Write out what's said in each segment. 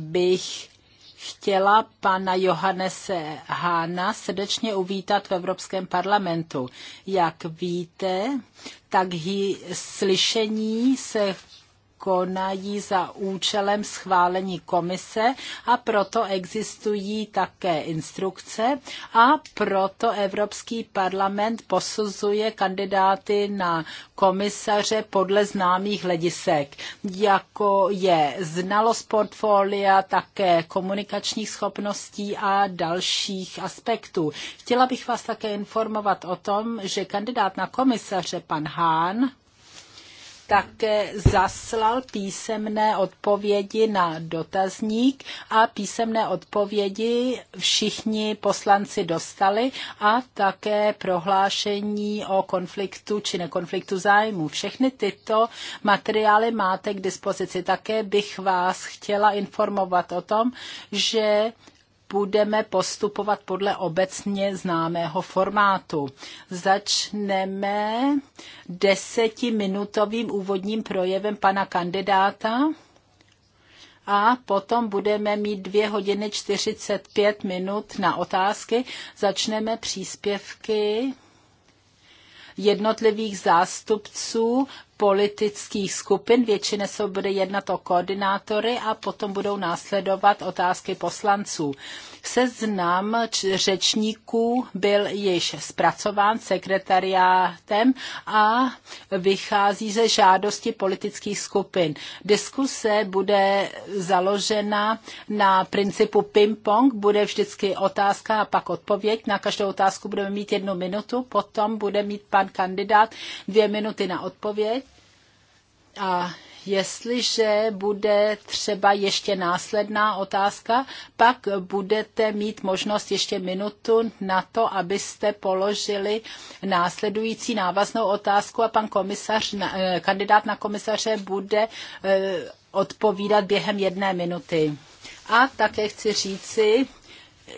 bych chtěla pana Johannese Hána srdečně uvítat v Evropském parlamentu. Jak víte, tak slyšení se konají za účelem schválení komise a proto existují také instrukce a proto Evropský parlament posuzuje kandidáty na komisaře podle známých hledisek, jako je znalost portfolia, také komunikačních schopností a dalších aspektů. Chtěla bych vás také informovat o tom, že kandidát na komisaře pan Hán také zaslal písemné odpovědi na dotazník a písemné odpovědi všichni poslanci dostali a také prohlášení o konfliktu či nekonfliktu zájmu. Všechny tyto materiály máte k dispozici. Také bych vás chtěla informovat o tom, že budeme postupovat podle obecně známého formátu. Začneme desetiminutovým úvodním projevem pana kandidáta a potom budeme mít dvě hodiny 45 minut na otázky. Začneme příspěvky jednotlivých zástupců politických skupin, většina se bude jednat o koordinátory a potom budou následovat otázky poslanců. Seznam řečníků byl již zpracován sekretariátem a vychází ze žádosti politických skupin. Diskuse bude založena na principu ping-pong, bude vždycky otázka a pak odpověď. Na každou otázku budeme mít jednu minutu, potom bude mít pan kandidát dvě minuty na odpověď a jestliže bude třeba ještě následná otázka, pak budete mít možnost ještě minutu na to, abyste položili následující návaznou otázku a pan komisař, eh, kandidát na komisaře bude eh, odpovídat během jedné minuty. A také chci říci,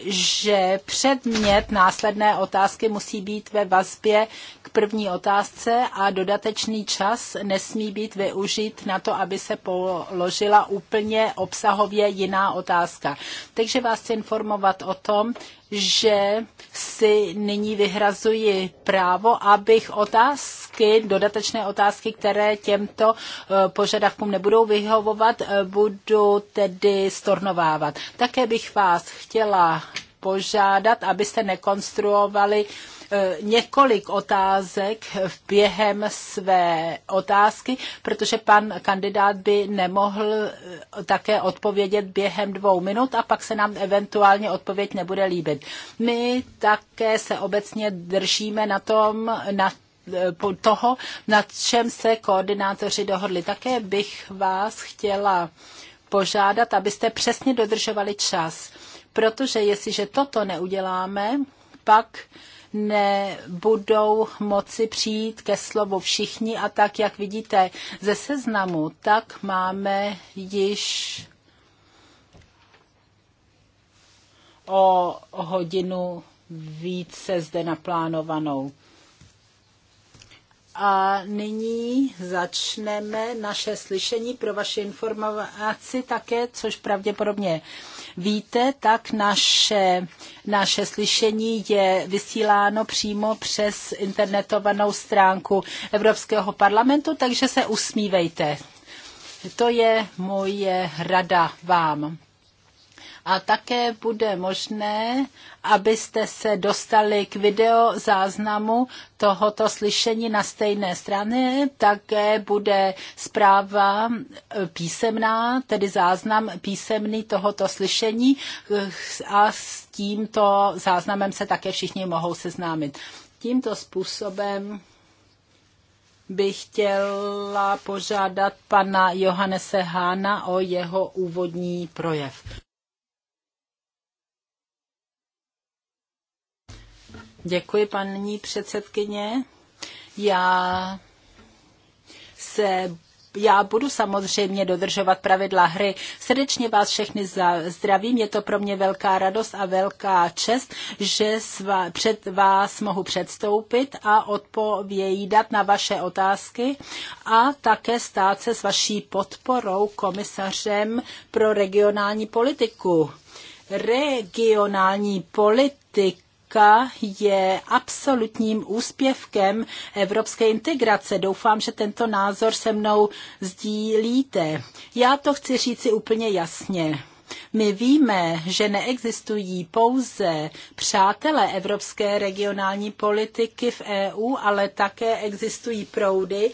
že předmět následné otázky musí být ve vazbě k první otázce a dodatečný čas nesmí být využit na to, aby se položila úplně obsahově jiná otázka. Takže vás chci informovat o tom, že si nyní vyhrazuji právo, abych otázky, dodatečné otázky, které těmto eh, požadavkům nebudou vyhovovat, eh, budu tedy stornovávat. Také bych vás chtěla požádat, abyste nekonstruovali uh, Eh, několik otázek během své otázky, protože pan kandidát by nemohl eh, také odpovědět během dvou minut a pak se nám eventuálně odpověď nebude líbit. My také se obecně držíme na tom, na eh, toho, na čem se koordinátoři dohodli. Také bych vás chtěla požádat, abyste přesně dodržovali čas, protože jestliže toto neuděláme, pak nebudou moci přijít ke slovu všichni a tak, jak vidíte ze seznamu, tak máme již o hodinu více zde naplánovanou. A nyní začneme naše slyšení pro vaše informaci také, což pravděpodobně víte, tak naše, naše slyšení je vysíláno přímo přes internetovanou stránku Evropského parlamentu, takže se usmívejte. To je moje rada vám a také bude možné, abyste se dostali k video záznamu tohoto slyšení na stejné straně. Také bude zpráva e, písemná, tedy záznam písemný tohoto slyšení e, a s tímto záznamem se také všichni mohou seznámit. Tímto způsobem bych chtěla požádat pana Johannese Hána o jeho úvodní projev. Děkuji, paní předsedkyně. Já se já budu samozřejmě dodržovat pravidla hry. Srdečně vás všechny zdravím, je to pro mě velká radost a velká čest, že svá, před vás mohu předstoupit a odpovědat na vaše otázky a také stát se s vaší podporou komisařem pro regionální politiku. Regionální politika Polska je absolutním úspěvkem evropské integrace. Doufám, že tento názor se mnou sdílíte. Já to chci říci úplně jasně. My víme, že neexistují pouze přátelé evropské regionální politiky v EU, ale také existují proudy,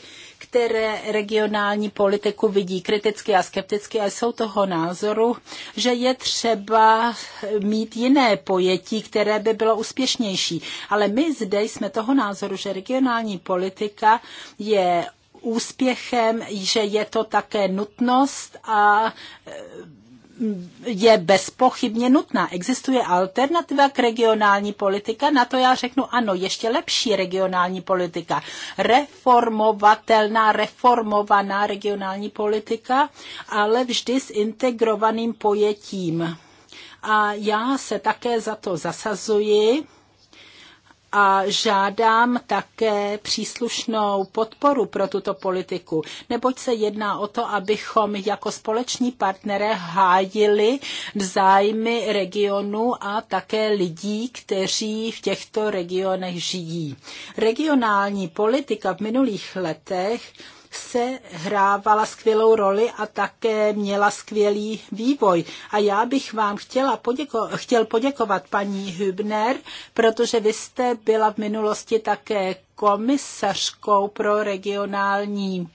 které regionální politiku vidí kriticky a skepticky a jsou toho názoru, že je třeba mít jiné pojetí, které by bylo úspěšnější. Ale my zde jsme toho názoru, že regionální politika je úspěchem, že je to také nutnost a je bezpochybně nutná. Existuje alternativa k regionální politika? Na to já řeknu ano, ještě lepší regionální politika. Reformovatelná, reformovaná regionální politika, ale vždy s integrovaným pojetím. A já se také za to zasazuji a žádám také příslušnou podporu pro tuto politiku, neboť se jedná o to, abychom jako společní partnere hájili zájmy regionu a také lidí, kteří v těchto regionech žijí. Regionální politika v minulých letech se hrávala skvělou roli a také měla skvělý vývoj. A já bych vám chtěla poděko- chtěl poděkovat paní Hübner, protože vy jste byla v minulosti také komisařkou pro regionální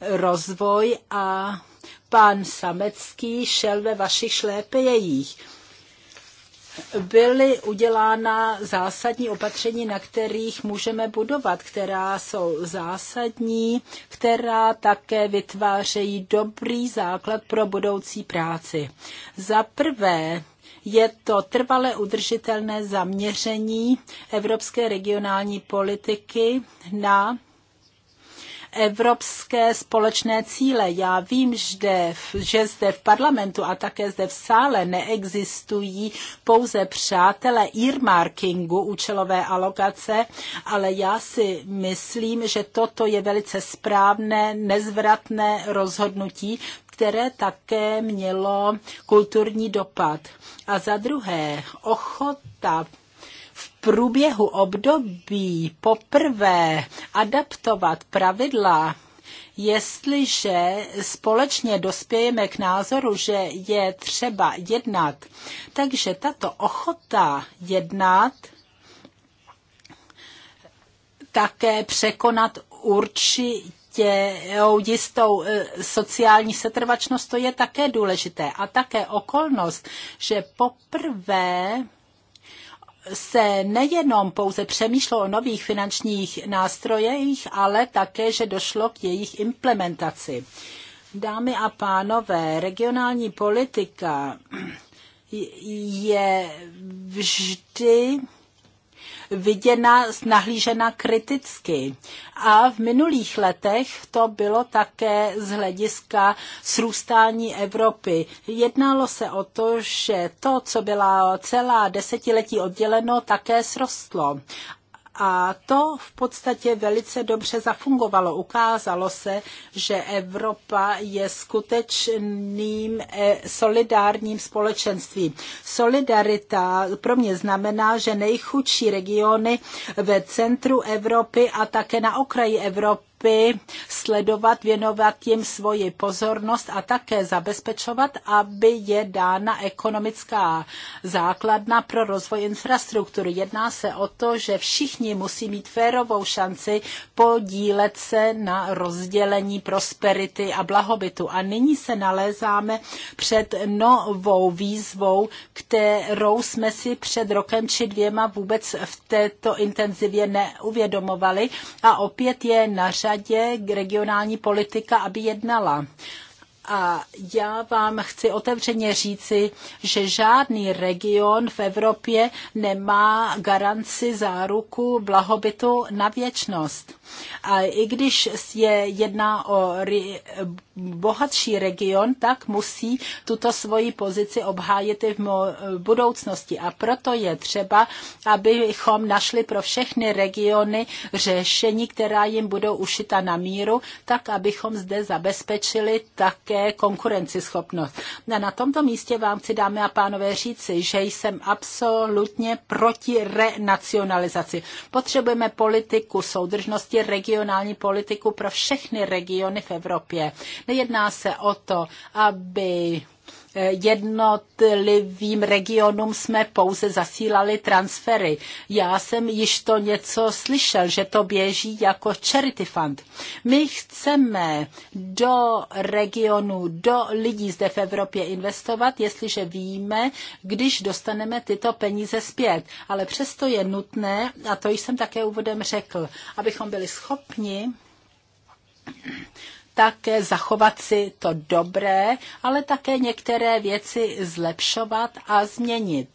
rozvoj a pan Samecký šel ve vašich šlépejích byly udělána zásadní opatření, na kterých můžeme budovat, která jsou zásadní, která také vytvářejí dobrý základ pro budoucí práci. Za prvé, je to trvale udržitelné zaměření evropské regionální politiky na evropské společné cíle. Já vím, že, že zde v parlamentu a také zde v sále neexistují pouze přátelé earmarkingu, účelové alokace, ale já si myslím, že toto je velice správné, nezvratné rozhodnutí, které také mělo kulturní dopad. A za druhé, ochota průběhu období poprvé adaptovat pravidla, jestliže společně dospějeme k názoru, že je třeba jednat. Takže tato ochota jednat také překonat určitě jistou e, sociální setrvačnost, to je také důležité. A také okolnost, že poprvé se nejenom pouze přemýšlelo o nových finančních nástrojích, ale také, že došlo k jejich implementaci. Dámy a pánové, regionální politika je vždy viděna, nahlížena kriticky. A v minulých letech to bylo také z hlediska srůstání Evropy. Jednalo se o to, že to, co byla celá desetiletí odděleno, také srostlo. A to v podstatě velice dobře zafungovalo. Ukázalo se, že Evropa je skutečným eh, solidárním společenstvím. Solidarita pro mě znamená, že nejchudší regiony ve centru Evropy a také na okraji Evropy stopy sledovat, věnovat jim svoji pozornost a také zabezpečovat, aby je dána ekonomická základna pro rozvoj infrastruktury. Jedná se o to, že všichni musí mít férovou šanci podílet se na rozdělení prosperity a blahobytu. A nyní se nalézáme před novou výzvou, kterou jsme si před rokem či dvěma vůbec v této intenzivě neuvědomovali a opět je na řadě řadě regionální politika, aby jednala. A já vám chci otevřeně říci, že žádný region v Evropě nemá garanci záruku blahobytu na věčnost. A i když je jedná o bohatší region, tak musí tuto svoji pozici obhájit i v budoucnosti. A proto je třeba, abychom našli pro všechny regiony řešení, která jim budou ušita na míru, tak abychom zde zabezpečili také konkurenceschopnost. A na tomto místě vám chci, dámy a pánové, říci, že jsem absolutně proti renacionalizaci. Potřebujeme politiku soudržnosti, regionální politiku pro všechny regiony v Evropě. Nejedná se o to, aby eh, jednotlivým regionům jsme pouze zasílali transfery. Já jsem již to něco slyšel, že to běží jako charity fund. My chceme do regionu, do lidí zde v Evropě investovat, jestliže víme, když dostaneme tyto peníze zpět. Ale přesto je nutné, a to jsem také úvodem řekl, abychom byli schopni také zachovat si to dobré, ale také některé věci zlepšovat a změnit.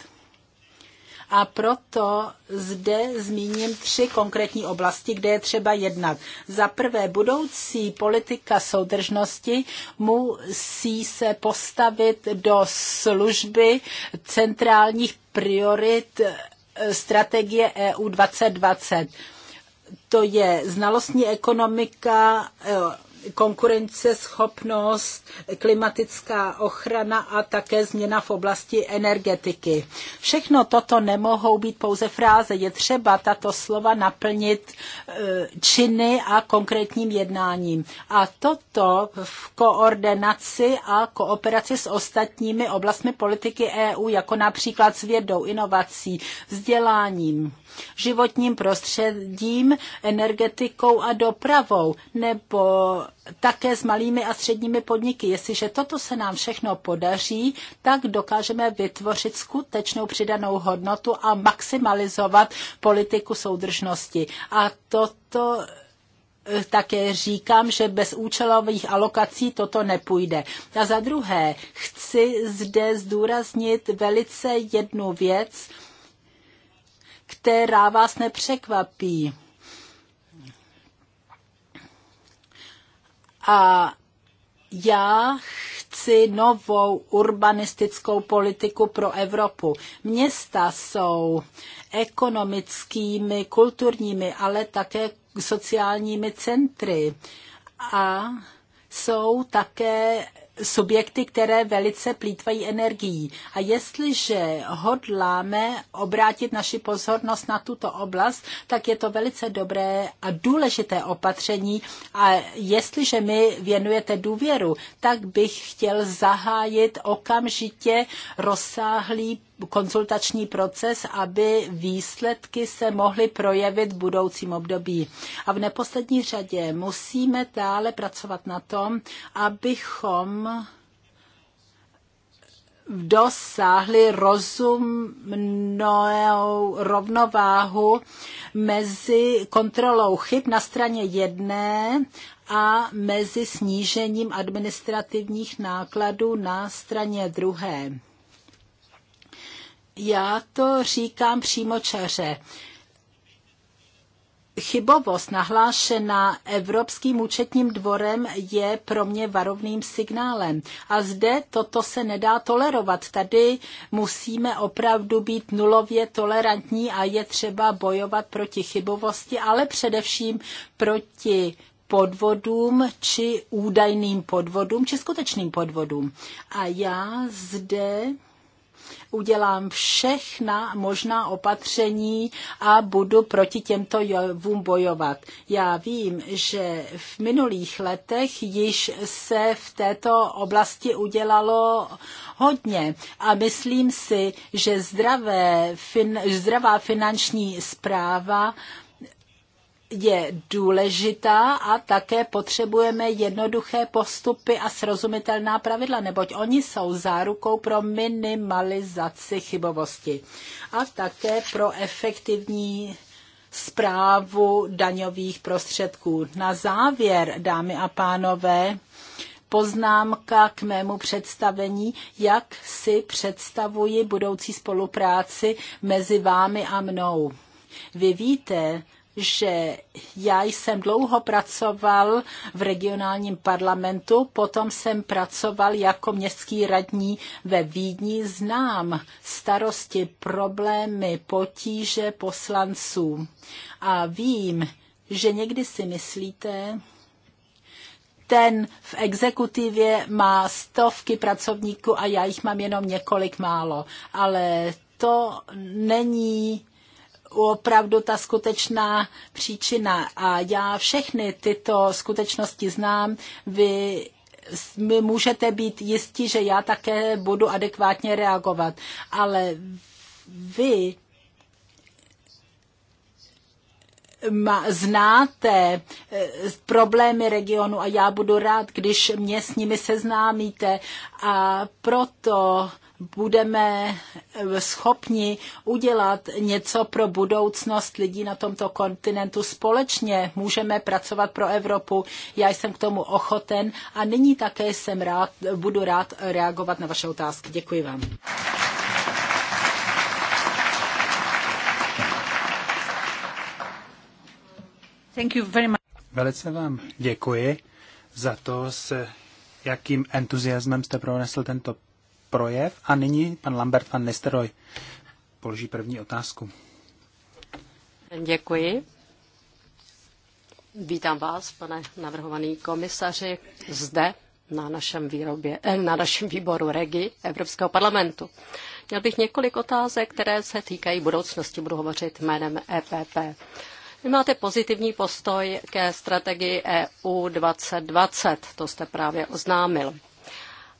A proto zde zmíním tři konkrétní oblasti, kde je třeba jednat. Za prvé, budoucí politika soudržnosti musí se postavit do služby centrálních priorit eh, strategie EU 2020 to je znalostní ekonomika, eh, konkurenceschopnost, klimatická ochrana a také změna v oblasti energetiky. Všechno toto nemohou být pouze fráze, je třeba tato slova naplnit e, činy a konkrétním jednáním. A toto v koordinaci a kooperaci s ostatními oblastmi politiky EU, jako například s vědou, inovací, vzděláním, životním prostředím, energetikou a dopravou nebo také s malými a středními podniky. Jestliže toto se nám všechno podaří, tak dokážeme vytvořit skutečnou přidanou hodnotu a maximalizovat politiku soudržnosti. A toto eh, také říkám, že bez účelových alokací toto nepůjde. A za druhé, chci zde zdůraznit velice jednu věc, která vás nepřekvapí A já chci novou urbanistickou politiku pro Evropu. Města jsou ekonomickými, kulturními, ale také sociálními centry a jsou také subjekty, které velice plítvají energií. A jestliže hodláme obrátit naši pozornost na tuto oblast, tak je to velice dobré a důležité opatření. A jestliže mi věnujete důvěru, tak bych chtěl zahájit okamžitě rozsáhlý konzultační proces, aby výsledky se mohly projevit v budoucím období. A v neposlední řadě musíme dále pracovat na tom, abychom dosáhli rozumnou rovnováhu mezi kontrolou chyb na straně jedné a mezi snížením administrativních nákladů na straně druhé. Já to říkám přímo čaře. Chybovost nahlášená Evropským účetním dvorem je pro mě varovným signálem. A zde toto se nedá tolerovat. Tady musíme opravdu být nulově tolerantní a je třeba bojovat proti chybovosti, ale především proti podvodům či údajným podvodům či skutečným podvodům. A já zde udělám všechna možná opatření a budu proti těmto jovům bojovat. Já vím, že v minulých letech již se v této oblasti udělalo hodně a myslím si, že zdravé, fin, zdravá finanční zpráva je důležitá a také potřebujeme jednoduché postupy a srozumitelná pravidla, neboť oni jsou zárukou pro minimalizaci chybovosti a také pro efektivní zprávu daňových prostředků. Na závěr, dámy a pánové, poznámka k mému představení, jak si představuji budoucí spolupráci mezi vámi a mnou. Vy víte, že já jsem dlouho pracoval v regionálním parlamentu, potom jsem pracoval jako městský radní ve Vídni, znám starosti, problémy, potíže poslanců a vím, že někdy si myslíte, ten v exekutivě má stovky pracovníků a já jich mám jenom několik málo. Ale to není opravdu ta skutečná příčina. A já všechny tyto skutečnosti znám. Vy my můžete být jistí, že já také budu adekvátně reagovat. Ale vy znáte eh, problémy regionu a já budu rád, když mě s nimi seznámíte a proto budeme eh, schopni udělat něco pro budoucnost lidí na tomto kontinentu společně. Můžeme pracovat pro Evropu. Já jsem k tomu ochoten a nyní také jsem rád, budu rád reagovat na vaše otázky. Děkuji vám. Thank you very much. Velice vám děkuji za to, s jakým entuziasmem jste pronesl tento projev a nyní pan Lambert van Nesteroy položí první otázku. Děkuji. Vítám vás, pane navrhovaný komisaři, zde na našem, výrobě, eh, na našem výboru REGI Evropského parlamentu. Měl bych několik otázek, které se týkají budoucnosti. Budu hovořit jménem EPP. Vy máte pozitivní postoj ke strategii EU 2020, to jste právě oznámil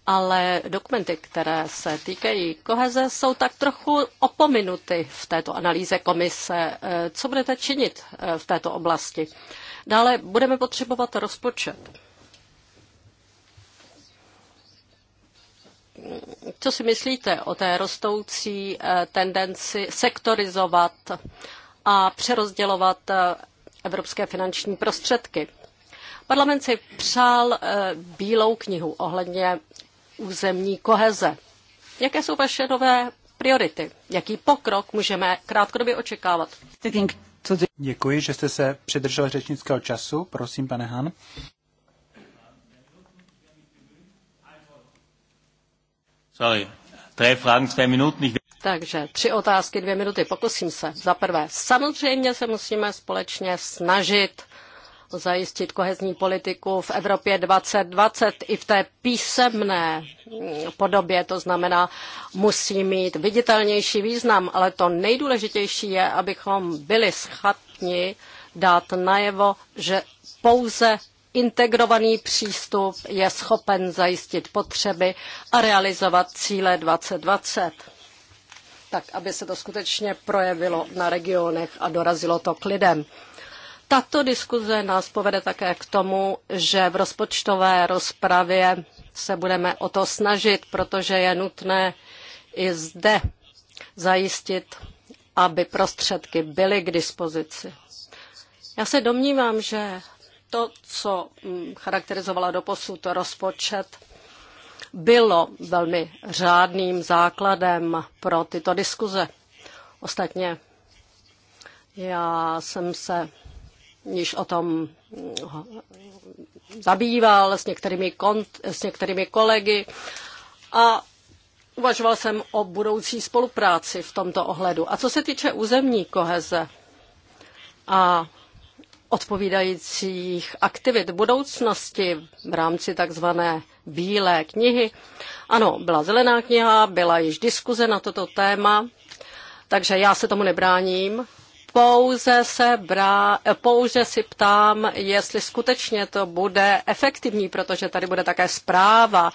ale dokumenty, které se týkají koheze, jsou tak trochu opominuty v této analýze komise. Eh, co budete činit eh, v této oblasti? Dále budeme potřebovat rozpočet. Co si myslíte o té rostoucí eh, tendenci sektorizovat a přerozdělovat evropské finanční prostředky? Parlament si přál bílou knihu ohledně územní koheze. Jaké jsou vaše nové priority? Jaký pokrok můžeme krátkodobě očekávat? Děkuji, že jste se přidržel řečnického času. Prosím, pane Han. Sorry. Fragen, Takže tři otázky, dvě minuty, pokusím se. Za prvé, samozřejmě se musíme společně snažit zajistit kohezní politiku v Evropě 2020 i v té písemné podobě, to znamená, musí mít viditelnější význam, ale to nejdůležitější je, abychom byli schopni dát najevo, že pouze integrovaný přístup je schopen zajistit potřeby a realizovat cíle 2020 tak aby se to skutečně projevilo na regionech a dorazilo to k lidem. Tato diskuze nás povede také k tomu, že v rozpočtové rozpravě se budeme o to snažit, protože je nutné i zde zajistit, aby prostředky byly k dispozici. Já se domnívám, že to, co mm, charakterizovalo doposud rozpočet, bylo velmi řádným základem pro tyto diskuze. Ostatně já jsem se již o tom zabýval s některými, kont, s některými kolegy a uvažoval jsem o budoucí spolupráci v tomto ohledu. A co se týče územní koheze a odpovídajících aktivit budoucnosti v rámci takzvané bílé knihy. Ano, byla zelená kniha, byla již diskuze na toto téma, takže já se tomu nebráním pouze se brá, pouze si ptám, jestli skutečně to bude efektivní, protože tady bude také zpráva.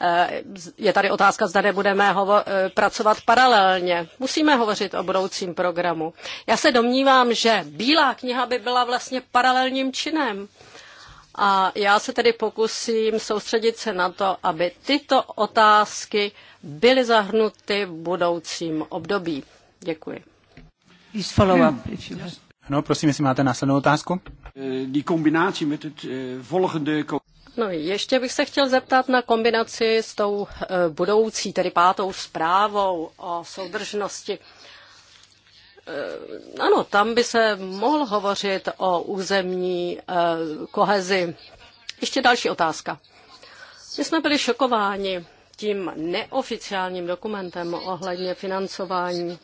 Eh, je tady otázka, zda nebudeme hovo- eh, pracovat paralelně. Musíme hovořit o budoucím programu. Já se domnívám, že Bílá kniha by byla vlastně paralelním činem. A já se tedy pokusím soustředit se na to, aby tyto otázky byly zahrnuty v budoucím období. Děkuji. Please follow up if you have. No, prosím, jestli máte následnou otázku. Eh, die eh, No, ještě bych se chtěl zeptat na kombinaci s tou eh, budoucí, tedy pátou zprávou o soudržnosti. Ano, tam by se mohl hovořit o územní kohezi. Ještě další otázka. My jsme byli šokováni tím neoficiálním dokumentem ohledně financování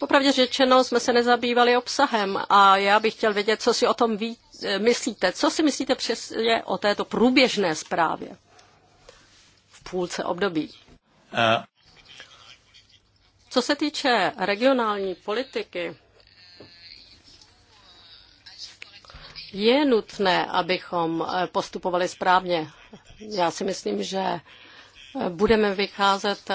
Popravdě řečeno jsme se nezabývali obsahem a já bych chtěl vědět, co si o tom ví, eh, myslíte. Co si myslíte přesně o této průběžné zprávě v půlce období? Eh. Co se týče regionální politiky, je nutné, abychom eh, postupovali správně. Já si myslím, že budeme vycházet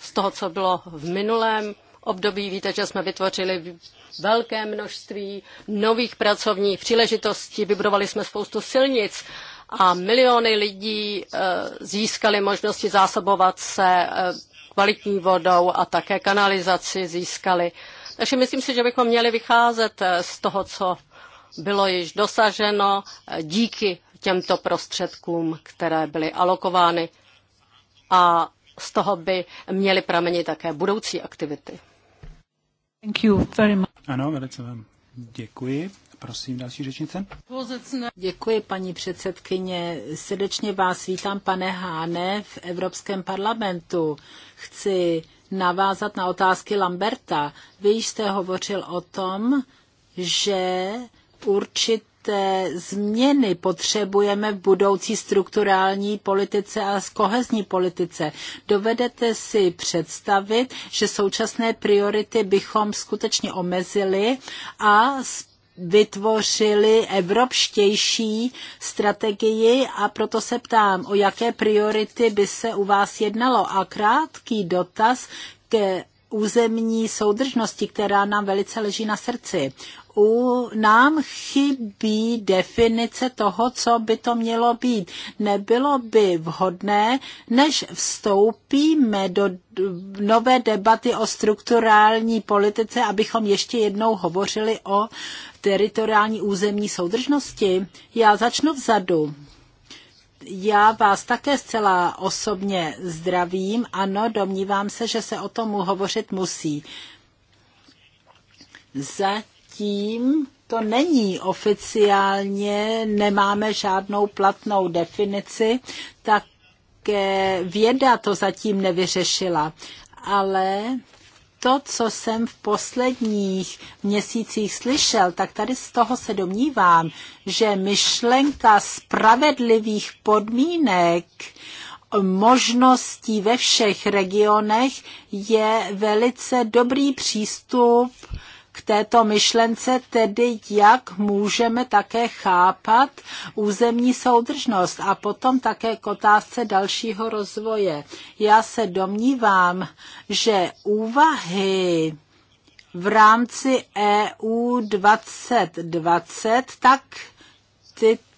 z toho, co bylo v minulém období. Víte, že jsme vytvořili velké množství nových pracovních příležitostí, vybudovali jsme spoustu silnic a miliony lidí eh, získali možnosti zásobovat se eh, kvalitní vodou a také kanalizaci získali. Takže myslím si, že bychom měli vycházet eh, z toho, co bylo již dosaženo díky těmto prostředkům, které byly alokovány a z toho by měly pramenit také budoucí aktivity. Thank you very much. Ano, velice vám děkuji. Prosím, další řečnice. Děkuji, paní předsedkyně. Srdečně vás vítám, pane Háne, v Evropském parlamentu. Chci navázat na otázky Lamberta. Vy jste hovořil o tom, že určit té změny potřebujeme v budoucí strukturální politice a kohezní politice. Dovedete si představit, že současné priority bychom skutečně omezili a vytvořili evropštější strategii a proto se ptám, o jaké priority by se u vás jednalo. A krátký dotaz ke územní soudržnosti, která nám velice leží na srdci u nám chybí definice toho, co by to mělo být. Nebylo by vhodné, než vstoupíme do nové debaty o strukturální politice, abychom ještě jednou hovořili o teritoriální územní soudržnosti. Já začnu vzadu. Já vás také zcela osobně zdravím. Ano, domnívám se, že se o tom hovořit musí. Ze zatím to není oficiálně, nemáme žádnou platnou definici, tak věda to zatím nevyřešila. Ale to, co jsem v posledních měsících slyšel, tak tady z toho se domnívám, že myšlenka spravedlivých podmínek možností ve všech regionech je velice dobrý přístup k této myšlence, tedy jak můžeme také chápat územní soudržnost a potom také k otázce dalšího rozvoje. Já se domnívám, že úvahy v rámci EU 2020, tak tyto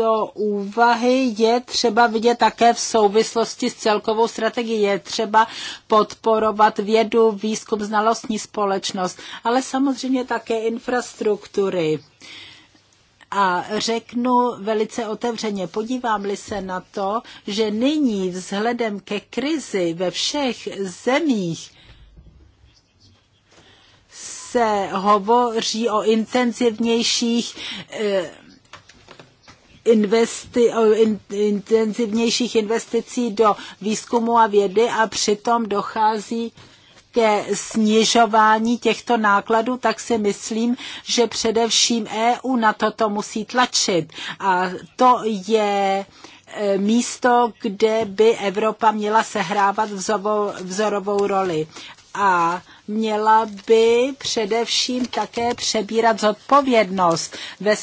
tyto úvahy je třeba vidět také v souvislosti s celkovou strategií. Je třeba podporovat vědu, výzkum, znalostní společnost, ale samozřejmě také infrastruktury. A řeknu velice otevřeně, podívám-li se na to, že nyní vzhledem ke krizi ve všech zemích se hovoří o intenzivnějších e, investi, in, intenzivnějších investicí do výzkumu a vědy a přitom dochází ke snižování těchto nákladů, tak si myslím, že především EU na toto musí tlačit. A to je e, místo, kde by Evropa měla sehrávat vzorovou, vzorovou roli. A měla by především také přebírat zodpovědnost ve,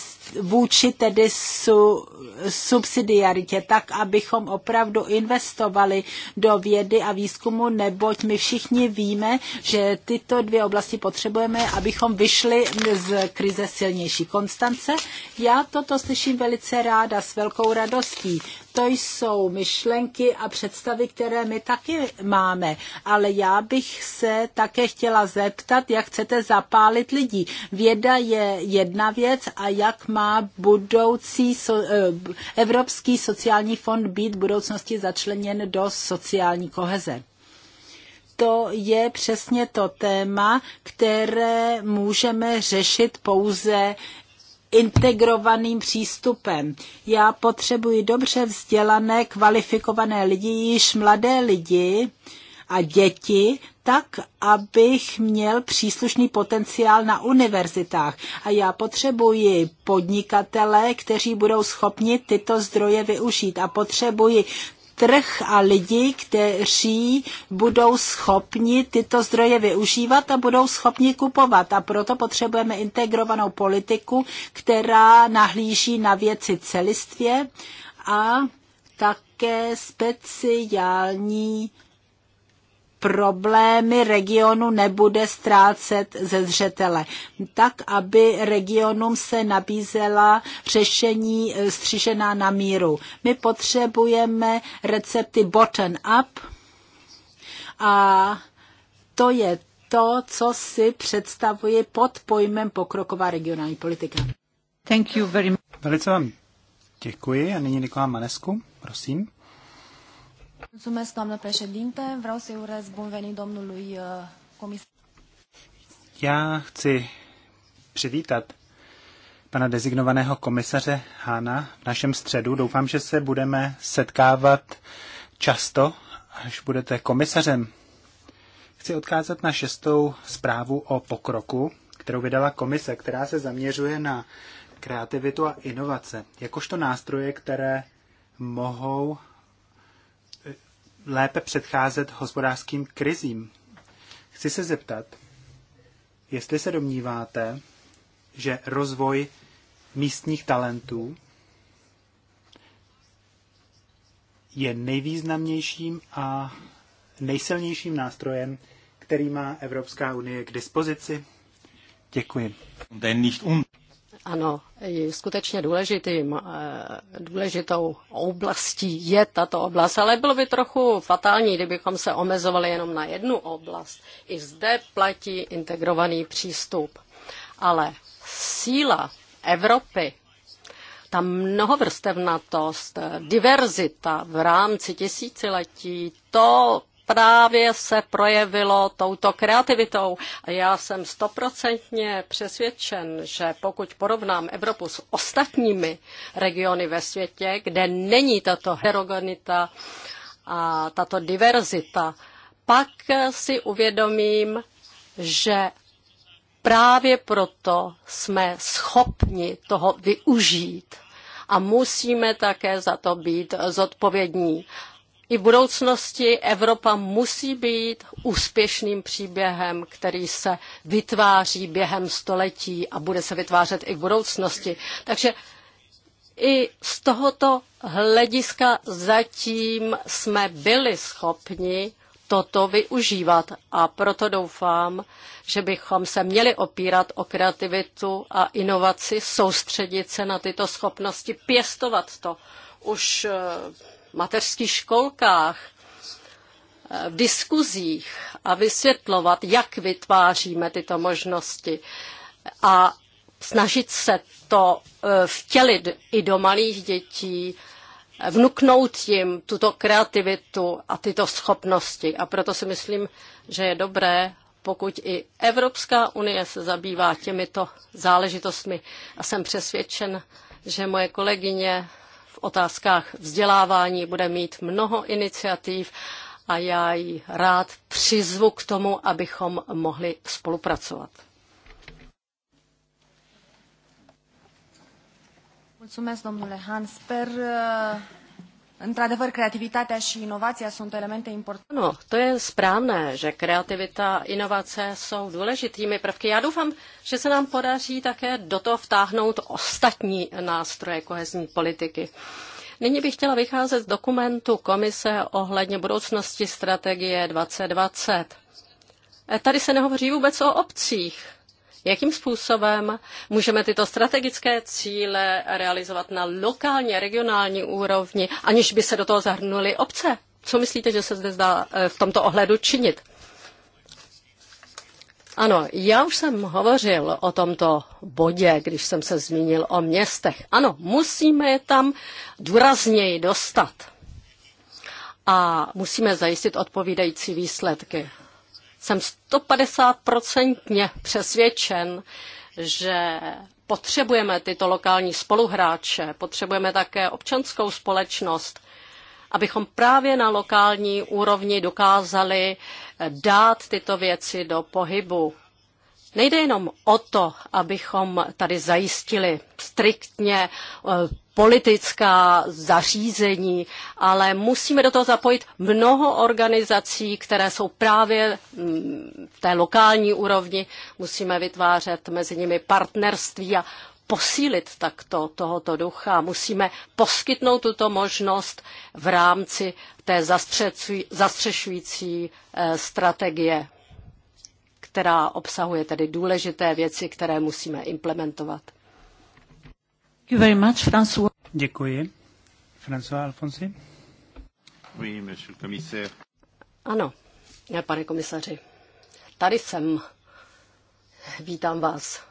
vůči tedy su, subsidiaritě, tak abychom opravdu investovali do vědy a výzkumu, neboť my všichni víme, že tyto dvě oblasti potřebujeme, abychom vyšli z krize silnější. Konstance, já toto slyším velice ráda, s velkou radostí to jsou myšlenky a představy, které my taky máme. Ale já bych se také chtěla zeptat, jak chcete zapálit lidí. Věda je jedna věc a jak má budoucí so, eh, Evropský sociální fond být v budoucnosti začleněn do sociální koheze to je přesně to téma, které můžeme řešit pouze integrovaným přístupem. Já potřebuji dobře vzdělané, kvalifikované lidi, již mladé lidi a děti, tak, abych měl příslušný potenciál na univerzitách. A já potřebuji podnikatele, kteří budou schopni tyto zdroje využít. A potřebuji trh a lidi, kteří budou schopni tyto zdroje využívat a budou schopni kupovat. A proto potřebujeme integrovanou politiku, která nahlíží na věci celistvě a také speciální problémy regionu nebude ztrácet ze zřetele, tak aby regionům se nabízela řešení e, střižená na míru. My potřebujeme recepty bottom-up a to je to, co si představuji pod pojmem pokroková regionální politika. Thank you very much. Velice vám děkuji a nyní Nikola Manesku, prosím. Mulțumesc, doamnă președinte. Vreau să-i urez bun venit domnului uh, comisar. Já chci přivítat pana dezignovaného komisaře Hána v našem středu. Doufám, že se budeme setkávat často, až budete komisařem. Chci odkázat na šestou zprávu o pokroku, kterou vydala komise, která se zaměřuje na kreativitu a inovace, jakožto nástroje, které mohou lépe předcházet hospodářským krizím. Chci se zeptat, jestli se domníváte, že rozvoj místních talentů je nejvýznamnějším a nejsilnějším nástrojem, který má Evropská unie k dispozici? Děkuji. Ano, skutečně důležitým, eh, důležitou oblastí je tato oblast, ale bylo by trochu fatální, kdybychom se omezovali jenom na jednu oblast. I zde platí integrovaný přístup. Ale síla Evropy, ta mnohovrstevnatost, diverzita v rámci tisíciletí, to právě se projevilo touto kreativitou. A já jsem stoprocentně přesvědčen, že pokud porovnám Evropu s ostatními regiony ve světě, kde není tato heterogenita a tato diverzita, pak si uvědomím, že právě proto jsme schopni toho využít a musíme také za to být zodpovědní. I v budoucnosti Evropa musí být úspěšným příběhem, který se vytváří během století a bude se vytvářet i v budoucnosti. Takže i z tohoto hlediska zatím jsme byli schopni toto využívat a proto doufám, že bychom se měli opírat o kreativitu a inovaci, soustředit se na tyto schopnosti, pěstovat to. Už eh, mateřských školkách, v diskuzích a vysvětlovat, jak vytváříme tyto možnosti a snažit se to eh, vtělit i do malých dětí, vnuknout jim tuto kreativitu a tyto schopnosti. A proto si myslím, že je dobré, pokud i Evropská unie se zabývá těmito záležitostmi. A jsem přesvědčen, že moje kolegyně v otázkách vzdělávání, bude mít mnoho iniciativ a já ji rád přizvu k tomu, abychom mohli spolupracovat. Mulțumesc, domnule Hans. Sper Într-adevăr, kreativita și inovace jsou elementy importante. No, to je správné, že kreativita a inovace jsou důležitými prvky. Já doufám, že se nám podaří také do toho vtáhnout ostatní nástroje kohezní politiky. Nyní bych chtěla vycházet z dokumentu Komise ohledně budoucnosti strategie 2020. E, tady se nehovoří vůbec o obcích. Jakým způsobem můžeme tyto strategické cíle realizovat na lokální, regionální úrovni, aniž by se do toho zahrnuly obce? Co myslíte, že se zde zdá eh, v tomto ohledu činit? Ano, já už jsem hovořil o tomto bodě, když jsem se zmínil o městech. Ano, musíme je tam důrazněji dostat a musíme zajistit odpovídající výsledky. Jsem 150% přesvědčen, že potřebujeme tyto lokální spoluhráče, potřebujeme také občanskou společnost, abychom právě na lokální úrovni dokázali eh, dát tyto věci do pohybu. Nejde jenom o to, abychom tady zajistili striktně eh, politická zařízení, ale musíme do toho zapojit mnoho organizací, které jsou právě mm, v té lokální úrovni. Musíme vytvářet mezi nimi partnerství a posílit takto tohoto ducha. Musíme poskytnout tuto možnost v rámci té zastřešující eh, strategie, která obsahuje tedy důležité věci, které musíme implementovat you very much, François. Děkuji. François Alfonsi. Oui, monsieur le commissaire. Ano, pane komisaři, tady jsem. Vítám vás.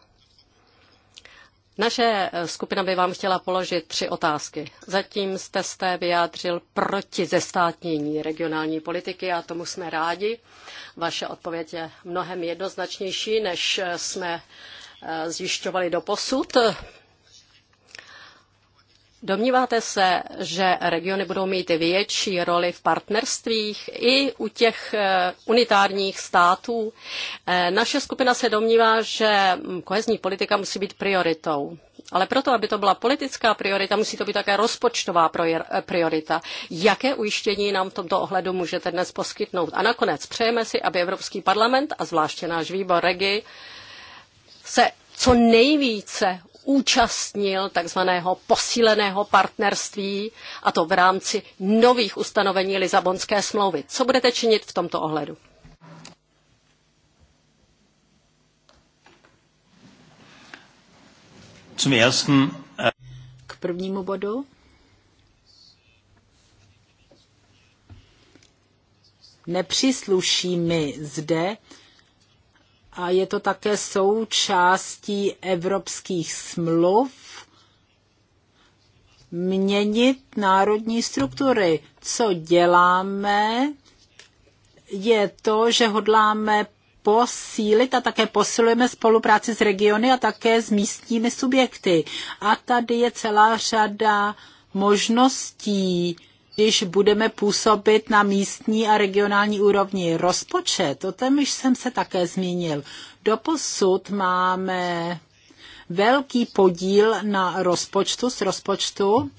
Naše eh, skupina by vám chtěla položit tři otázky. Zatím jste se vyjádřil proti zestátnění regionální politiky a tomu jsme rádi. Vaše odpověď je mnohem jednoznačnější, než eh, jsme eh, zjišťovali do posud. Domníváte se, že regiony budou mít větší roli v partnerstvích i u těch eh, unitárních států? Eh, naše skupina se domnívá, že kohezní politika musí být prioritou. Ale proto, aby to byla politická priorita, musí to být také rozpočtová eh, priorita. Jaké ujištění nám v tomto ohledu můžete dnes poskytnout? A nakonec přejeme si, aby Evropský parlament a zvláště náš výbor Regi se co nejvíce zúčastnil takzvaného posíleného partnerství, a to v rámci nových ustanovení Lisabonské smlouvy. Co budete činit v tomto ohledu? Äh, K prvnímu bodu. Nepřísluší mi zde a je to také součástí evropských smluv měnit národní struktury. Co děláme, je to, že hodláme posílit a také posilujeme spolupráci s regiony a také s místními subjekty. A tady je celá řada možností, když budeme působit na místní a regionální úrovni. Rozpočet, o tom už jsem se také zmínil. Doposud máme velký podíl na rozpočtu, z rozpočtu,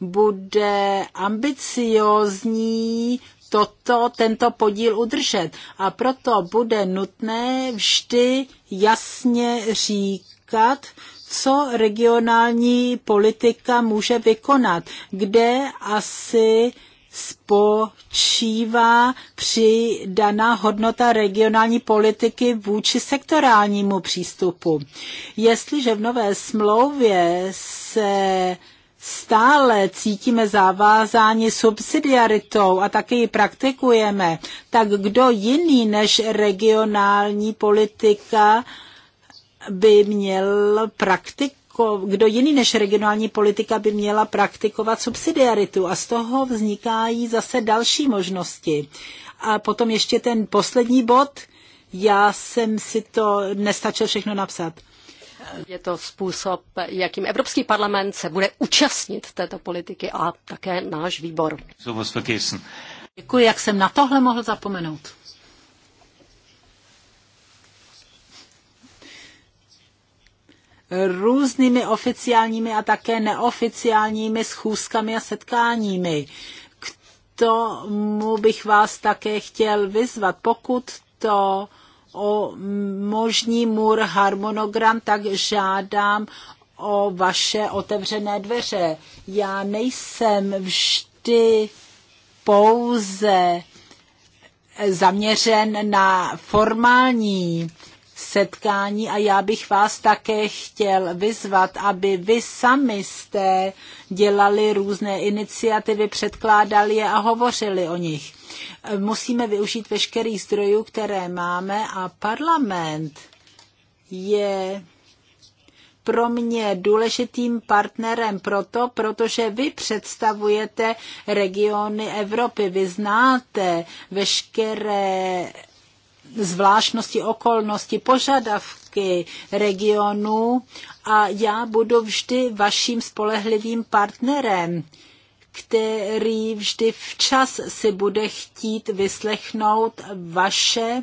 bude ambiciozní toto, tento podíl udržet. A proto bude nutné vždy jasně říkat, co regionální politika může vykonat, kde asi spočívá přidaná hodnota regionální politiky vůči sektorálnímu přístupu. Jestliže v nové smlouvě se stále cítíme zavázáni subsidiaritou a taky ji praktikujeme, tak kdo jiný než regionální politika by měl praktik kdo jiný než regionální politika by měla praktikovat subsidiaritu a z toho vznikají zase další možnosti. A potom ještě ten poslední bod, já jsem si to nestačil všechno napsat. Je to způsob, jakým Evropský parlament se bude účastnit této politiky a také náš výbor. Děkuji, jak jsem na tohle mohl zapomenout. různými oficiálními a také neoficiálními schůzkami a setkáními. K tomu bych vás také chtěl vyzvat, pokud to o možný můr harmonogram, tak žádám o vaše otevřené dveře. Já nejsem vždy pouze zaměřen na formální setkání a já bych vás také chtěl vyzvat, aby vy sami jste dělali různé iniciativy, předkládali je a hovořili o nich. Musíme využít veškerých zdrojů, které máme a parlament je pro mě důležitým partnerem proto, protože vy představujete regiony Evropy, vy znáte veškeré zvláštnosti, okolnosti, požadavky regionu a já budu vždy vaším spolehlivým partnerem který vždy včas si bude chtít vyslechnout vaše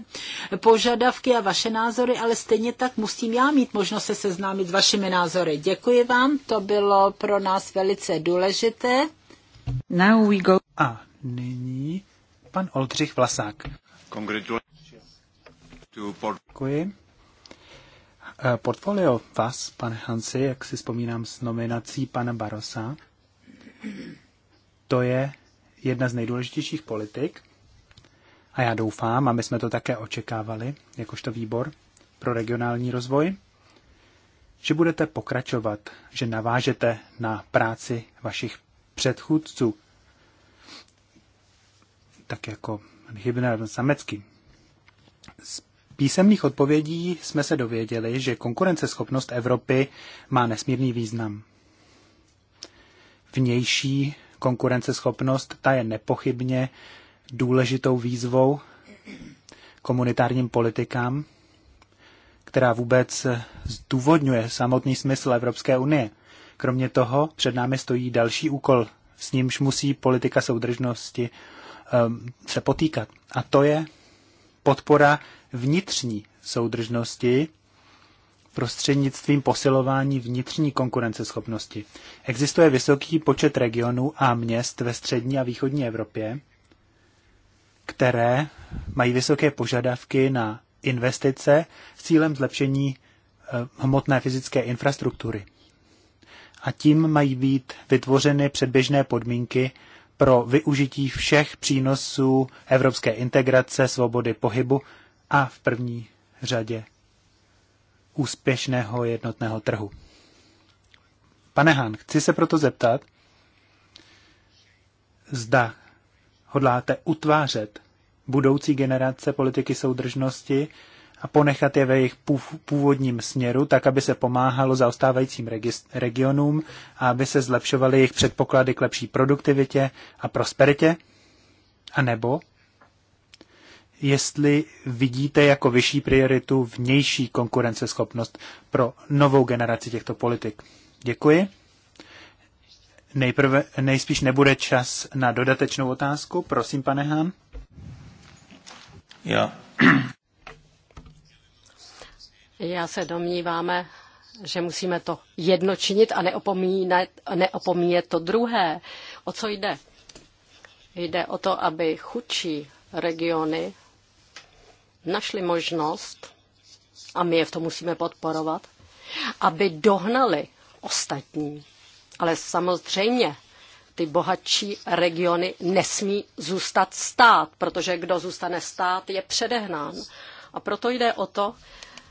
požadavky a vaše názory, ale stejně tak musím já mít možnost se seznámit s vašimi názory. Děkuji vám, to bylo pro nás velice důležité. Now we go. A nyní pan Oldřich Vlasák. Congratulations. Děkuji. Eh, portfolio vás, pane Hansi, jak si vzpomínám s nominací pana Barosa, to je jedna z nejdůležitějších politik. A já doufám, a my jsme to také očekávali, jakožto výbor pro regionální rozvoj, že budete pokračovat, že navážete na práci vašich předchůdců, tak jako Hybner Samecký písemných odpovědí jsme se dověděli, že konkurenceschopnost Evropy má nesmírný význam. Vnější konkurenceschopnost, ta je nepochybně důležitou výzvou komunitárním politikám, která vůbec zdůvodňuje samotný smysl Evropské unie. Kromě toho před námi stojí další úkol, s nímž musí politika soudržnosti um, se potýkat. A to je podpora vnitřní soudržnosti prostřednictvím posilování vnitřní konkurenceschopnosti. Existuje vysoký počet regionů a měst ve střední a východní Evropě, které mají vysoké požadavky na investice s cílem zlepšení eh, hmotné fyzické infrastruktury. A tím mají být vytvořeny předběžné podmínky pro využití všech přínosů evropské integrace, svobody pohybu a v první řadě úspěšného jednotného trhu. Pane Han, chci se proto zeptat, zda hodláte utvářet budoucí generace politiky soudržnosti a ponechat je ve jejich původním směru, tak aby se pomáhalo zaostávajícím regionům a aby se zlepšovaly jejich předpoklady k lepší produktivitě a prosperitě? A nebo jestli vidíte jako vyšší prioritu vnější konkurenceschopnost pro novou generaci těchto politik. Děkuji. Nejprve, nejspíš nebude čas na dodatečnou otázku. Prosím, pane Hán. Já já se domníváme, že musíme to jedno činit a neopomíjet to druhé. O co jde? Jde o to, aby chudší regiony našly možnost, a my je v tom musíme podporovat, aby dohnali ostatní. Ale samozřejmě ty bohatší regiony nesmí zůstat stát, protože kdo zůstane stát, je předehnán. A proto jde o to,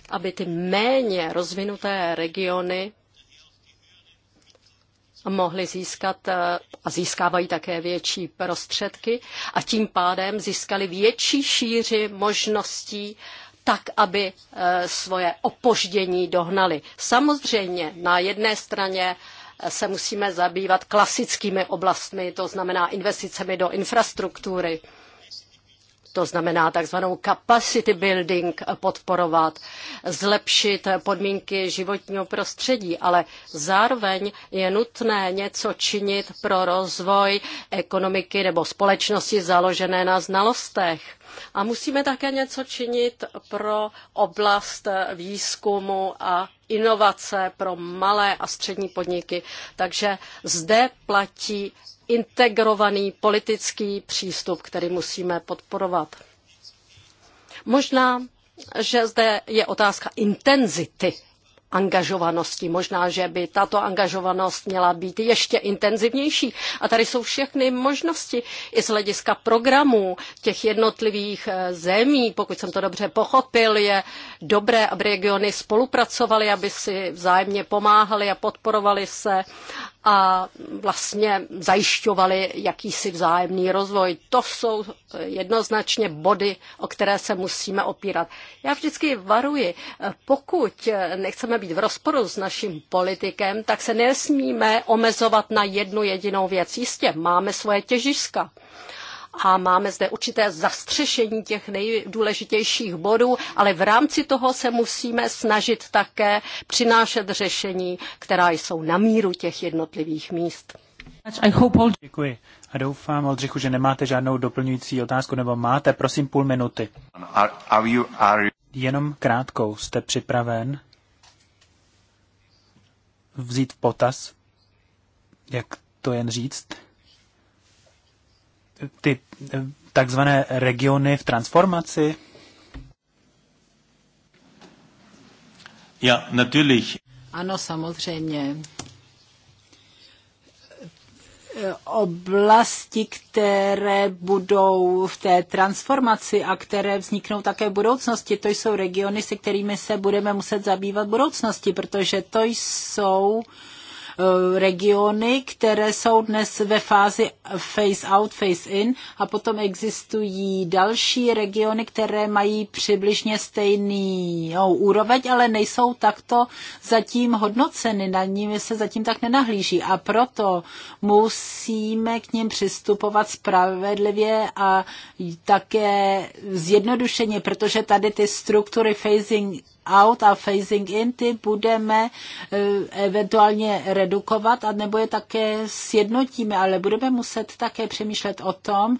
aby ty méně rozvinuté regiony mohly získat eh, a získávají také větší prostředky a tím pádem získali větší šíři možností tak, aby eh, svoje opoždění dohnali. Samozřejmě na jedné straně eh, se musíme zabývat klasickými oblastmi, to znamená investicemi do infrastruktury to znamená takzvanou capacity building eh, podporovat, zlepšit podmínky životního prostředí, ale zároveň je nutné něco činit pro rozvoj ekonomiky nebo společnosti založené na znalostech. A musíme také něco činit pro oblast eh, výzkumu a inovace pro malé a střední podniky. Takže zde platí integrovaný politický přístup, který musíme podporovat. Možná, že zde je otázka intenzity angažovanosti. Možná, že by tato angažovanost měla být ještě intenzivnější. A tady jsou všechny možnosti i z hlediska programů těch jednotlivých eh, zemí. Pokud jsem to dobře pochopil, je dobré, aby regiony spolupracovaly, aby si vzájemně pomáhali a podporovali se a vlastně zajišťovali jakýsi vzájemný rozvoj. To jsou jednoznačně body, o které se musíme opírat. Já vždycky varuji, pokud nechceme být v rozporu s naším politikem, tak se nesmíme omezovat na jednu jedinou věc. Jistě máme svoje těžiska a máme zde určité zastřešení těch nejdůležitějších bodů, ale v rámci toho se musíme snažit také přinášet řešení, která jsou na míru těch jednotlivých míst. Děkuji. A doufám, Oldřichu, že nemáte žádnou doplňující otázku, nebo máte, prosím, půl minuty. Jenom krátkou. Jste připraven vzít v potaz, jak to jen říct, ty eh, takzvané regiony v transformaci? Ja, natürlich. Ano, samozřejmě oblasti, které budou v té transformaci a které vzniknou také v budoucnosti. To jsou regiony, se kterými se budeme muset zabývat v budoucnosti, protože to jsou uh, Eh, regiony, které jsou dnes ve fázi face out, face in a potom existují další regiony, které mají přibližně stejný no, úroveň, ale nejsou takto zatím hodnoceny, na nimi se zatím tak nenahlíží a proto musíme k ním přistupovat spravedlivě a také zjednodušeně, protože tady ty struktury phasing out a phasing in, ty budeme e, eventuálně redukovat, a nebo je také sjednotíme, ale budeme muset také přemýšlet o tom,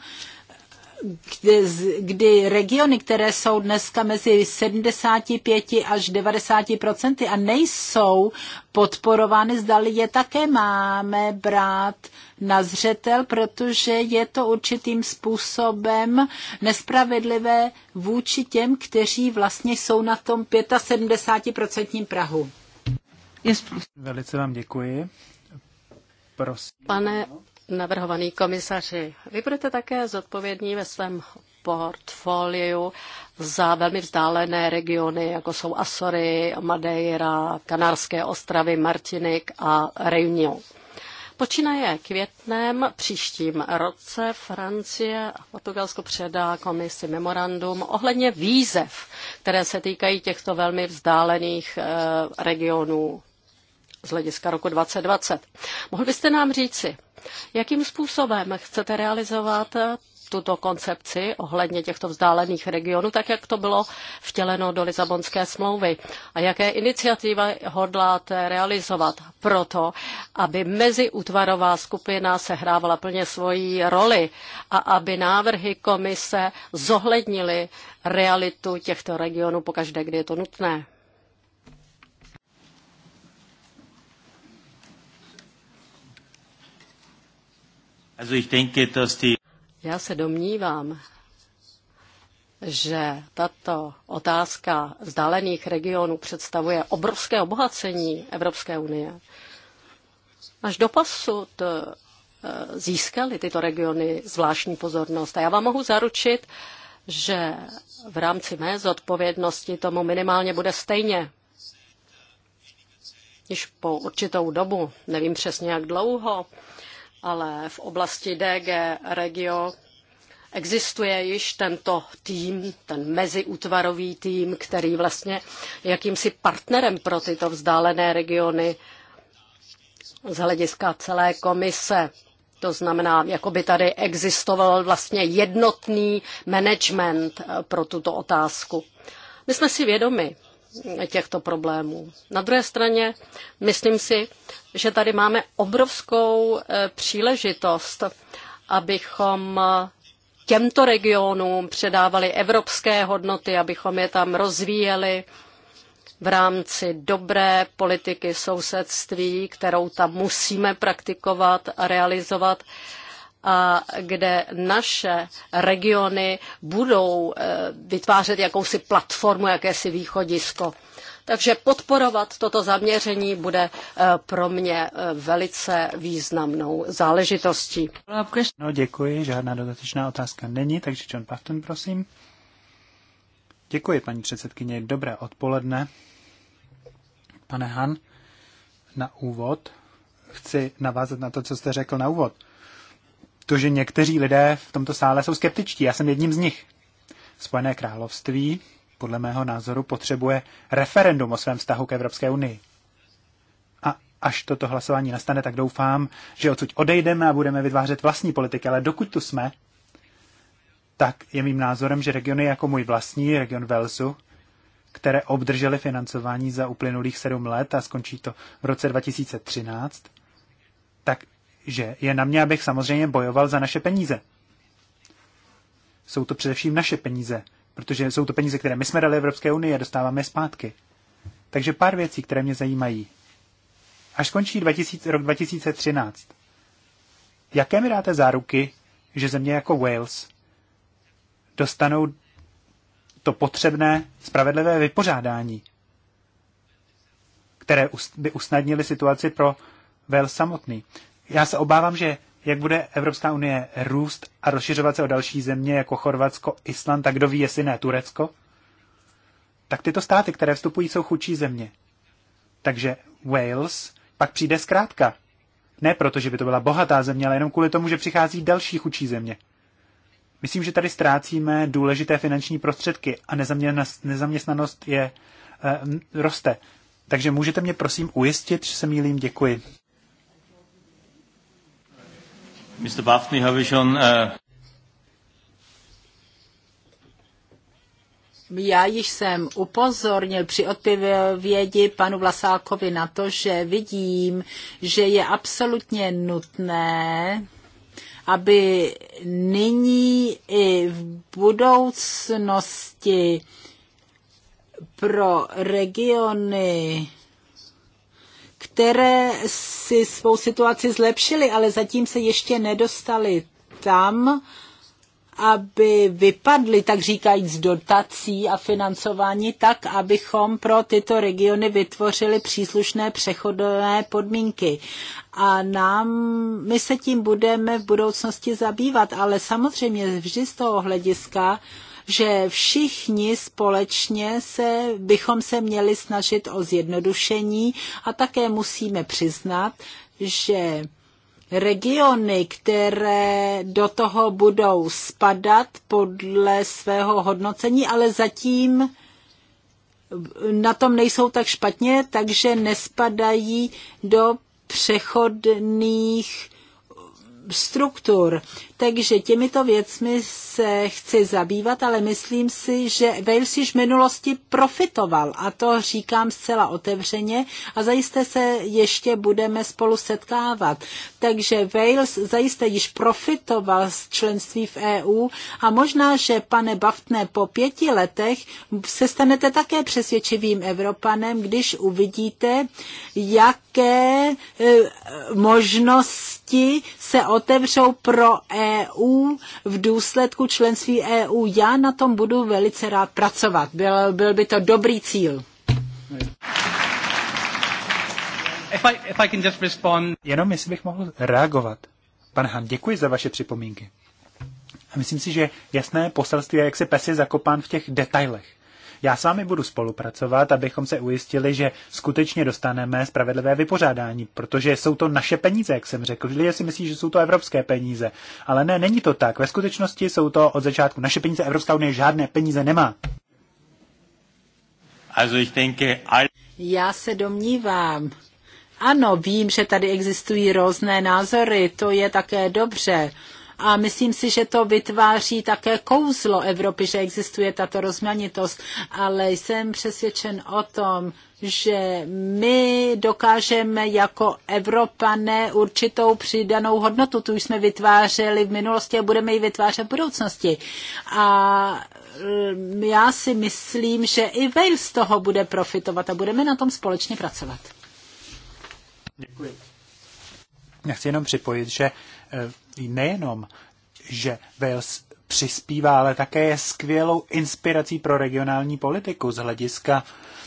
kdy, kdy regiony, které jsou dneska mezi 75 až 90 a nejsou podporovány, zdali je také máme brát na zřetel, protože je to určitým způsobem nespravedlivé vůči těm, kteří vlastně jsou na tom 75% Prahu. Velice vám děkuji. Prosím. Pane navrhovaný komisaři, vy budete také zodpovědní ve svém portfoliu za velmi vzdálené regiony, jako jsou Asory, Madeira, Kanárské ostravy, Martinik a Réunion. Počínaje květnem příštím roce Francie a Portugalsko předá komisi memorandum ohledně výzev, které se týkají těchto velmi vzdálených eh, regionů z hlediska roku 2020. Mohl byste nám říci, jakým způsobem chcete realizovat tuto koncepci ohledně těchto vzdálených regionů, tak jak to bylo vtěleno do Lisabonské smlouvy. A jaké iniciativy hodláte realizovat proto, aby meziutvarová skupina sehrávala plně svoji roli a aby návrhy komise zohlednily realitu těchto regionů pokaždé, kdy je to nutné? Já se domnívám, že tato otázka vzdálených regionů představuje obrovské obohacení Evropské unie. Až do posud eh, získaly tyto regiony zvláštní pozornost. A já vám mohu zaručit, že v rámci mé zodpovědnosti tomu minimálně bude stejně. Již po určitou dobu, nevím přesně jak dlouho, ale v oblasti DG Regio existuje již tento tým, ten meziútvarový tým, který vlastně je jakýmsi partnerem pro tyto vzdálené regiony z hlediska celé komise. To znamená, jako by tady existoval vlastně jednotný management eh, pro tuto otázku. My jsme si vědomi těchto problémů. Na druhé straně myslím si, že tady máme obrovskou eh, příležitost, abychom eh, těmto regionům předávali evropské hodnoty, abychom je tam rozvíjeli v rámci dobré politiky sousedství, kterou tam musíme praktikovat a realizovat a kde naše regiony budou eh, vytvářet jakousi platformu, jakési východisko. Takže podporovat toto zaměření bude eh, pro mě eh, velice významnou záležitostí. No, děkuji, žádná dodatečná otázka není, takže John Pafton, prosím. Děkuji, paní předsedkyně. Dobré odpoledne. Pane Han, na úvod chci navázat na to, co jste řekl na úvod to, že někteří lidé v tomto sále jsou skeptičtí. Já jsem jedním z nich. Spojené království podle mého názoru potřebuje referendum o svém vztahu k Evropské unii. A až toto hlasování nastane, tak doufám, že odsud odejdeme a budeme vytvářet vlastní politiky, ale dokud tu jsme, tak je mým názorem, že regiony jako můj vlastní, region Velsu, které obdržely financování za uplynulých sedm let a skončí to v roce 2013, tak že je na mě, abych samozřejmě bojoval za naše peníze. Jsou to především naše peníze, protože jsou to peníze, které my jsme dali Evropské unii a dostáváme zpátky. Takže pár věcí, které mě zajímají. Až skončí 2000, rok 2013, jaké mi dáte záruky, že země jako Wales dostanou to potřebné spravedlivé vypořádání, které by usnadnili situaci pro Wales samotný já se obávám, že jak bude Evropská unie růst a rozšiřovat se o další země jako Chorvatsko, Island tak kdo ví, jestli ne Turecko, tak tyto státy, které vstupují, jsou chudší země. Takže Wales pak přijde zkrátka. Ne proto, že by to byla bohatá země, ale jenom kvůli tomu, že přichází další chudší země. Myslím, že tady ztrácíme důležité finanční prostředky a nezaměstnanost je, e, roste. Takže můžete mě prosím ujistit, že se mýlím, děkuji. Mr. habe ich schon... Já již jsem upozornil při odpovědi panu Vlasákovi na to, že vidím, že je absolutně nutné, aby nyní i v budoucnosti pro regiony které si svou situaci zlepšily, ale zatím se ještě nedostali tam, aby vypadly, tak říkajíc, dotací a financování tak, abychom pro tyto regiony vytvořili příslušné přechodové podmínky. A nám, my se tím budeme v budoucnosti zabývat, ale samozřejmě vždy z toho hlediska, že všichni společně se, bychom se měli snažit o zjednodušení a také musíme přiznat, že regiony, které do toho budou spadat podle svého hodnocení, ale zatím na tom nejsou tak špatně, takže nespadají do přechodných struktur. Takže těmito věcmi se chci zabývat, ale myslím si, že Wales již v minulosti profitoval a to říkám zcela otevřeně a zajisté se ještě budeme spolu setkávat. Takže Wales zajisté již profitoval z členství v EU a možná, že pane Baftne, po pěti letech se stanete také přesvědčivým Evropanem, když uvidíte, jaké e, možnosti se otevřou pro EU EU v důsledku členství EU. Já na tom budu velice rád pracovat. Byl, byl by to dobrý cíl. If I, if I can just respond. Jenom jestli bych mohl reagovat. Pan Han, děkuji za vaše připomínky. A myslím si, že jasné poselství je, jak se pes je zakopán v těch detailech. Já s vámi budu spolupracovat, abychom se ujistili, že skutečně dostaneme spravedlivé vypořádání, protože jsou to naše peníze, jak jsem řekl. Lidé si myslí, že jsou to evropské peníze, ale ne, není to tak. Ve skutečnosti jsou to od začátku naše peníze. Evropská unie žádné peníze nemá. Já se domnívám, ano, vím, že tady existují různé názory, to je také dobře. A myslím si, že to vytváří také kouzlo Evropy, že existuje tato rozmanitost. Ale jsem přesvědčen o tom, že my dokážeme jako Evropané určitou přidanou hodnotu. Tu už jsme vytvářeli v minulosti a budeme ji vytvářet v budoucnosti. A mm, já si myslím, že i Wales z toho bude profitovat a budeme na tom společně pracovat. Děkuji. Já chci jenom připojit, že eh, nejenom, že Wales přispívá, ale také je skvělou inspirací pro regionální politiku z hlediska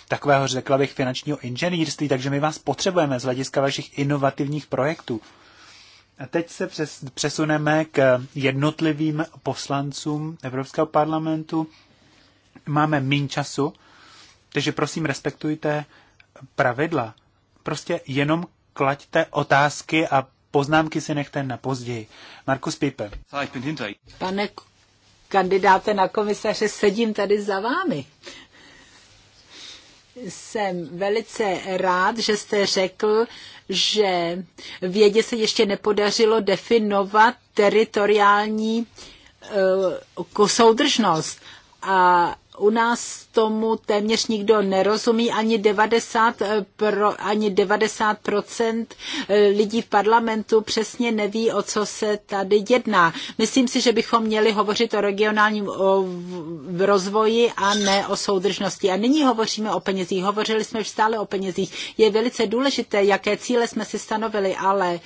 takového, řekla bych, finančního inženýrství, takže my vás potřebujeme z hlediska vašich inovativních projektů. A teď se přes, přesuneme k jednotlivým poslancům Evropského parlamentu. Máme méně času, takže prosím respektujte pravidla. Prostě jenom klaďte otázky a Poznámky si nechte na později. Markus Pipe. Pane kandidáte na komisaře, sedím tady za vámi. Jsem velice rád, že jste řekl, že vědě se ještě nepodařilo definovat teritoriální uh, soudržnost. A u nás tomu téměř nikdo nerozumí, ani 90, pro, ani 90% eh, lidí v parlamentu přesně neví, o co se tady jedná. Myslím si, že bychom měli hovořit o regionálním o rozvoji a ne o soudržnosti. A nyní hovoříme o penězích. Hovořili jsme stále o penězích. Je velice důležité, jaké cíle jsme si stanovili, ale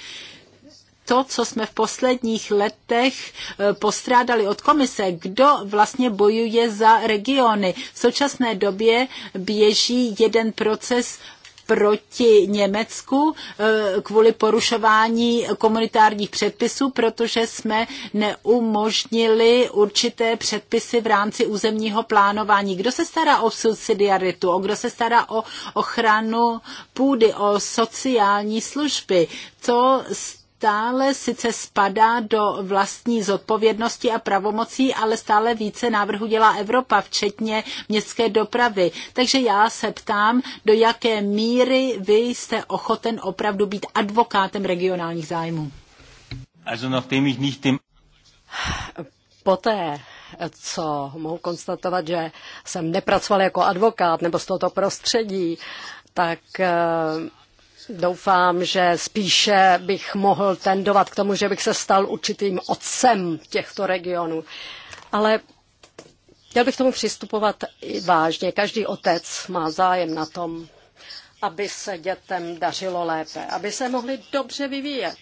to, co jsme v posledních letech eh, postrádali od komise, kdo vlastně bojuje za regiony. V současné době běží jeden proces proti Německu eh, kvůli porušování komunitárních předpisů, protože jsme neumožnili určité předpisy v rámci územního plánování. Kdo se stará o subsidiaritu, o kdo se stará o ochranu půdy, o sociální služby? To stále sice spadá do vlastní zodpovědnosti a pravomocí, ale stále více návrhu dělá Evropa, včetně městské dopravy. Takže já se ptám, do jaké míry vy jste ochoten opravdu být advokátem regionálních zájmů. Also nachdem ich nicht dem... Poté, co mohu konstatovat, že jsem nepracoval jako advokát nebo z tohoto prostředí, tak eh, Doufám, že spíše bych mohl tendovat k tomu, že bych se stal určitým otcem těchto regionů. Ale chtěl bych tomu přistupovat i vážně. Každý otec má zájem na tom, aby se dětem dařilo lépe, aby se mohli dobře vyvíjet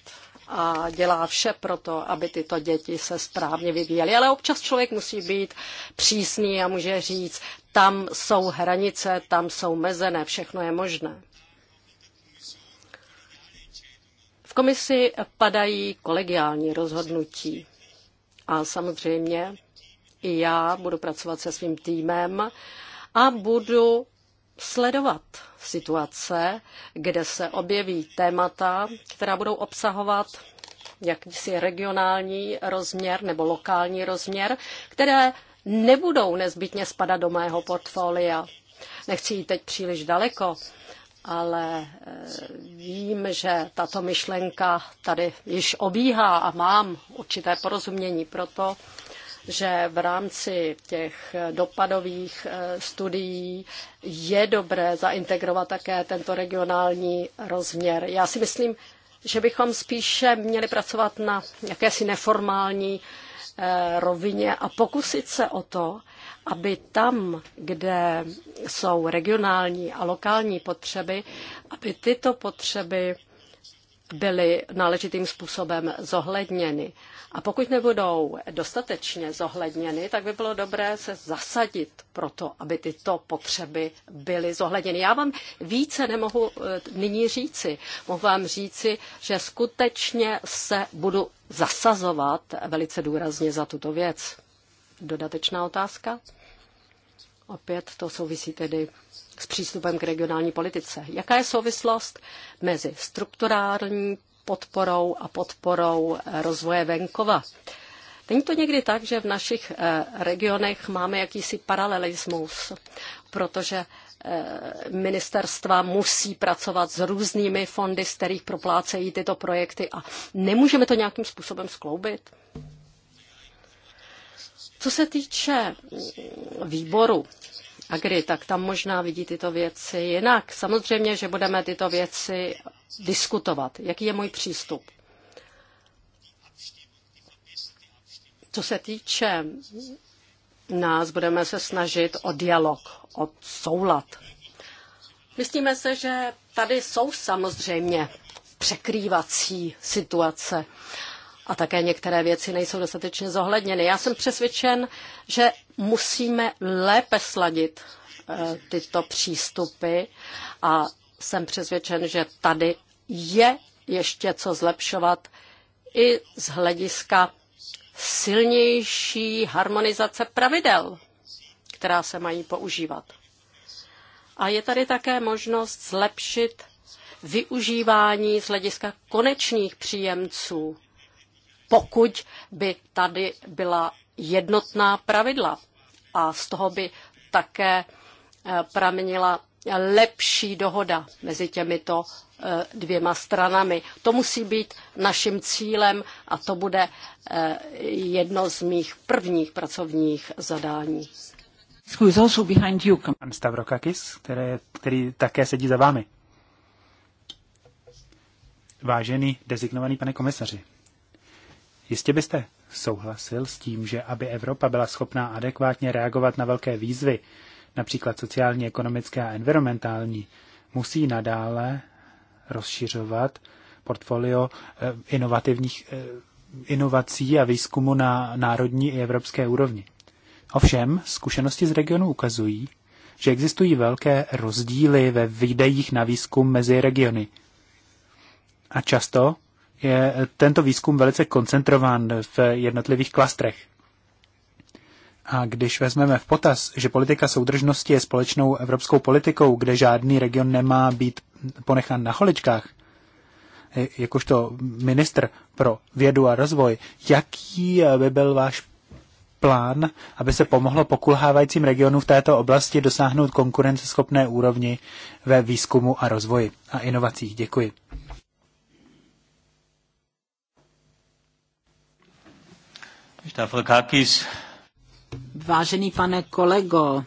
a dělá vše pro to, aby tyto děti se správně vyvíjely. Ale občas člověk musí být přísný a může říct, tam jsou hranice, tam jsou ne všechno je možné. V komisi padají kolegiální rozhodnutí a samozřejmě i já budu pracovat se svým týmem a budu sledovat situace, kde se objeví témata, která budou obsahovat jakýsi regionální rozměr nebo lokální rozměr, které nebudou nezbytně spadat do mého portfolia. Nechci jít teď příliš daleko, ale e, vím, že tato myšlenka tady již obíhá a mám určité porozumění pro to, že v rámci těch dopadových e, studií je dobré zaintegrovat také tento regionální rozměr. Já si myslím, že bychom spíše měli pracovat na jakési neformální e, rovině a pokusit se o to, aby tam, kde jsou regionální a lokální potřeby, aby tyto potřeby byly náležitým způsobem zohledněny. A pokud nebudou dostatečně zohledněny, tak by bylo dobré se zasadit pro to, aby tyto potřeby byly zohledněny. Já vám více nemohu eh, nyní říci. Mohu vám říci, že skutečně se budu zasazovat velice důrazně za tuto věc. Dodatečná otázka? Opět to souvisí tedy s přístupem k regionální politice. Jaká je souvislost mezi strukturální podporou a podporou eh, rozvoje venkova? Není to někdy tak, že v našich eh, regionech máme jakýsi paralelismus, protože eh, ministerstva musí pracovat s různými fondy, z kterých proplácejí tyto projekty a nemůžeme to nějakým způsobem skloubit? Co se týče výboru Agri, tak tam možná vidí tyto věci jinak. Samozřejmě, že budeme tyto věci diskutovat. Jaký je můj přístup? Co se týče nás, budeme se snažit o dialog, o soulad. Myslíme se, že tady jsou samozřejmě překrývací situace a také některé věci nejsou dostatečně zohledněny. Já jsem přesvědčen, že musíme lépe sladit eh, tyto přístupy a jsem přesvědčen, že tady je ještě co zlepšovat i z hlediska silnější harmonizace pravidel, která se mají používat. A je tady také možnost zlepšit využívání z hlediska konečných příjemců pokud by tady byla jednotná pravidla a z toho by také eh, pramenila lepší dohoda mezi těmito eh, dvěma stranami. To musí být naším cílem a to bude eh, jedno z mých prvních pracovních zadání. Pan Stavrokakis, který, který také sedí za vámi. Vážený designovaný pane komisaři, Jistě byste souhlasil s tím, že aby Evropa byla schopná adekvátně reagovat na velké výzvy, například sociální, ekonomické a environmentální, musí nadále rozšiřovat portfolio eh, inovativních eh, inovací a výzkumu na národní i evropské úrovni. Ovšem, zkušenosti z regionu ukazují, že existují velké rozdíly ve výdejích na výzkum mezi regiony. A často je tento výzkum velice koncentrován v jednotlivých klastrech. A když vezmeme v potaz, že politika soudržnosti je společnou evropskou politikou, kde žádný region nemá být ponechán na holičkách, jakožto ministr pro vědu a rozvoj, jaký by byl váš plán, aby se pomohlo pokulhávajícím regionům v této oblasti dosáhnout konkurenceschopné úrovni ve výzkumu a rozvoji a inovacích? Děkuji. Vážený pane kolego,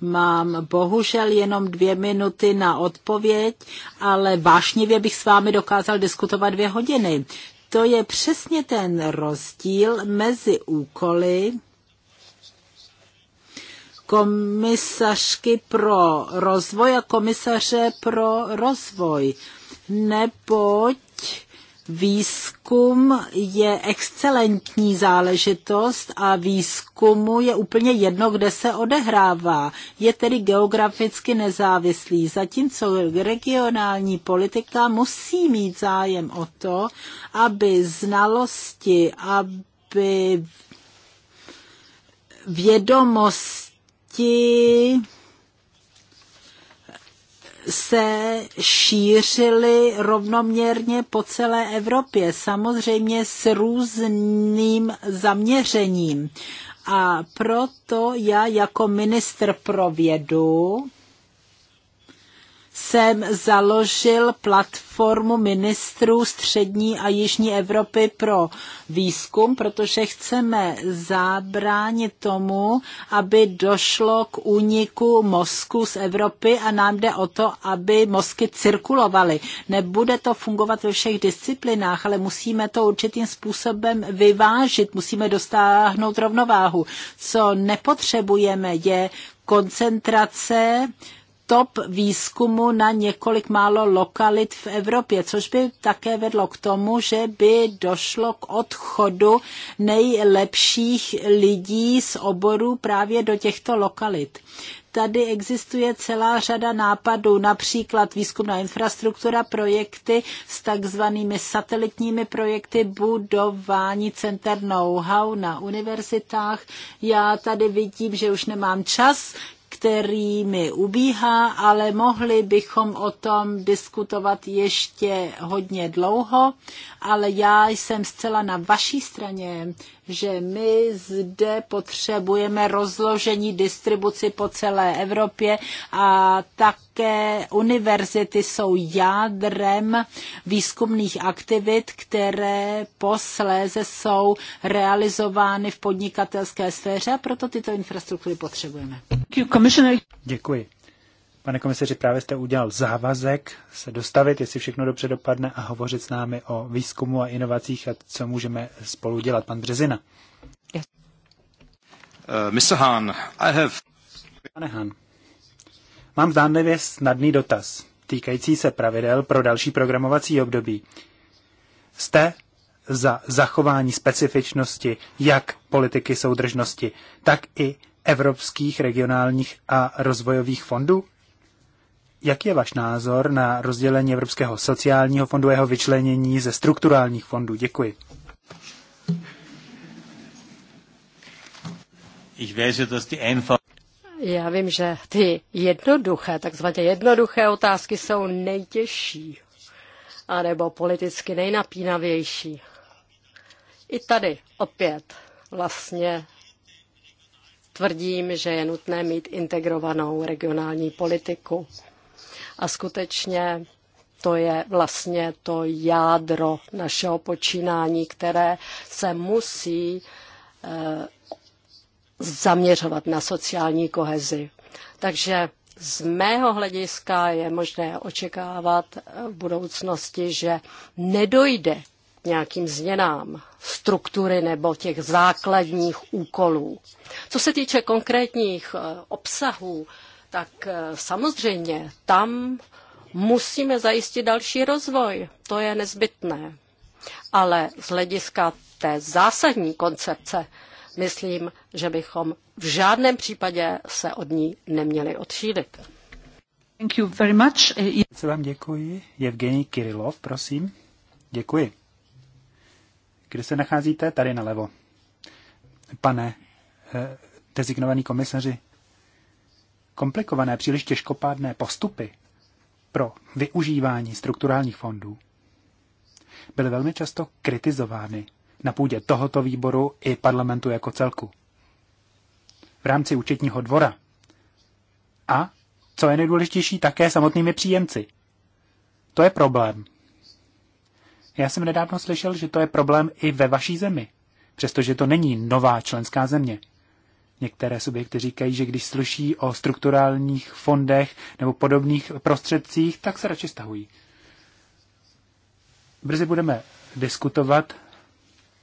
Mám bohužel jenom dvě minuty na odpověď, ale vášnivě bych s vámi dokázal diskutovat dvě hodiny. To je přesně ten rozdíl mezi úkoly komisařky pro rozvoj a komisaře pro rozvoj. Neboť Výzkum je excelentní záležitost a výzkumu je úplně jedno, kde se odehrává. Je tedy geograficky nezávislý, zatímco regionální politika musí mít zájem o to, aby znalosti, aby vědomosti, se šířily rovnoměrně po celé Evropě, samozřejmě s různým zaměřením. A proto já jako ministr pro vědu jsem založil platformu ministrů střední a jižní Evropy pro výzkum, protože chceme zabránit tomu, aby došlo k úniku mozku z Evropy a nám jde o to, aby mozky cirkulovaly. Nebude to fungovat ve všech disciplinách, ale musíme to určitým způsobem vyvážit, musíme dostáhnout rovnováhu. Co nepotřebujeme je koncentrace stop výzkumu na několik málo lokalit v Evropě, což by také vedlo k tomu, že by došlo k odchodu nejlepších lidí z oboru právě do těchto lokalit tady existuje celá řada nápadů, například výzkumná infrastruktura, projekty s takzvanými satelitními projekty, budování center know-how na univerzitách. Já tady vidím, že už nemám čas, který mi ubíhá, ale mohli bychom o tom diskutovat ještě hodně dlouho, ale já jsem zcela na vaší straně že my zde potřebujeme rozložení distribuci po celé Evropě a také univerzity jsou jádrem výzkumných aktivit, které posléze jsou realizovány v podnikatelské sféře a proto tyto infrastruktury potřebujeme. Děkuji. Pane komisaři, právě jste udělal závazek se dostavit, jestli všechno dobře dopadne a hovořit s námi o výzkumu a inovacích a co můžeme spolu dělat. Pan Březina. Yes. Uh, Mr. Hahn, I have... Pane Hahn, mám zdánlivě snadný dotaz týkající se pravidel pro další programovací období. Jste za zachování specifičnosti jak politiky soudržnosti, tak i evropských regionálních a rozvojových fondů? Jaký je váš názor na rozdělení Evropského sociálního fondu a jeho vyčlenění ze strukturálních fondů? Děkuji. Já vím, že ty jednoduché, takzvaně jednoduché otázky jsou nejtěžší, anebo politicky nejnapínavější. I tady opět vlastně tvrdím, že je nutné mít integrovanou regionální politiku a skutečně to je vlastně to jádro našeho počínání, které se musí eh, zaměřovat na sociální kohezi. Takže z mého hlediska je možné očekávat v budoucnosti, že nedojde k nějakým změnám struktury nebo těch základních úkolů. Co se týče konkrétních eh, obsahů, tak eh, samozřejmě tam musíme zajistit další rozvoj. To je nezbytné. Ale z hlediska té zásadní koncepce, myslím, že bychom v žádném případě se od ní neměli odšílit. Thank you very much. Se eh, vám děkuji. Evgeni Kirilov, prosím. Děkuji. Kde se nacházíte? Tady nalevo. Pane eh, designovaný komisaři, komplikované, příliš těžkopádné postupy pro využívání strukturálních fondů byly velmi často kritizovány na půdě tohoto výboru i parlamentu jako celku. V rámci účetního dvora. A, co je nejdůležitější, také samotnými příjemci. To je problém. Já jsem nedávno slyšel, že to je problém i ve vaší zemi, přestože to není nová členská země. Některé subjekty říkají, že když sluší o strukturálních fondech nebo podobných prostředcích, tak se radši stahují. Brzy budeme diskutovat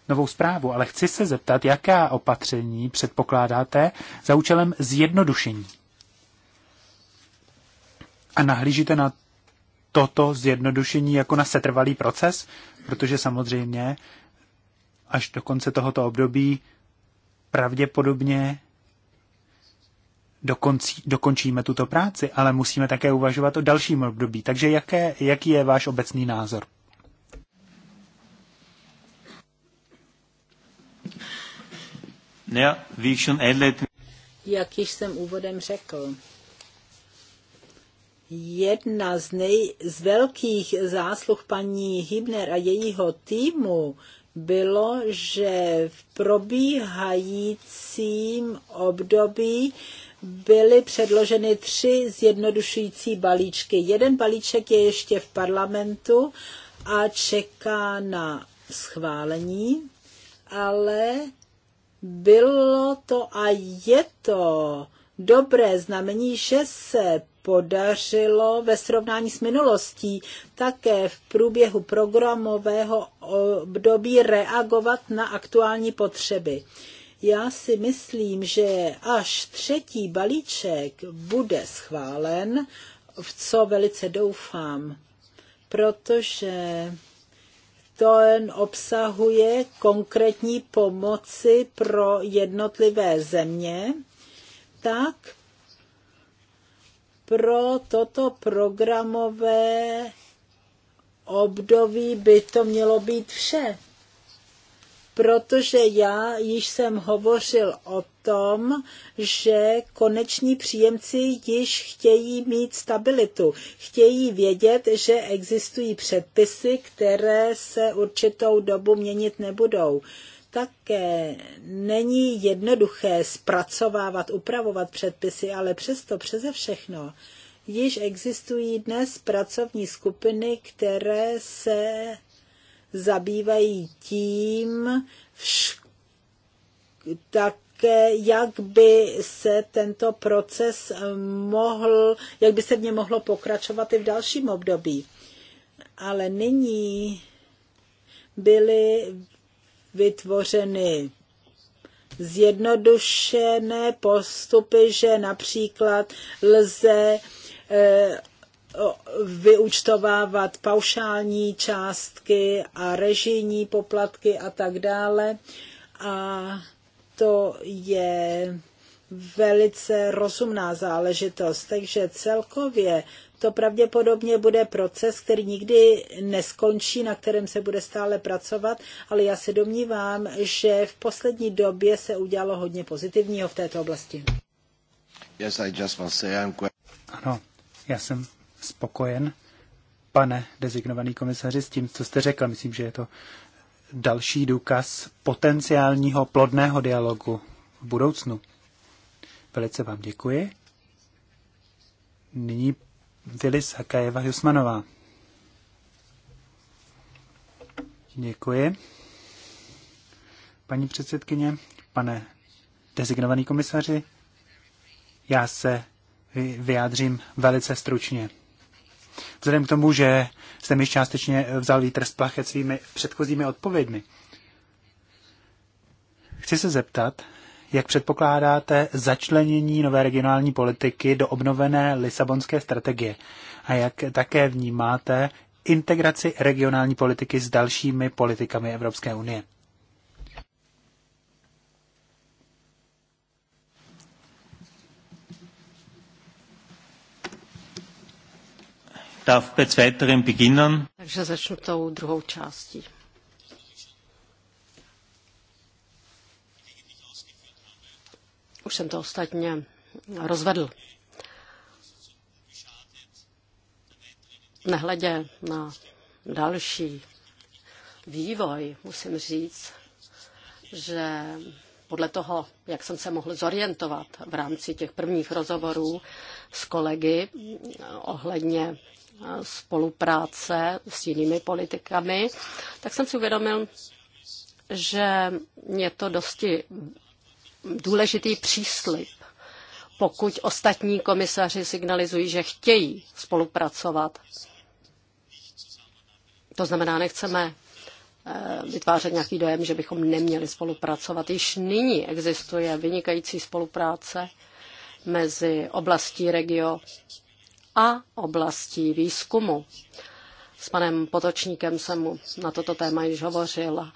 novou zprávu, ale chci se zeptat, jaká opatření předpokládáte za účelem zjednodušení. A nahlížíte na toto zjednodušení jako na setrvalý proces, protože samozřejmě až do konce tohoto období pravděpodobně dokoncí, dokončíme tuto práci, ale musíme také uvažovat o dalším období. Takže jaké, jaký je váš obecný názor? Jak již jsem úvodem řekl, jedna z, nej, z velkých zásluh paní Hibner a jejího týmu bylo, že v probíhajícím období byly předloženy tři zjednodušující balíčky. Jeden balíček je ještě v parlamentu a čeká na schválení, ale bylo to a je to dobré znamení, že se podařilo ve srovnání s minulostí také v průběhu programového období reagovat na aktuální potřeby. Já si myslím, že až třetí balíček bude schválen, v co velice doufám, protože to obsahuje konkrétní pomoci pro jednotlivé země, tak pro toto programové období by to mělo být vše protože já již jsem hovořil o tom, že koneční příjemci již chtějí mít stabilitu. Chtějí vědět, že existují předpisy, které se určitou dobu měnit nebudou také není jednoduché zpracovávat, upravovat předpisy, ale přesto přeze všechno již existují dnes pracovní skupiny, které se zabývají tím tak, jak by se tento proces mohl, jak by se v něm mohlo pokračovat i v dalším období. Ale nyní byly vytvořeny zjednodušené postupy, že například lze eh, vyučtovávat paušální částky a režijní poplatky a tak dále. A to je velice rozumná záležitost. Takže celkově to pravděpodobně bude proces, který nikdy neskončí, na kterém se bude stále pracovat, ale já se domnívám, že v poslední době se udělalo hodně pozitivního v této oblasti. Yes, I just must say I'm quite... Ano, já jsem spokojen, pane dezignovaný komisaři, s tím, co jste řekl. Myslím, že je to další důkaz potenciálního plodného dialogu v budoucnu. Velice vám děkuji. Nyní Vilis Hakajeva Jusmanová. Děkuji. Paní předsedkyně, pane dezignovaný komisaři, já se vyjádřím velice stručně. Vzhledem k tomu, že jste mi částečně vzal vítr z plachet svými předchozími odpověďmi. Chci se zeptat, jak předpokládáte začlenění nové regionální politiky do obnovené Lisabonské strategie a jak také vnímáte integraci regionální politiky s dalšími politikami Evropské unie. darf bei beginnen. Takže začnu tou druhou částí. Už jsem to ostatně rozvedl. Nehledě na další vývoj, musím říct, že podle toho, jak jsem se mohl zorientovat v rámci těch prvních rozhovorů s kolegy ohledně spolupráce s jinými politikami, tak jsem si uvědomil, že je to dosti důležitý příslip, pokud ostatní komisaři signalizují, že chtějí spolupracovat. To znamená, nechceme eh, vytvářet nějaký dojem, že bychom neměli spolupracovat. Již nyní existuje vynikající spolupráce mezi oblastí regio a oblastí výzkumu. S panem Potočníkem jsem mu na toto téma již hovořil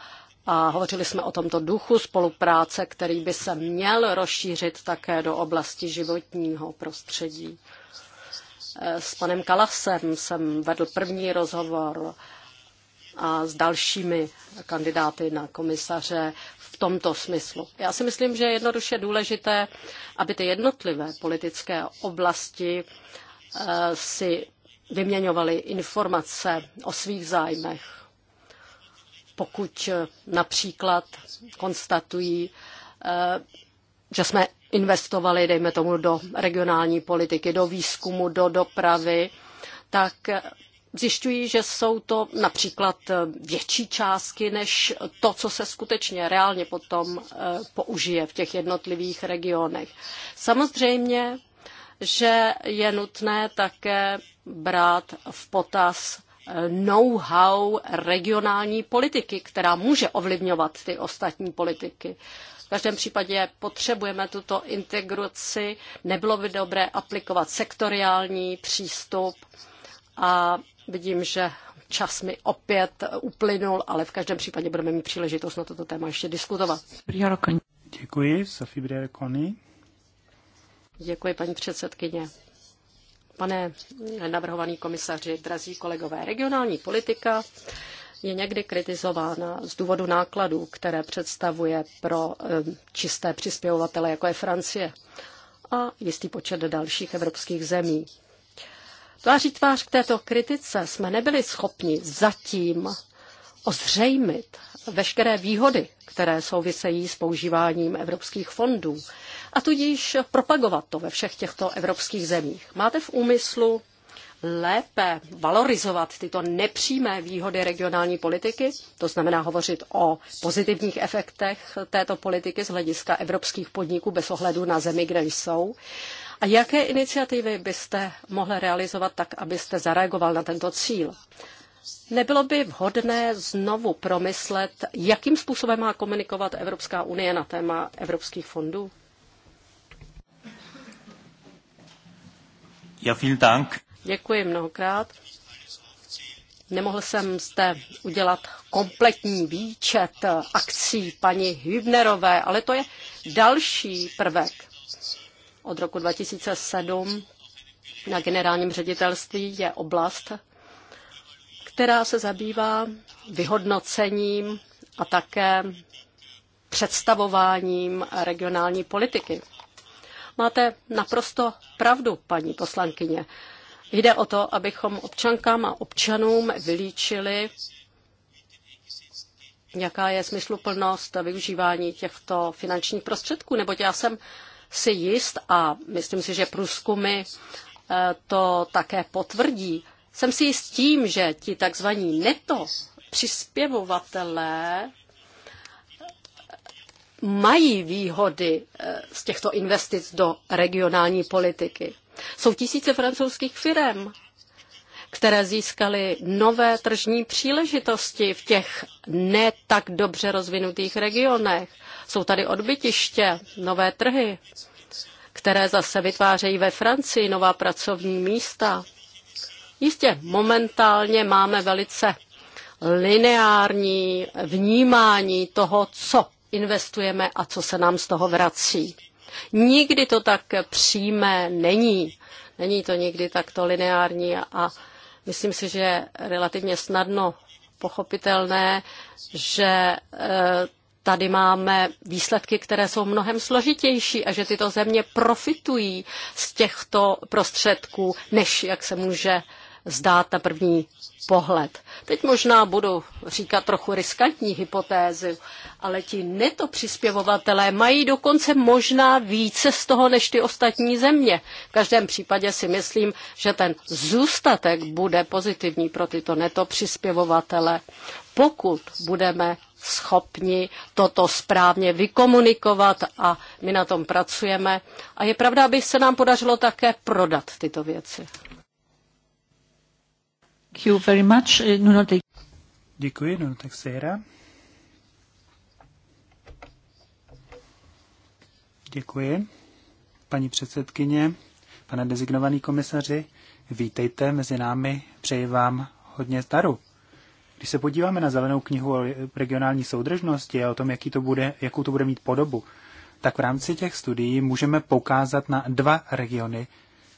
a hovořili jsme o tomto duchu spolupráce, který by se měl rozšířit také do oblasti životního prostředí. S panem Kalasem jsem vedl první rozhovor a s dalšími kandidáty na komisaře v tomto smyslu. Já si myslím, že je jednoduše důležité, aby ty jednotlivé politické oblasti Eh, si vyměňovali informace o svých zájmech. Pokud eh, například konstatují, eh, že jsme investovali, dejme tomu, do regionální politiky, do výzkumu, do dopravy, tak zjišťují, že jsou to například větší částky než to, co se skutečně reálně potom použije v těch jednotlivých regionech. Samozřejmě že je nutné také brát v potaz know-how regionální politiky, která může ovlivňovat ty ostatní politiky. V každém případě potřebujeme tuto integraci, nebylo by dobré aplikovat sektoriální přístup a vidím, že čas mi opět uplynul, ale v každém případě budeme mít příležitost na toto téma ještě diskutovat. Děkuji, Sofie Briarokoni. Děkuji, paní předsedkyně. Pane navrhovaný komisaři, drazí kolegové, regionální politika je někdy kritizována z důvodu nákladů, které představuje pro eh, čisté přispěvovatele, jako je Francie a jistý počet dalších evropských zemí. Tváří tvář k této kritice jsme nebyli schopni zatím ozřejmit veškeré výhody, které souvisejí s používáním evropských fondů a tudíž propagovat to ve všech těchto evropských zemích. Máte v úmyslu lépe valorizovat tyto nepřímé výhody regionální politiky, to znamená hovořit o pozitivních efektech této politiky z hlediska evropských podniků bez ohledu na zemi, kde jsou. A jaké iniciativy byste mohli realizovat tak, abyste zareagoval na tento cíl? nebylo by vhodné znovu promyslet, jakým způsobem má komunikovat Evropská unie na téma evropských fondů? Ja, vielen Dank. Děkuji mnohokrát. Nemohl jsem zde udělat kompletní výčet akcí paní Hübnerové, ale to je další prvek. Od roku 2007 na generálním ředitelství je oblast, která se zabývá vyhodnocením a také představováním regionální politiky. Máte naprosto pravdu, paní poslankyně. Jde o to, abychom občankám a občanům vylíčili, jaká je smysluplnost využívání těchto finančních prostředků, neboť já jsem si jist a myslím si, že průzkumy eh, to také potvrdí, jsem si jist tím, že ti takzvaní neto přispěvovatelé mají výhody eh, z těchto investic do regionální politiky. Jsou tisíce francouzských firm, které získaly nové tržní příležitosti v těch ne tak dobře rozvinutých regionech. Jsou tady odbytiště, nové trhy, které zase vytvářejí ve Francii nová pracovní místa. Jistě, momentálně máme velice lineární vnímání toho, co investujeme a co se nám z toho vrací. Nikdy to tak přímé není. Není to nikdy takto lineární a myslím si, že je relativně snadno pochopitelné, že eh, tady máme výsledky, které jsou mnohem složitější a že tyto země profitují z těchto prostředků, než jak se může zdát na první pohled. Teď možná budu říkat trochu riskantní hypotézy, ale ti neto přispěvovatelé mají dokonce možná více z toho než ty ostatní země. V každém případě si myslím, že ten zůstatek bude pozitivní pro tyto neto přispěvovatele, pokud budeme schopni toto správně vykomunikovat a my na tom pracujeme. A je pravda, aby se nám podařilo také prodat tyto věci. Thank you very much. Eh, Nuno Děkuji, Nuno Teixeira. Děkuji. Paní předsedkyně, pane designovaný komisaři, vítejte mezi námi, přeji vám hodně zdaru. Když se podíváme na zelenou knihu o regionální soudržnosti a o tom, jaký to bude, jakou to bude mít podobu, tak v rámci těch studií můžeme poukázat na dva regiony,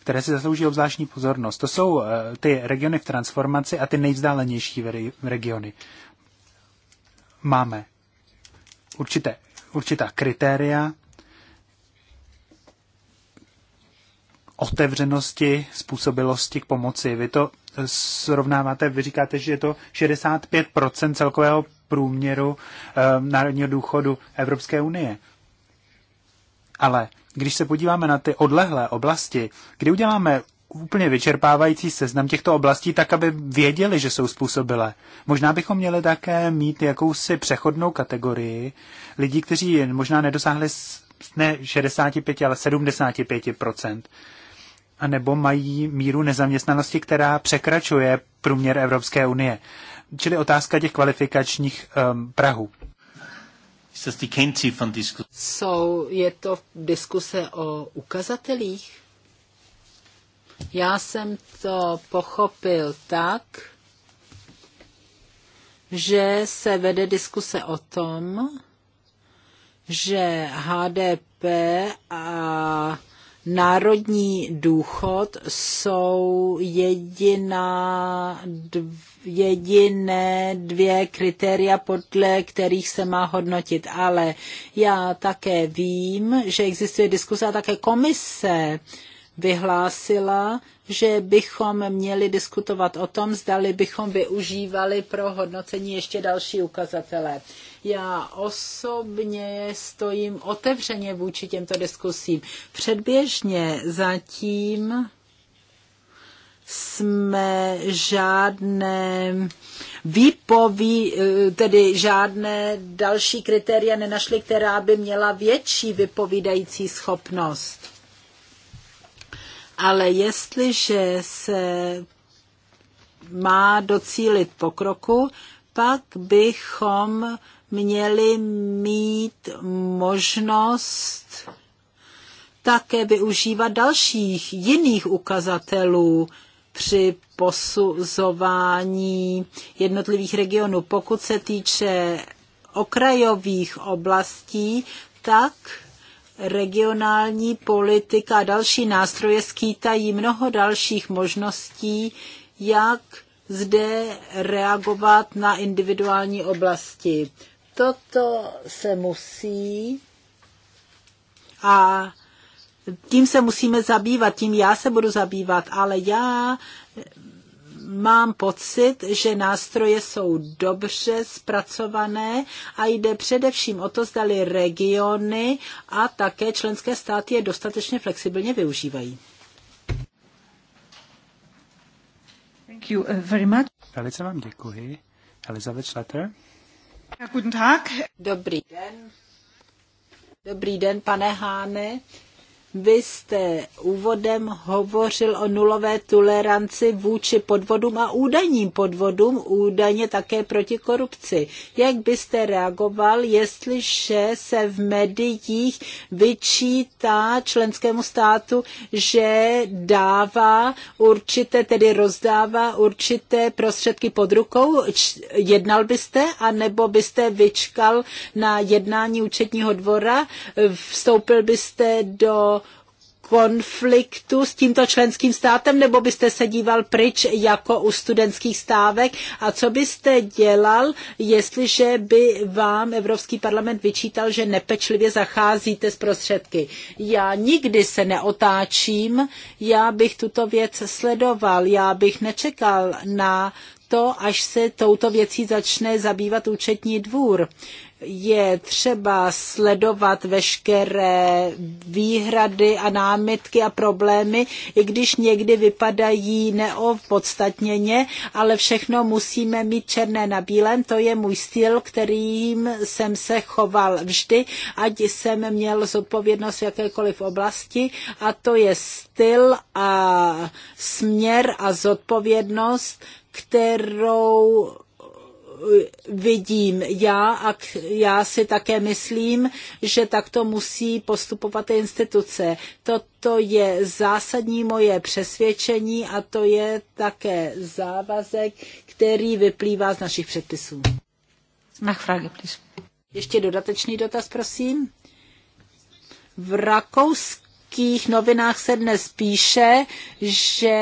které si zaslouží obzvláštní pozornost. To jsou eh, ty regiony v transformaci a ty nejvzdálenější regiony. Máme určité, určitá kritéria otevřenosti, způsobilosti k pomoci. Vy to eh, srovnáváte, vy říkáte, že je to 65% celkového průměru e, národního důchodu Evropské unie. Ale když se podíváme na ty odlehlé oblasti, kdy uděláme úplně vyčerpávající seznam těchto oblastí, tak aby věděli, že jsou způsobilé. Možná bychom měli také mít jakousi přechodnou kategorii lidí, kteří možná nedosáhli ne 65, ale 75 a nebo mají míru nezaměstnanosti, která překračuje průměr Evropské unie. Čili otázka těch kvalifikačních um, prahů. Jsou, je to diskuse o ukazatelích? Já jsem to pochopil tak, že se vede diskuse o tom, že HDP a národní důchod jsou jediná, jediné dvě kritéria, podle kterých se má hodnotit. Ale já také vím, že existuje diskuse a také komise uh, vyhlásila, že bychom měli diskutovat o tom, zdali bychom využívali pro hodnocení ještě další ukazatele. Já osobně stojím otevřeně vůči těmto diskusím. Předběžně zatím jsme žádné výpoví, tedy žádné další kritéria nenašli, která by měla větší vypovídající schopnost ale jestliže se má docílit pokroku, pak bychom měli mít možnost také využívat dalších jiných ukazatelů při posuzování jednotlivých regionů. Pokud se týče okrajových oblastí, tak regionální politika a další nástroje skýtají mnoho dalších možností, jak zde reagovat na individuální oblasti. Toto se musí a tím se musíme zabývat, tím já se budu zabývat, ale já mám pocit, že nástroje jsou dobře zpracované a jde především o to, zdali regiony a také členské státy je dostatečně flexibilně využívají. Thank you uh, very much. Velice vám děkuji. Elizabeth Schletter. Guten Tag. Dobrý den. Dobrý den, pane Háne. Vy jste úvodem hovořil o nulové toleranci vůči podvodům a údajním podvodům, údajně také proti korupci. Jak byste reagoval, jestliže se v médiích vyčítá členskému státu, že dává určité, tedy rozdává určité prostředky pod rukou? Jednal byste, anebo byste vyčkal na jednání účetního dvora? Vstoupil byste do konfliktu s tímto členským státem, nebo byste se díval pryč jako u studentských stávek? A co byste dělal, jestliže by vám Evropský parlament vyčítal, že nepečlivě zacházíte s prostředky? Já nikdy se neotáčím, já bych tuto věc sledoval, já bych nečekal na to, až se touto věcí začne zabývat účetní dvůr je třeba sledovat veškeré výhrady a námitky a problémy, i když někdy vypadají neopodstatněně, ale všechno musíme mít černé na bílém. To je můj styl, kterým jsem se choval vždy, ať jsem měl zodpovědnost v jakékoliv oblasti a to je styl a směr a zodpovědnost, kterou vidím já a já si také myslím, že takto musí postupovat instituce. Toto je zásadní moje přesvědčení a to je také závazek, který vyplývá z našich předpisů. Ještě dodatečný dotaz, prosím. V rakouských novinách se dnes píše, že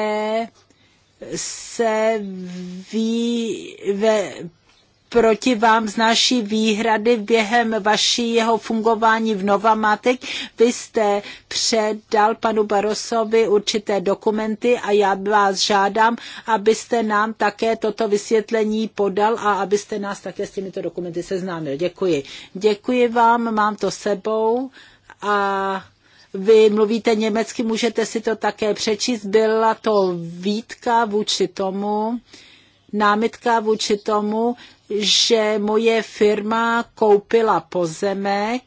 se ví, ve, proti vám znáší výhrady během vaší jeho fungování v Novamatek. Vy jste předal panu Barosovi určité dokumenty a já vás žádám, abyste nám také toto vysvětlení podal a abyste nás také s těmito dokumenty seznámil. Děkuji. Děkuji vám, mám to sebou a vy mluvíte německy, můžete si to také přečíst. Byla to výtka vůči tomu, námitka vůči tomu, že moje firma koupila pozemek,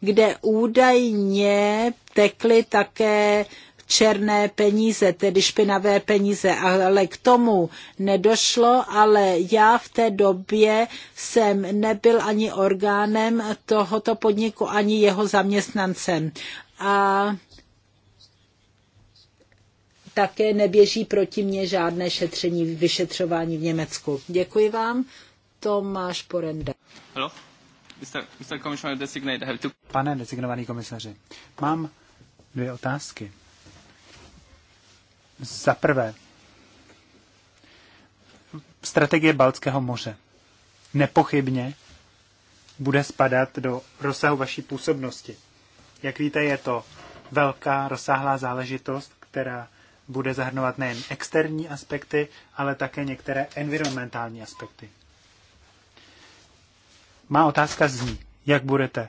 kde údajně tekly také černé peníze, tedy špinavé peníze, ale k tomu nedošlo, ale já v té době jsem nebyl ani orgánem tohoto podniku, ani jeho zaměstnancem. A také neběží proti mně žádné šetření, vyšetřování v Německu. Děkuji vám. Tomáš Porenda. Hello? Mr. Mr. Commissioner Designate, have to... Pane designovaný komisaři, mám dvě otázky. Za prvé, strategie Baltského moře nepochybně bude spadat do rozsahu vaší působnosti. Jak víte, je to velká, rozsáhlá záležitost, která bude zahrnovat nejen externí aspekty, ale také některé environmentální aspekty. Má otázka zní, jak budete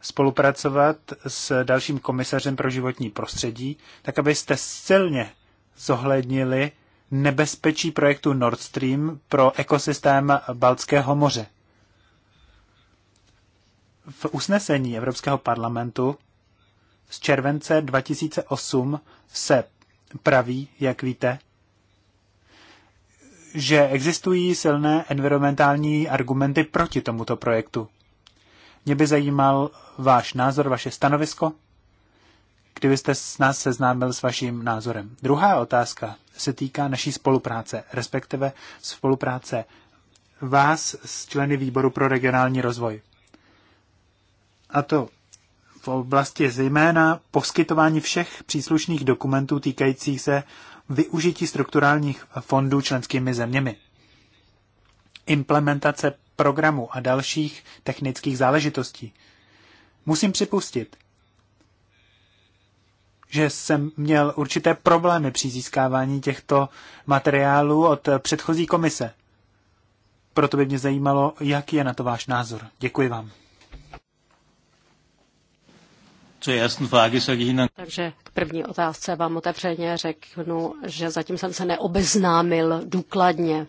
spolupracovat s dalším komisařem pro životní prostředí, tak abyste silně zohlednili nebezpečí projektu Nord Stream pro ekosystém Baltského moře. V usnesení Evropského parlamentu z července 2008 se praví, jak víte, že existují silné environmentální argumenty proti tomuto projektu. Mě by zajímal váš názor, vaše stanovisko, kdybyste s nás seznámil s vaším názorem. Druhá otázka se týká naší spolupráce, respektive spolupráce vás s členy výboru pro regionální rozvoj. A to v oblasti zejména poskytování všech příslušných dokumentů týkajících se využití strukturálních fondů členskými zeměmi. Implementace programu a dalších technických záležitostí. Musím připustit, že jsem měl určité problémy při získávání těchto materiálů od předchozí komise. Proto by mě zajímalo, jaký je na to váš názor. Děkuji vám. Takže k první otázce vám otevřeně řeknu, že zatím jsem se neobeznámil důkladně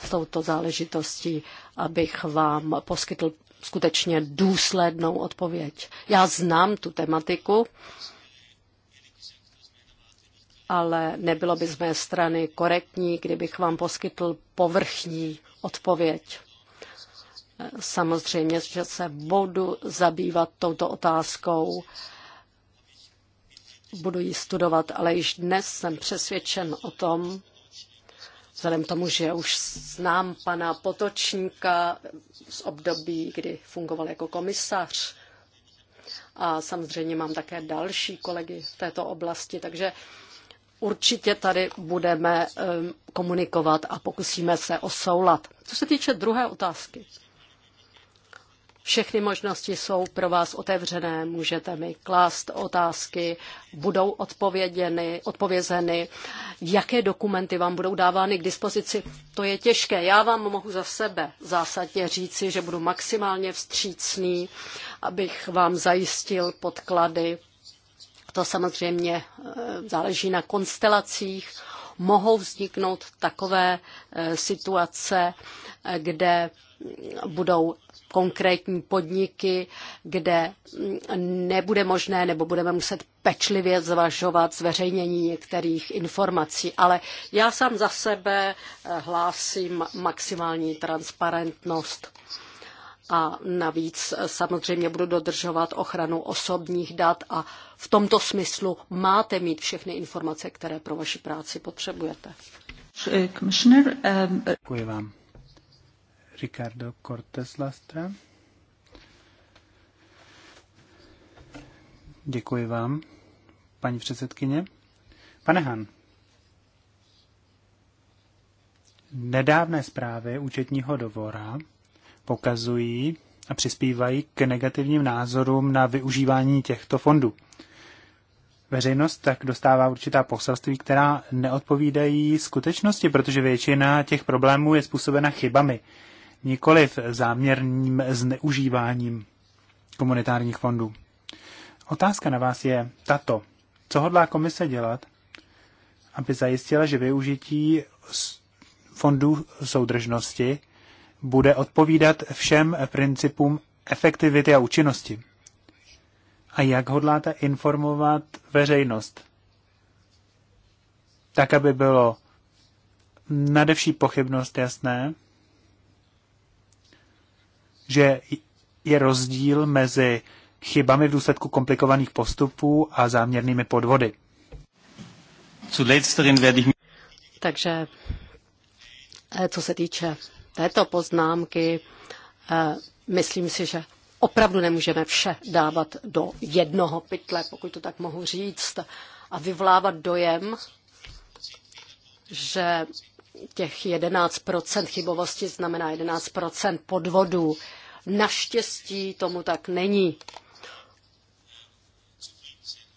s touto záležitostí, abych vám poskytl skutečně důslednou odpověď. Já znám tu tematiku, ale nebylo by z mé strany korektní, kdybych vám poskytl povrchní odpověď. Samozřejmě, že se budu zabývat touto otázkou, budu ji studovat, ale již dnes jsem přesvědčen o tom, vzhledem tomu, že už znám pana Potočníka z období, kdy fungoval jako komisař, a samozřejmě mám také další kolegy v této oblasti, takže určitě tady budeme eh, komunikovat a pokusíme se o soulad. Co se týče druhé otázky, všechny možnosti jsou pro vás otevřené, můžete mi klást otázky, budou odpověděny, odpovězeny, jaké dokumenty vám budou dávány k dispozici. To je těžké. Já vám mohu za sebe zásadně říci, že budu maximálně vstřícný, abych vám zajistil podklady. To samozřejmě eh, záleží na konstelacích, mohou vzniknout takové eh, situace, eh, kde budou konkrétní podniky, kde nebude možné nebo budeme muset pečlivě zvažovat zveřejnění některých informací. Ale já sám za sebe eh, hlásím maximální transparentnost. A navíc eh, samozřejmě budu dodržovat ochranu osobních dat a v tomto smyslu máte mít všechny informace, které pro vaši práci potřebujete. Um, Děkuji vám. Ricardo Cortes Lastra. Děkuji vám, paní předsedkyně. Pane Han, nedávné zprávy účetního dovora pokazují a přispívají k negativním názorům na využívání těchto fondů. Veřejnost tak dostává určitá poselství, která neodpovídají skutečnosti, protože většina těch problémů je způsobena chybami, nikoliv záměrným zneužíváním komunitárních fondů. Otázka na vás je tato. Co hodlá komise dělat, aby zajistila, že využití fondů soudržnosti bude odpovídat všem principům efektivity a účinnosti? A jak hodláte informovat veřejnost? Tak, aby bylo nadevší pochybnost jasné, že je rozdíl mezi chybami v důsledku komplikovaných postupů a záměrnými podvody. Takže eh, co se týče této poznámky, eh, myslím si, že opravdu nemůžeme vše dávat do jednoho pytle, pokud to tak mohu říct, a vyvlávat dojem, že těch 11% chybovosti znamená 11% podvodů. Naštěstí tomu tak není.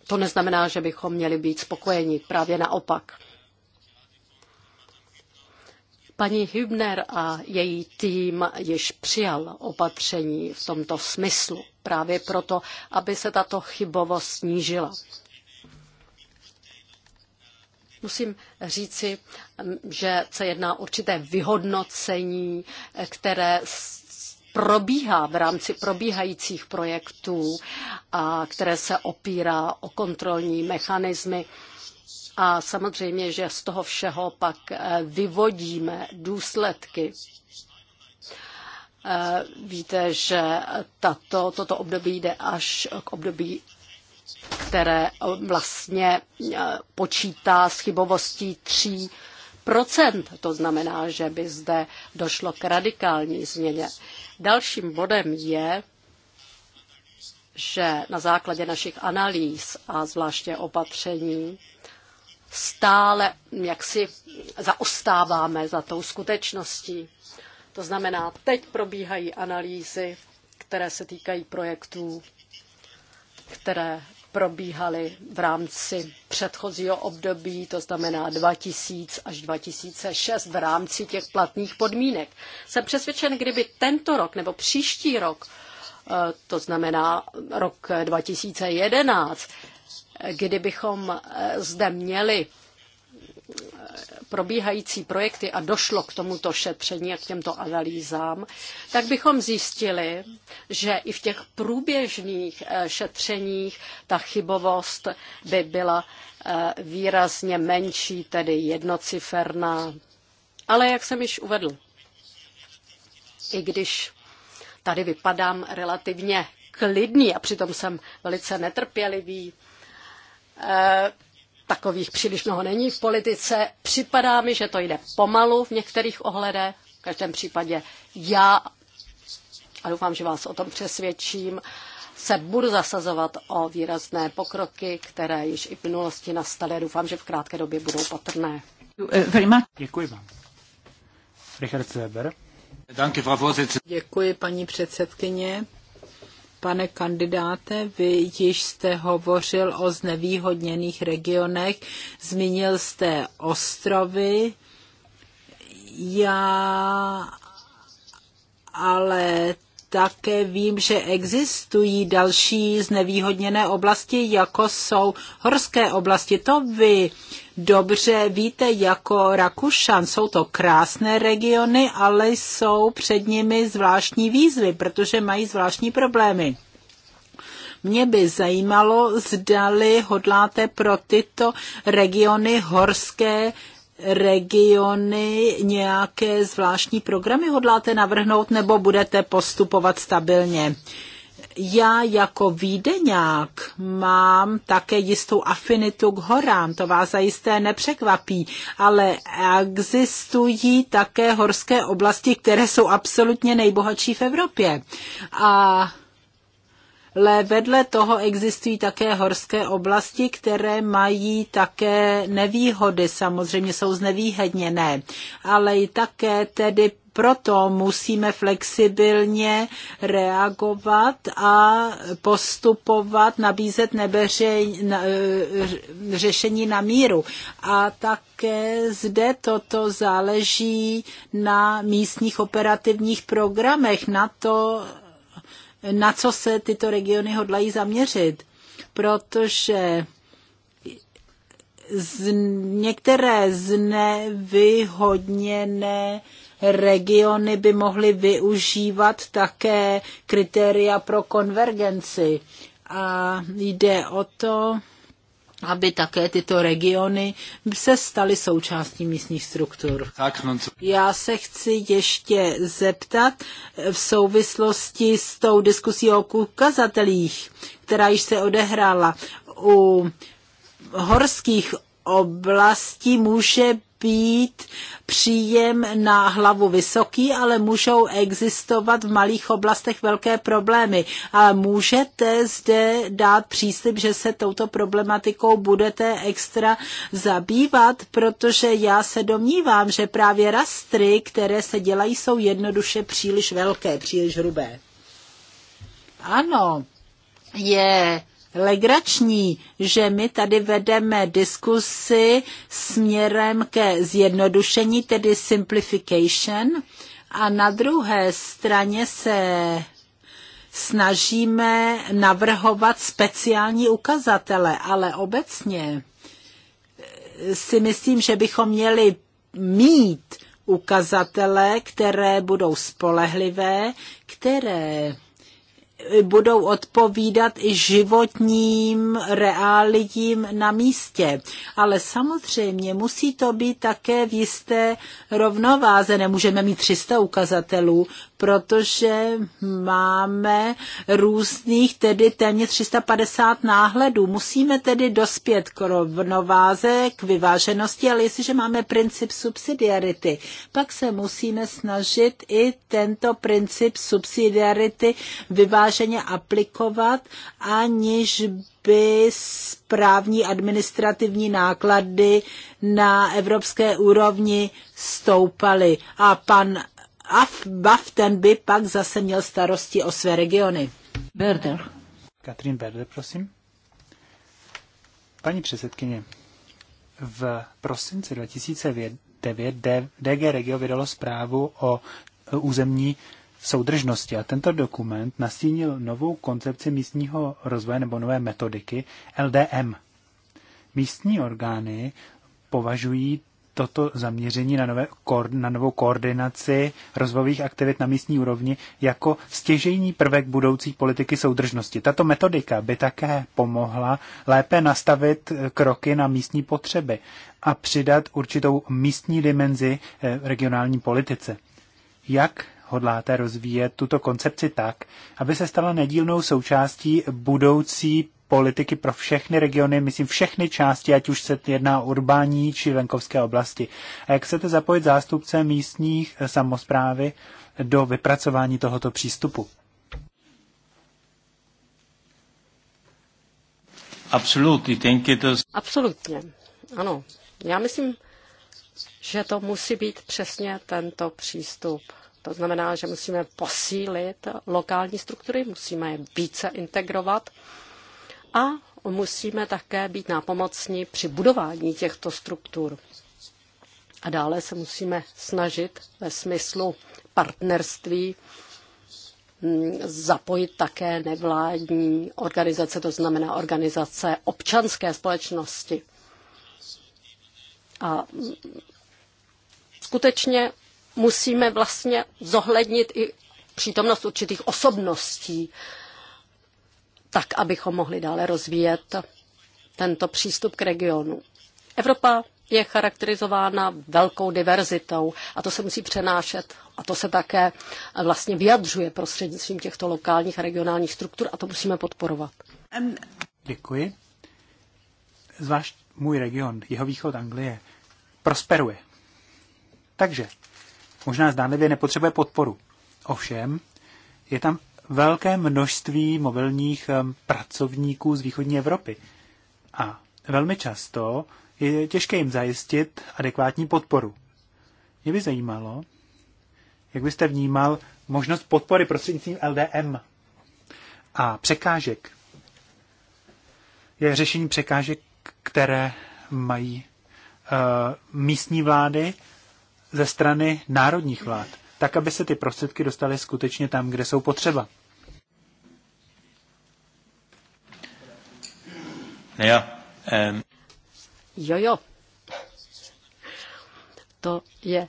To neznamená, že bychom měli být spokojeni, právě naopak. Paní Hübner a její tým již přijal opatření v tomto smyslu, právě proto, aby se tato chybovost snížila. Musím říci, že se jedná určité vyhodnocení, eh, které probíhá v rámci probíhajících projektů, a které se opírá o kontrolní mechanismy. A samozřejmě, že z toho všeho pak eh, vyvodíme důsledky. Eh, víte, že tato, toto období jde až k období které vlastně eh, počítá s chybovostí 3 To znamená, že by zde došlo k radikální změně. Dalším bodem je, že na základě našich analýz a zvláště opatření stále jaksi zaostáváme za tou skutečností. To znamená, teď probíhají analýzy, které se týkají projektů, které probíhaly v rámci předchozího období, to znamená 2000 až 2006 v rámci těch platných podmínek. Jsem přesvědčen, kdyby tento rok nebo příští rok, eh, to znamená rok 2011, eh, kdybychom eh, zde měli probíhající projekty a došlo k tomuto šetření a k těmto analýzám, tak bychom zjistili, že i v těch průběžných eh, šetřeních ta chybovost by byla eh, výrazně menší, tedy jednociferná. Ale jak jsem již uvedl, i když tady vypadám relativně klidný a přitom jsem velice netrpělivý, eh, takových příliš mnoho není v politice. Připadá mi, že to jde pomalu v některých ohledech. V každém případě já, a doufám, že vás o tom přesvědčím, se budu zasazovat o výrazné pokroky, které již i v minulosti nastaly. Doufám, že v krátké době budou patrné. Děkuji vám. Richard Weber. Děkuji, paní předsedkyně. Pane kandidáte, vy již jste hovořil o znevýhodněných regionech, zmínil jste ostrovy. Já ale také vím, že existují další znevýhodněné oblasti, jako jsou horské oblasti. To vy dobře víte jako Rakušan. Jsou to krásné regiony, ale jsou před nimi zvláštní výzvy, protože mají zvláštní problémy. Mě by zajímalo, zdali hodláte pro tyto regiony horské regiony nějaké zvláštní programy hodláte navrhnout nebo budete postupovat stabilně? Já jako výdeňák mám také jistou afinitu k horám, to vás zajisté nepřekvapí, ale existují také horské oblasti, které jsou absolutně nejbohatší v Evropě. A ale vedle toho existují také horské oblasti, které mají také nevýhody, samozřejmě jsou znevýhodněné, ale i také tedy proto musíme flexibilně reagovat a postupovat, nabízet nebeře, na, eh, řešení na míru. A také zde toto záleží na místních operativních programech, na to, na co se tyto regiony hodlají zaměřit, protože z některé znevýhodněné regiony by mohly využívat také kritéria pro konvergenci. A jde o to, aby také tyto regiony se staly součástí místních struktur. No Já se chci ještě zeptat v souvislosti s tou diskusí o ukazatelích, která již se odehrála u horských oblasti může být příjem na hlavu vysoký, ale můžou existovat v malých oblastech velké problémy. A můžete zde dát příslip, že se touto problematikou budete extra zabývat, protože já se domnívám, že právě rastry, které se dělají, jsou jednoduše příliš velké, příliš hrubé. Ano, je legrační, že my tady vedeme diskusy směrem ke zjednodušení, tedy simplification, a na druhé straně se snažíme navrhovat speciální ukazatele, ale obecně eh, si myslím, že bychom měli mít ukazatele, které budou spolehlivé, které budou odpovídat i životním reáliím na místě. Ale samozřejmě musí to být také v jisté rovnováze. Nemůžeme mít 300 ukazatelů, protože máme různých tedy téměř 350 náhledů. Musíme tedy dospět k rovnováze, k vyváženosti, ale jestliže máme princip subsidiarity, pak se musíme snažit i tento princip subsidiarity vyváženě aplikovat, aniž by správní administrativní náklady na evropské úrovni stoupaly. A pan ten by pak zase měl starosti o své regiony. Berder. Katrin Berder, prosím. Paní předsedkyně, v prosinci 2009 DG Regio vydalo zprávu o územní soudržnosti a tento dokument nastínil novou koncepci místního rozvoje nebo nové metodiky LDM. Místní orgány považují toto zaměření na, nové, na novou koordinaci rozvojových aktivit na místní úrovni jako stěžejní prvek budoucí politiky soudržnosti. Tato metodika by také pomohla lépe nastavit eh, kroky na místní potřeby a přidat určitou místní dimenzi eh, regionální politice. Jak hodláte rozvíjet tuto koncepci tak, aby se stala nedílnou součástí budoucí politiky pro všechny regiony, myslím všechny části, ať už se jedná o urbání či venkovské oblasti. A jak chcete zapojit zástupce místních eh, samozprávy do vypracování tohoto přístupu? Absolutně, ano. Já myslím, že to musí být přesně tento přístup. To znamená, že musíme posílit lokální struktury, musíme je více integrovat a musíme také být nápomocní při budování těchto struktur. A dále se musíme snažit ve smyslu partnerství mm, zapojit také nevládní organizace, to znamená organizace občanské společnosti. A mm, skutečně musíme vlastně zohlednit i přítomnost určitých osobností tak abychom mohli dále rozvíjet tento přístup k regionu. Evropa je charakterizována velkou diverzitou a to se musí přenášet a to se také vlastně vyjadřuje prostřednictvím těchto lokálních a regionálních struktur a to musíme podporovat. Děkuji. Zvlášť můj region, jeho východ Anglie, prosperuje. Takže možná zdánlivě nepotřebuje podporu. Ovšem, je tam velké množství mobilních pracovníků z východní Evropy. A velmi často je těžké jim zajistit adekvátní podporu. Mě by zajímalo, jak byste vnímal možnost podpory prostřednictvím LDM a překážek. Je řešení překážek, které mají uh, místní vlády ze strany národních vlád, tak aby se ty prostředky dostaly skutečně tam, kde jsou potřeba. Um... Jo, jo. To je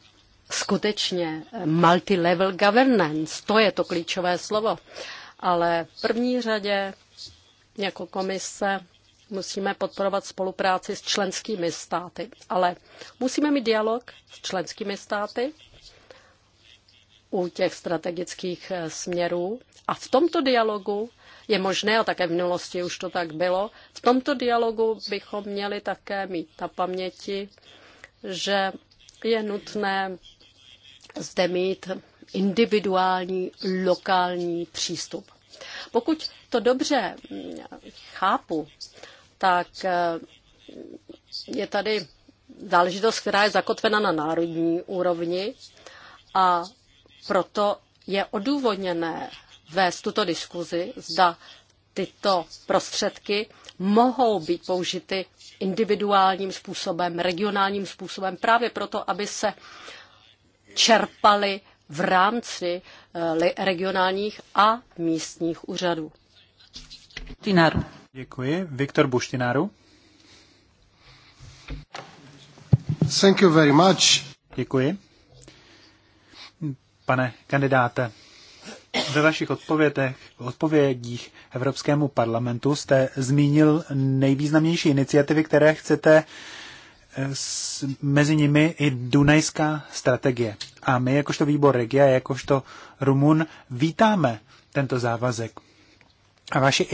skutečně multilevel governance, to je to klíčové slovo. Ale v první řadě jako komise musíme podporovat spolupráci s členskými státy, ale musíme mít dialog s členskými státy u těch strategických eh, směrů a v tomto dialogu je možné, a také v minulosti už to tak bylo, v tomto dialogu bychom měli také mít na paměti, že je nutné zde mít individuální, lokální přístup. Pokud to dobře mm, chápu, tak eh, je tady záležitost, která je zakotvena na národní úrovni a proto je odůvodněné vést tuto diskuzi, zda tyto prostředky mohou být použity individuálním způsobem, regionálním způsobem, právě proto, aby se čerpaly v rámci eh, regionálních a místních úřadů. Buštináru. Děkuji. Viktor Buštináru. Thank you very much. Děkuji. Pane kandidáte, ve vašich odpovědech, odpovědích Evropskému parlamentu jste zmínil nejvýznamnější iniciativy, které chcete eh, mezi nimi i Dunajská strategie. A my, jakožto výbor Regia, jakožto Rumun, vítáme tento závazek a vaši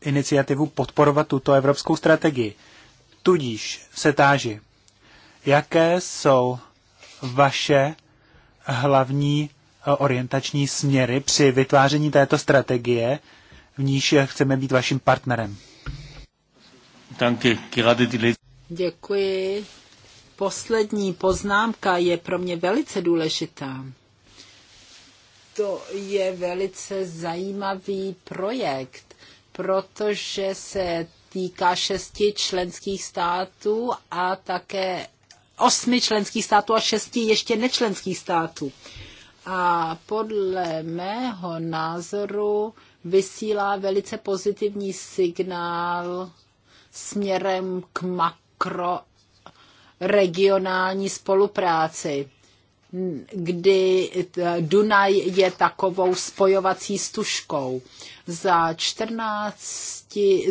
iniciativu podporovat tuto evropskou strategii. Tudíž se táži, jaké jsou vaše hlavní orientační směry při vytváření této strategie, v níž chceme být vaším partnerem. Děkuji. Poslední poznámka je pro mě velice důležitá. To je velice zajímavý projekt, protože se týká šesti členských států a také osmi členských států a šesti ještě nečlenských států. Uh, a podle mého názoru vysílá velice pozitivní signál směrem k makroregionální spolupráci kdy Dunaj je takovou spojovací stužkou. Za 14,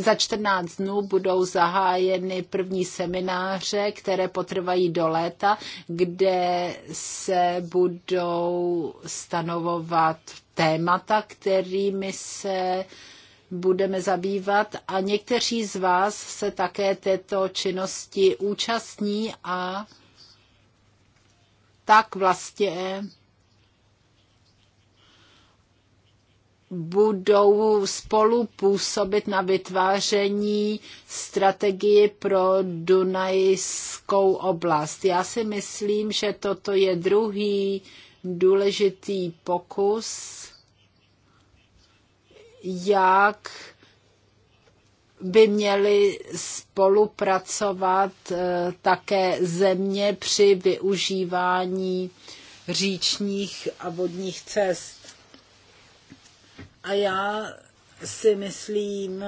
za 14 dnů budou zahájeny první semináře, které potrvají do léta, kde se budou stanovovat témata, kterými se budeme zabývat a někteří z vás se také této činnosti účastní a tak vlastně budou spolu působit na vytváření strategii pro Dunajskou oblast. Já si myslím, že toto je druhý důležitý pokus, jak by měly spolupracovat eh, také země při využívání říčních a vodních cest. A já si myslím,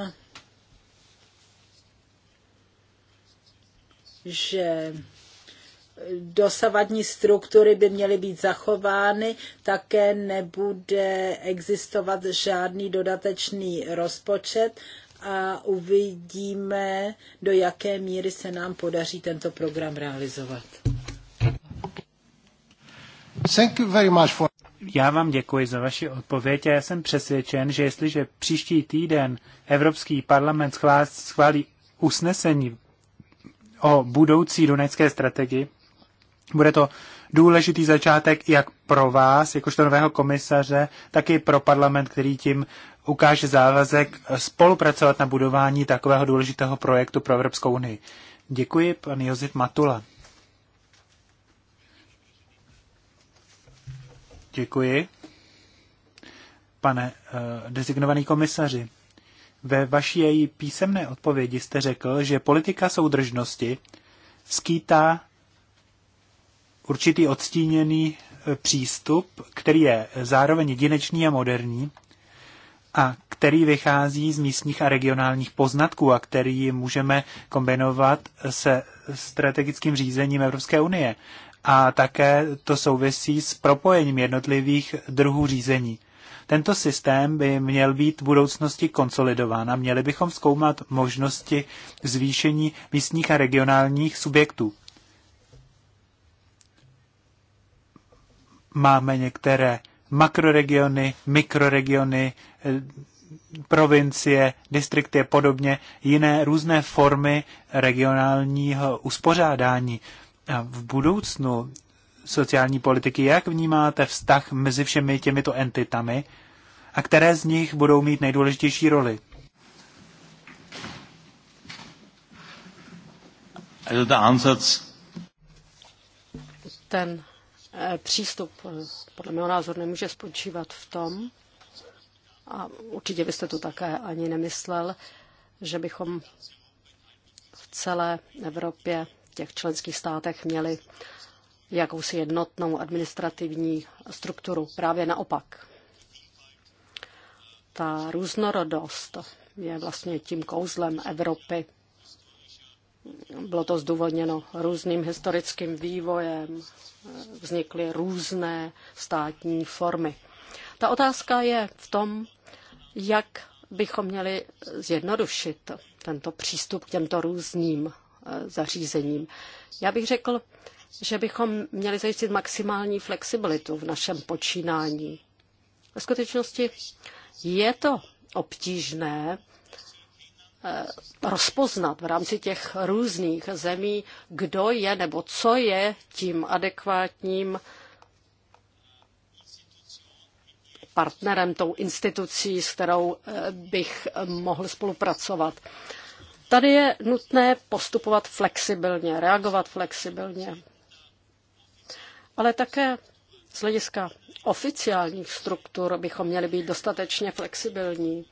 že dosavadní struktury by měly být zachovány, také nebude existovat žádný dodatečný rozpočet a uvidíme, do jaké míry se nám podaří tento program realizovat. Thank you very much for... Já vám děkuji za vaši odpověď a já jsem přesvědčen, že jestliže příští týden Evropský parlament schválí usnesení o budoucí dunajské strategii, bude to důležitý začátek jak pro vás, jakožto nového komisaře, tak i pro parlament, který tím ukáže závazek spolupracovat na budování takového důležitého projektu pro Evropskou unii. Děkuji, pan Josef Matula. Děkuji. Pane uh, designovaný komisaři, ve vaší její písemné odpovědi jste řekl, že politika soudržnosti skýtá určitý odstíněný eh, přístup, který je zároveň jedinečný a moderní a který vychází z místních a regionálních poznatků a který můžeme kombinovat se strategickým řízením Evropské unie. A také to souvisí s propojením jednotlivých druhů řízení. Tento systém by měl být v budoucnosti konsolidován a měli bychom zkoumat možnosti zvýšení místních a regionálních subjektů. Máme některé makroregiony, mikroregiony, eh, provincie, distrikty a podobně, jiné různé formy regionálního uspořádání. A v budoucnu sociální politiky, jak vnímáte vztah mezi všemi těmito entitami a které z nich budou mít nejdůležitější roli? Ten přístup podle mého názoru nemůže spočívat v tom, a určitě byste to také ani nemyslel, že bychom v celé Evropě, v těch členských státech měli jakousi jednotnou administrativní strukturu. Právě naopak. Ta různorodost je vlastně tím kouzlem Evropy bylo to zdůvodněno různým historickým vývojem, vznikly různé státní formy. Ta otázka je v tom, jak bychom měli zjednodušit tento přístup k těmto různým e, zařízením. Já bych řekl, že bychom měli zajistit maximální flexibilitu v našem počínání. Ve skutečnosti je to obtížné Eh, rozpoznat v rámci těch různých zemí, kdo je nebo co je tím adekvátním partnerem, tou institucí, s kterou eh, bych mohl spolupracovat. Tady je nutné postupovat flexibilně, reagovat flexibilně. Ale také z hlediska oficiálních struktur bychom měli být dostatečně flexibilní,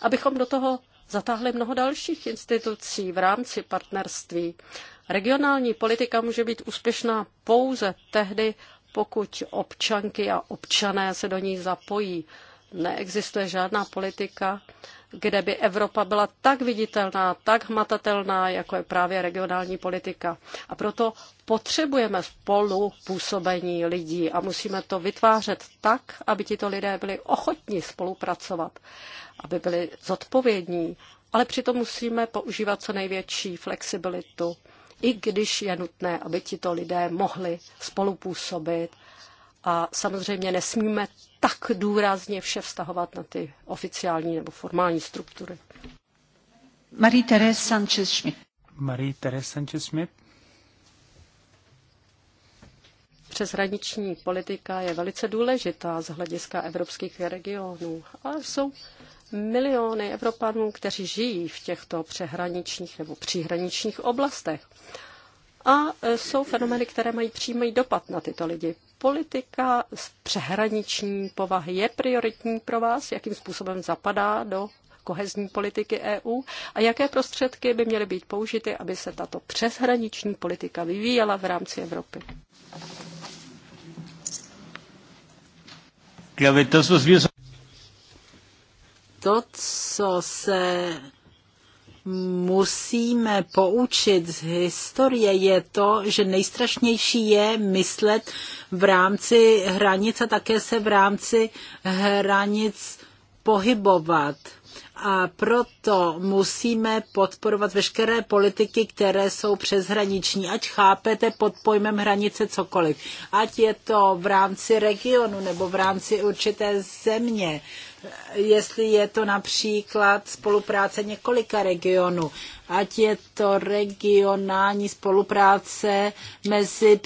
abychom do toho zatáhli mnoho dalších institucí v rámci partnerství. Regionální politika může být úspěšná pouze tehdy, pokud občanky a občané se do ní zapojí. Neexistuje žádná politika, kde by Evropa byla tak viditelná, tak hmatatelná, jako je právě regionální politika. A proto potřebujeme spolu působení lidí a musíme to vytvářet tak, aby tito lidé byli ochotní spolupracovat, aby byli zodpovědní, ale přitom musíme používat co největší flexibilitu, i když je nutné, aby tito lidé mohli spolupůsobit a samozřejmě nesmíme tak důrazně vše vztahovat na ty oficiální nebo formální struktury. Marie Teresa Sanchez Schmidt. Marie Teresa Sanchez Schmidt. Přeshraniční politika je velice důležitá z hlediska evropských regionů ale jsou miliony Evropanů, kteří žijí v těchto přehraničních nebo příhraničních oblastech. A jsou fenomény, které mají přímý dopad na tyto lidi politika z přehraniční povahy je prioritní pro vás? Jakým způsobem zapadá do kohezní politiky EU a jaké prostředky by měly být použity, aby se tato přeshraniční politika vyvíjela v rámci Evropy? To, co se musíme poučit z historie, je to, že nejstrašnější je myslet v rámci hranic a také se v rámci hranic pohybovat. A proto musíme podporovat veškeré politiky, které jsou přeshraniční. Ať chápete pod pojmem hranice cokoliv. Ať je to v rámci regionu nebo v rámci určité země jestli je to například spolupráce několika regionů ať je to regionální spolupráce mezi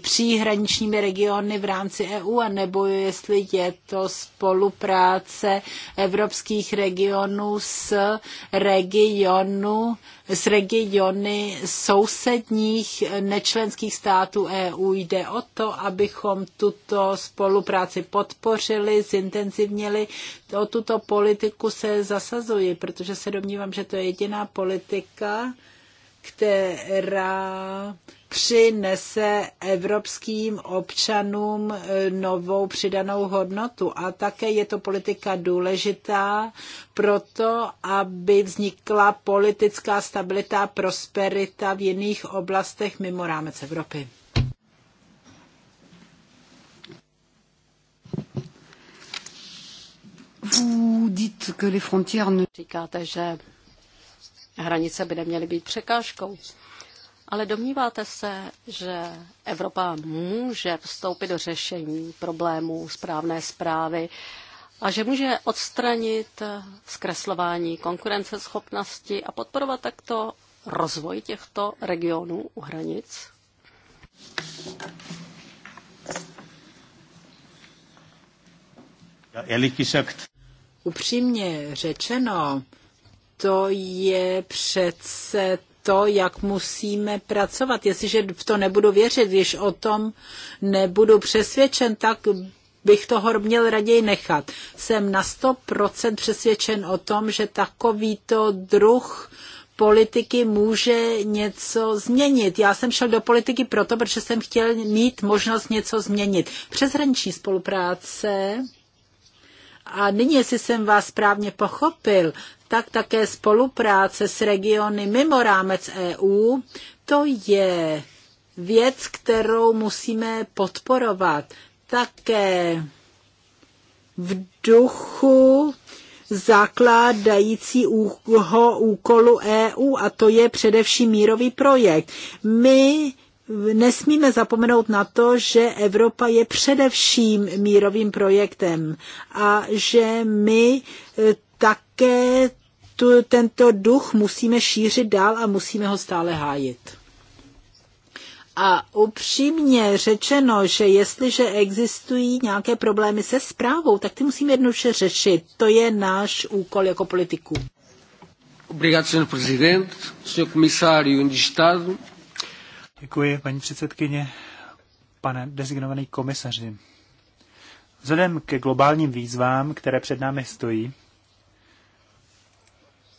příhraničními regiony v rámci EU, nebo jestli je to spolupráce evropských regionů s regionu, s regiony sousedních nečlenských států EU. Jde o to, abychom tuto spolupráci podpořili, zintenzivnili. O tuto politiku se zasazuji, protože se domnívám, že to je jediná politika, která přinese evropským občanům eh, novou přidanou hodnotu. A také je to politika důležitá proto, aby vznikla politická stabilita a prosperita v jiných oblastech mimo rámec Evropy. Říkáte, že Hranice by neměly být překážkou. Ale domníváte se, že Evropa může vstoupit do řešení problémů správné zprávy a že může odstranit zkreslování konkurenceschopnosti a podporovat takto rozvoj těchto regionů u hranic? Upřímně řečeno, to je přece to, jak musíme pracovat. Jestliže v to nebudu věřit, když o tom nebudu přesvědčen, tak bych toho měl raději nechat. Jsem na 100% přesvědčen o tom, že takovýto druh politiky může něco změnit. Já jsem šel do politiky proto, protože jsem chtěl mít možnost něco změnit. Přeshraniční spolupráce a nyní, jestli jsem vás správně pochopil, tak také spolupráce s regiony mimo rámec EU, to je věc, kterou musíme podporovat. Také v duchu zakládajícího úkolu EU a to je především mírový projekt. My nesmíme zapomenout na to, že Evropa je především mírovým projektem a že my eh, také tu, tento duch musíme šířit dál a musíme ho stále hájit. A upřímně řečeno, že jestliže existují nějaké problémy se zprávou, tak ty musíme jednoduše řešit. To je náš úkol jako politiků. Obrigado, senhor presidente, senhor comissário Estado. Děkuji, paní předsedkyně. Pane designovaný komisaři, vzhledem ke globálním výzvám, které před námi stojí,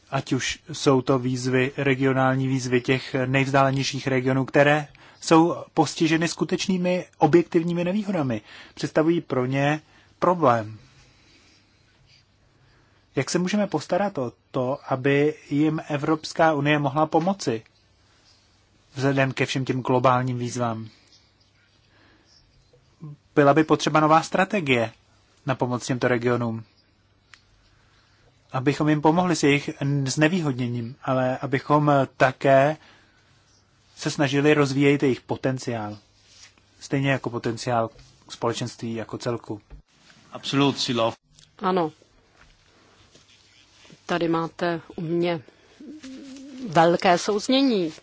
ať už jsou to výzvy, regionální výzvy těch nejvzdálenějších regionů, které jsou postiženy skutečnými objektivními nevýhodami, představují pro ně problém. Jak se můžeme postarat o to, aby jim Evropská unie mohla pomoci? vzhledem ke všem těm globálním výzvám. Byla by potřeba nová strategie na pomoc těmto regionům, abychom jim pomohli s jejich znevýhodněním, ale abychom také se snažili rozvíjet jejich potenciál. Stejně jako potenciál společenství jako celku. Absolutně Ano. Tady máte u mě velké souznění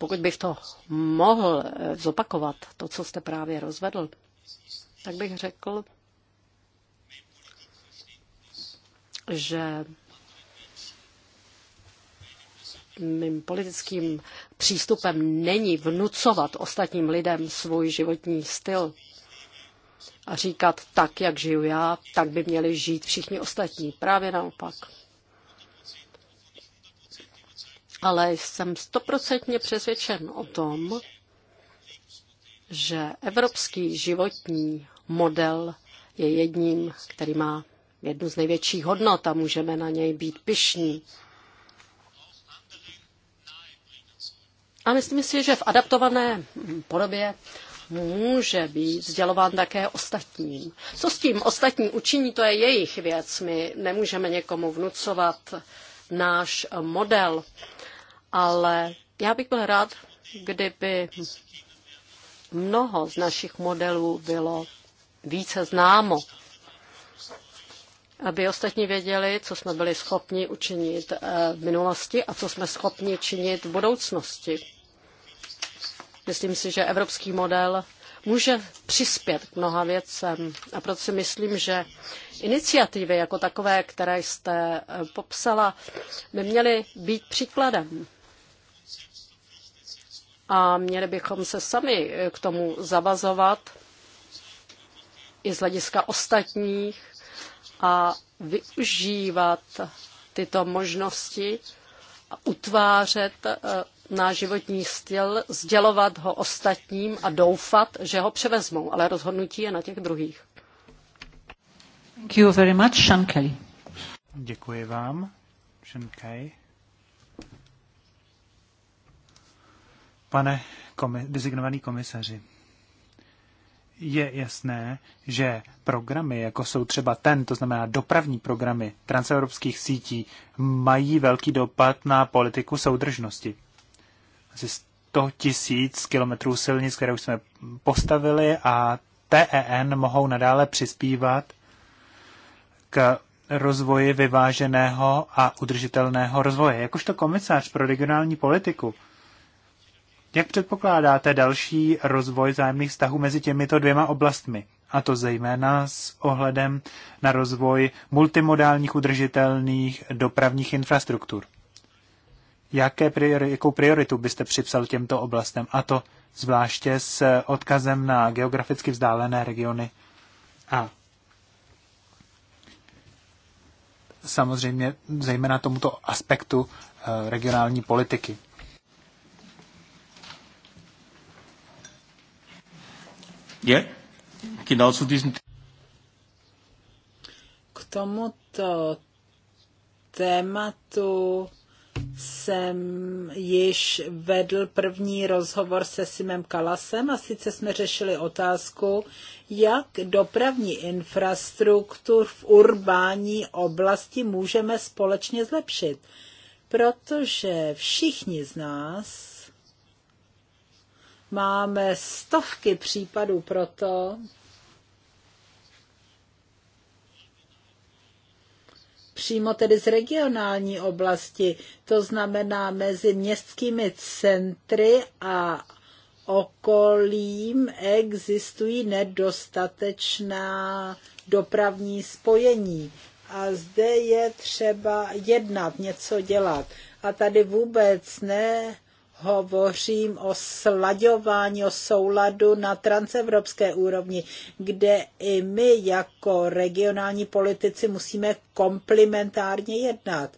pokud bych to mohl eh, zopakovat, to, co jste právě rozvedl, tak bych řekl, že mým politickým přístupem není vnucovat ostatním lidem svůj životní styl a říkat tak, jak žiju já, tak by měli žít všichni ostatní. Právě naopak ale jsem stoprocentně přesvědčen o tom, že evropský životní model je jedním, který má jednu z největších hodnot a můžeme na něj být pyšní. A myslím si, že v adaptované podobě může být sdělován také ostatním. Co s tím ostatní učiní, to je jejich věc. My nemůžeme někomu vnucovat náš model ale já bych byl rád, kdyby mnoho z našich modelů bylo více známo, aby ostatní věděli, co jsme byli schopni učinit eh, v minulosti a co jsme schopni činit v budoucnosti. Myslím si, že evropský model může přispět k mnoha věcem. A proto si myslím, že iniciativy jako takové, které jste eh, popsala, by měly být příkladem a měli bychom se sami eh, k tomu zavazovat i z hlediska ostatních a využívat tyto možnosti a utvářet eh, náš životní styl, sdělovat ho ostatním a doufat, že ho převezmou, ale rozhodnutí je na těch druhých. Thank you very much, Děkuji vám, Shankai. Pane komi- designovaný komisaři, je jasné, že programy, jako jsou třeba ten, to znamená dopravní programy transevropských sítí, mají velký dopad na politiku soudržnosti. Asi 100 tisíc kilometrů silnic, které už jsme postavili a TEN mohou nadále přispívat k rozvoji vyváženého a udržitelného rozvoje. Jakožto komisář pro regionální politiku jak předpokládáte další rozvoj zájemných vztahů mezi těmito dvěma oblastmi? A to zejména s ohledem na rozvoj multimodálních udržitelných dopravních infrastruktur. Jaké priori, jakou prioritu byste připsal těmto oblastem? A to zvláště s odkazem na geograficky vzdálené regiony a samozřejmě zejména tomuto aspektu eh, regionální politiky. Je, genau zu diesem K tomuto tématu jsem již vedl první rozhovor se Simem Kalasem a sice jsme řešili otázku, jak dopravní infrastruktur v urbání oblasti můžeme společně zlepšit. Protože všichni z nás Máme stovky případů pro to. přímo tedy z regionální oblasti, to znamená mezi městskými centry a okolím existují nedostatečná dopravní spojení. A zde je třeba jednat, něco dělat. A tady vůbec ne hovořím o slaďování, o souladu na transevropské úrovni, kde i my jako regionální politici musíme komplementárně jednat.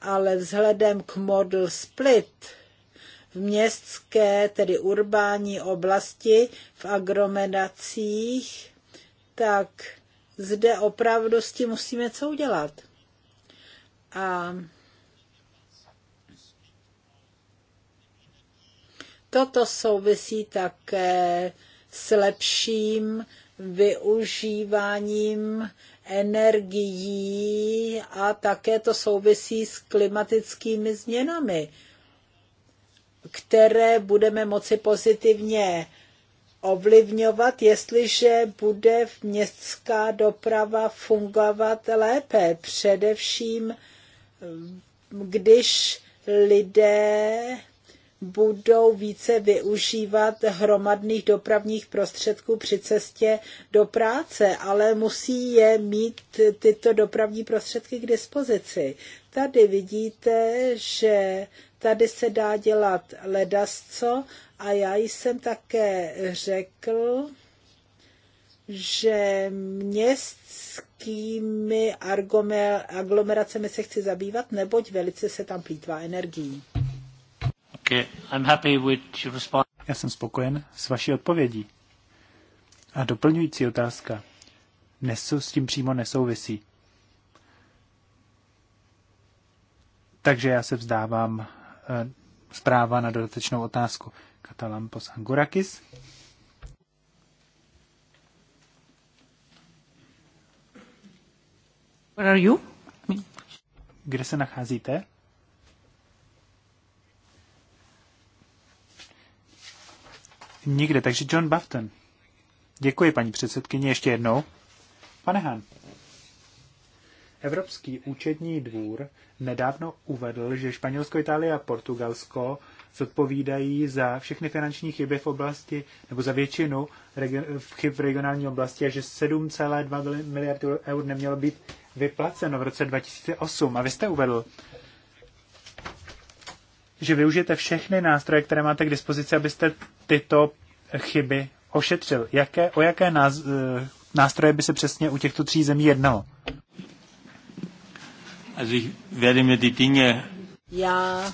Ale vzhledem k model split v městské, tedy urbání oblasti, v agromenacích, tak zde opravdu s tím musíme co udělat. A Toto souvisí také s lepším využíváním energií a také to souvisí s klimatickými změnami, které budeme moci pozitivně ovlivňovat, jestliže bude městská doprava fungovat lépe. Především, když lidé budou více využívat hromadných dopravních prostředků při cestě do práce, ale musí je mít tyto dopravní prostředky k dispozici. Tady vidíte, že tady se dá dělat ledasco a já jsem také řekl, že městskými aglomeracemi se chci zabývat, neboť velice se tam plítvá energií. Já jsem spokojen s vaší odpovědí. A doplňující otázka. Nesu, s tím přímo nesouvisí. Takže já se vzdávám eh, zpráva na dodatečnou otázku. Katalampos Angurakis. Where are you? Kde se nacházíte? nikde. Takže John Bafton. Děkuji, paní předsedkyně, ještě jednou. Pane Han, Evropský účetní dvůr nedávno uvedl, že Španělsko, Itálie a Portugalsko zodpovídají za všechny finanční chyby v oblasti, nebo za většinu v chyb v regionální oblasti a že 7,2 miliardy eur nemělo být vyplaceno v roce 2008. A vy jste uvedl, že využijete všechny nástroje, které máte k dispozici, abyste tyto chyby ošetřil. Jaké, o jaké eh, nástroje by se přesně u těchto tří zemí jednalo? Also ich werde mir die Dinge já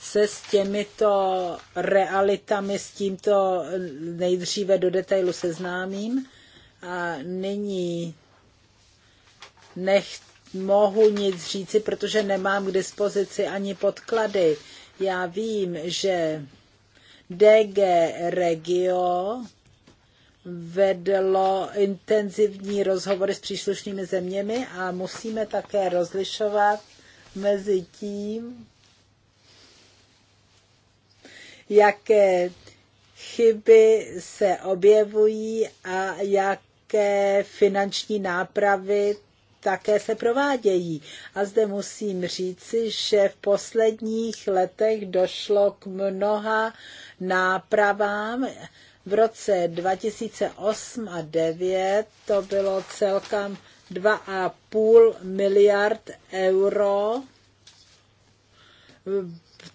se s těmito realitami, s tímto nejdříve do detailu seznámím a nyní nechci mohu nic říci, protože nemám k dispozici ani podklady. Já vím, že DG Regio vedlo intenzivní rozhovory s příslušnými zeměmi a musíme také rozlišovat mezi tím, jaké chyby se objevují a jaké finanční nápravy také se provádějí. A zde musím říci, že v posledních letech došlo k mnoha nápravám. V roce 2008 a 2009 to bylo celkem 2,5 miliard euro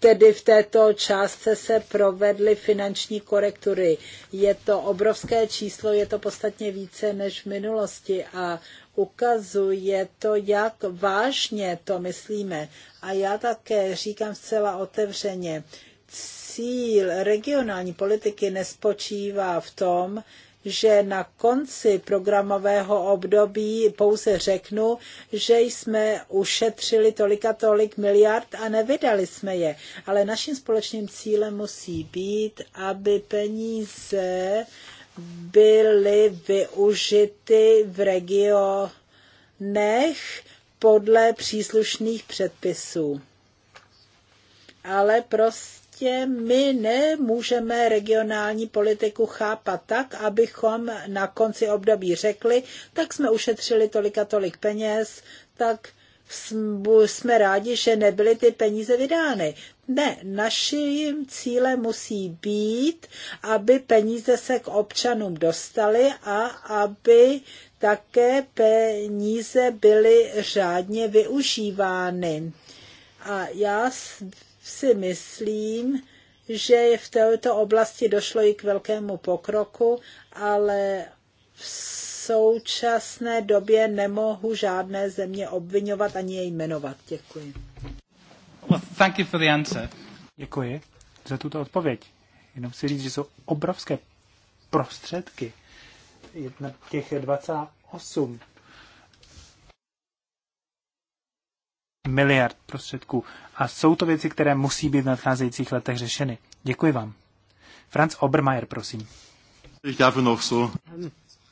tedy v této částce se provedly finanční korektury. Je to obrovské číslo, je to podstatně více než v minulosti a ukazuje to, jak vážně to myslíme. A já také říkám zcela otevřeně, cíl regionální politiky nespočívá v tom, že na konci programového období pouze řeknu, že jsme ušetřili tolika tolik miliard a nevydali jsme je. Ale naším společným cílem musí být, aby peníze byly využity v regionech podle příslušných předpisů. Ale prostě podstatě my nemůžeme regionální politiku chápat tak, abychom na konci období řekli, tak jsme ušetřili tolik a tolik peněz, tak jsme rádi, že nebyly ty peníze vydány. Ne, naším cílem musí být, aby peníze se k občanům dostaly a aby také peníze byly řádně využívány. A já si myslím, že v této oblasti došlo i k velkému pokroku, ale v současné době nemohu žádné země obvinovat ani jej jmenovat. Děkuji. Well, thank you for the answer. Děkuji za tuto odpověď. Jenom chci říct, že jsou obrovské prostředky. Jedna těch 28 miliard prostředků. A jsou to věci, které musí být v nadcházejících letech řešeny. Děkuji vám. Franz Obermeier, prosím.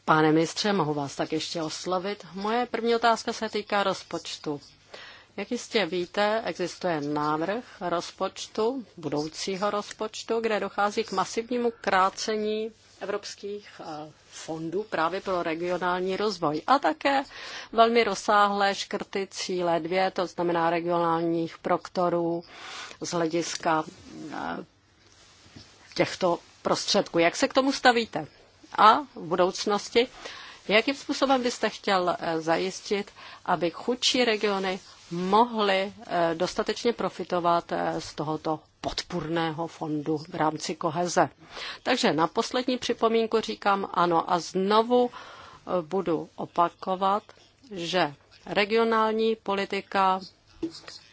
Pane ministře, mohu vás tak ještě oslovit. Moje první otázka se týká rozpočtu. Jak jistě víte, existuje návrh rozpočtu, budoucího rozpočtu, kde dochází k masivnímu krácení evropských eh, fondů právě pro regionální rozvoj a také velmi rozsáhlé škrty cíle dvě, to znamená regionálních proktorů z hlediska eh, těchto prostředků. Jak se k tomu stavíte? A v budoucnosti, jakým způsobem byste chtěl eh, zajistit, aby chudší regiony mohly dostatečně profitovat z tohoto podpůrného fondu v rámci koheze. Takže na poslední připomínku říkám ano a znovu eh, budu opakovat, že regionální politika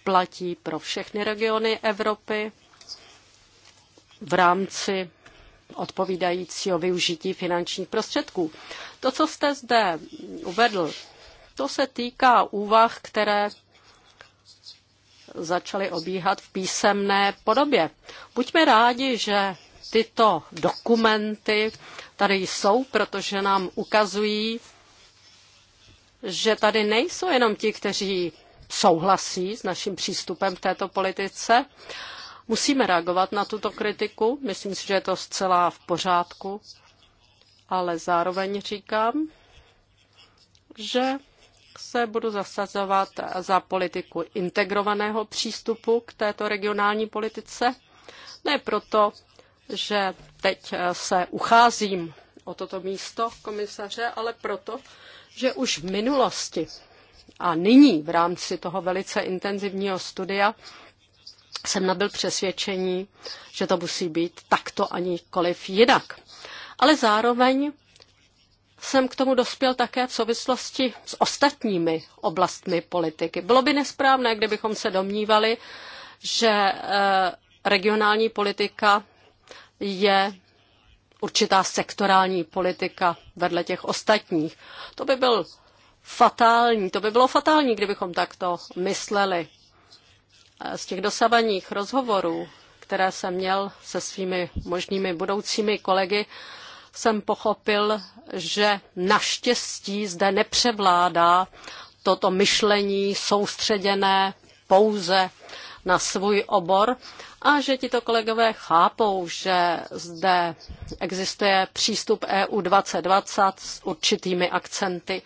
platí pro všechny regiony Evropy v rámci odpovídajícího využití finančních prostředků. To, co jste zde uvedl, to se týká úvah, které začaly obíhat v písemné podobě. Buďme rádi, že tyto dokumenty tady jsou, protože nám ukazují, že tady nejsou jenom ti, kteří souhlasí s naším přístupem v této politice. Musíme reagovat na tuto kritiku, myslím si, že je to zcela v pořádku, ale zároveň říkám, že se budu zasazovat za politiku integrovaného přístupu k této regionální politice. Ne proto, že teď se ucházím o toto místo komisaře, ale proto, že už v minulosti a nyní v rámci toho velice intenzivního studia jsem nabyl přesvědčení, že to musí být takto a nikoliv jinak. Ale zároveň jsem k tomu dospěl také v souvislosti s ostatními oblastmi politiky. Bylo by nesprávné, kdybychom se domnívali, že eh, regionální politika je určitá sektorální politika vedle těch ostatních. To by byl fatální, to by bylo fatální, kdybychom takto mysleli. Eh, z těch dosavaních rozhovorů, které jsem měl se svými možnými budoucími kolegy, jsem pochopil, že naštěstí zde nepřevládá toto myšlení soustředěné pouze na svůj obor a že tito kolegové chápou, že zde existuje přístup EU 2020 s určitými akcenty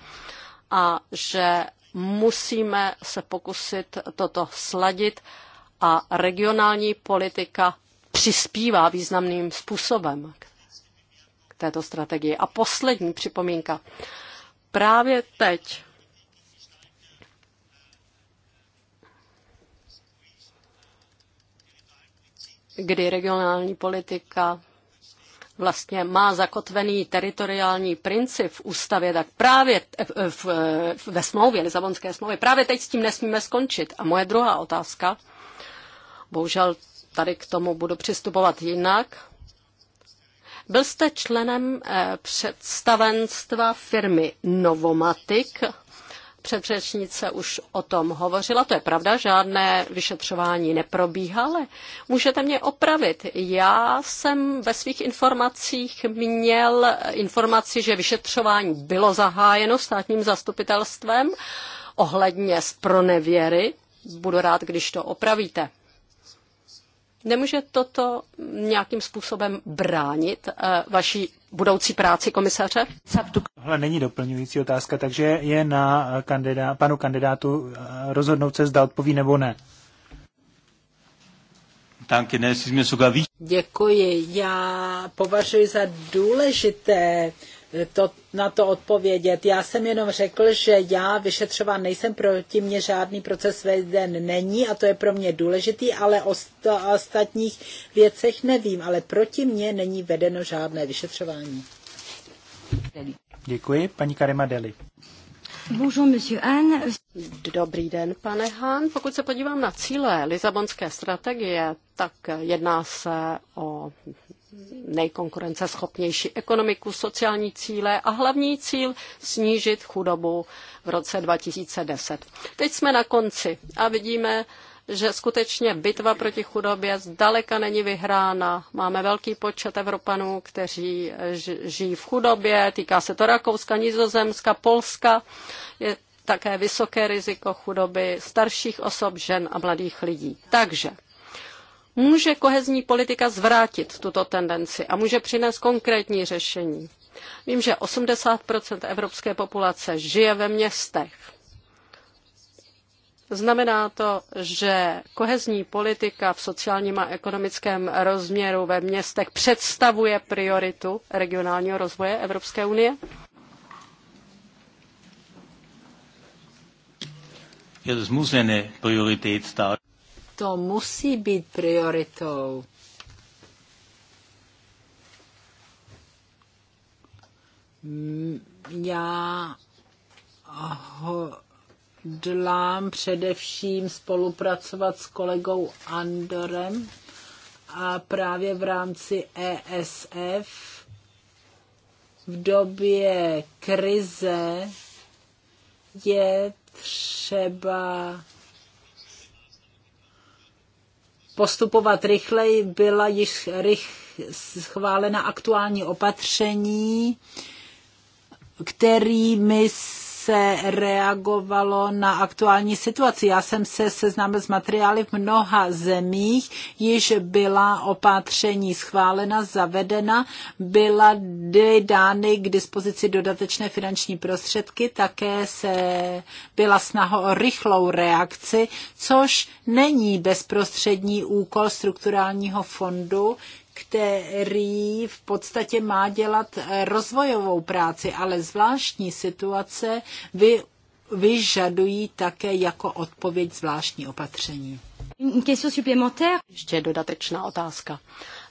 a že musíme se pokusit toto sladit a regionální politika přispívá významným způsobem k této strategii. A poslední připomínka. Právě teď kdy regionální politika vlastně má zakotvený teritoriální princip v ústavě, tak právě eh, v, v, eh, ve smlouvě, Lisabonské smlouvě, právě teď s tím nesmíme skončit. A moje druhá otázka, bohužel tady k tomu budu přistupovat jinak, byl jste členem eh, představenstva firmy Novomatic. Předřečnice už o tom hovořila, to je pravda, žádné vyšetřování neprobíhá, ale můžete mě opravit. Já jsem ve svých informacích měl informaci, že vyšetřování bylo zahájeno státním zastupitelstvem ohledně pronevěry. Budu rád, když to opravíte. Nemůže toto nějakým způsobem bránit eh, vaší budoucí práci komisaře? Tohle není doplňující otázka, takže je na kandidá, panu kandidátu eh, rozhodnout se, zda odpoví nebo ne. Děkuji. Já považuji za důležité to, na to odpovědět. Já jsem jenom řekl, že já vyšetřován nejsem, proti mě žádný proces veden není a to je pro mě důležitý, ale o ostatních věcech nevím, ale proti mě není vedeno žádné vyšetřování. Děkuji, paní Karima Deli. Dobrý den, pane Han. Pokud se podívám na cíle Lisabonské strategie, tak jedná se o nejkonkurenceschopnější ekonomiku, sociální cíle a hlavní cíl snížit chudobu v roce 2010. Teď jsme na konci a vidíme, že skutečně bitva proti chudobě zdaleka není vyhrána. Máme velký počet Evropanů, kteří žijí v chudobě, týká se to Rakouska, Nizozemska, Polska. Je také vysoké riziko chudoby starších osob, žen a mladých lidí. Takže může kohezní politika zvrátit tuto tendenci a může přinést konkrétní řešení. Vím, že 80 evropské populace žije ve městech. Znamená to, že kohezní politika v sociálním a ekonomickém rozměru ve městech představuje prioritu regionálního rozvoje Evropské unie? Ja, das muss eine to musí být prioritou. Já dlám především spolupracovat s kolegou Andorem a právě v rámci ESF v době krize je třeba postupovat rychleji, byla již rych, schválena aktuální opatření, kterými se reagovalo na aktuální situaci. Já jsem se seznámil s materiály v mnoha zemích, již byla opatření schválena, zavedena, byla dány k dispozici dodatečné finanční prostředky, také se byla snaha o rychlou reakci, což není bezprostřední úkol strukturálního fondu, který v podstatě má dělat eh, rozvojovou práci, ale zvláštní situace vy, vyžadují také jako odpověď zvláštní opatření. Ještě dodatečná otázka.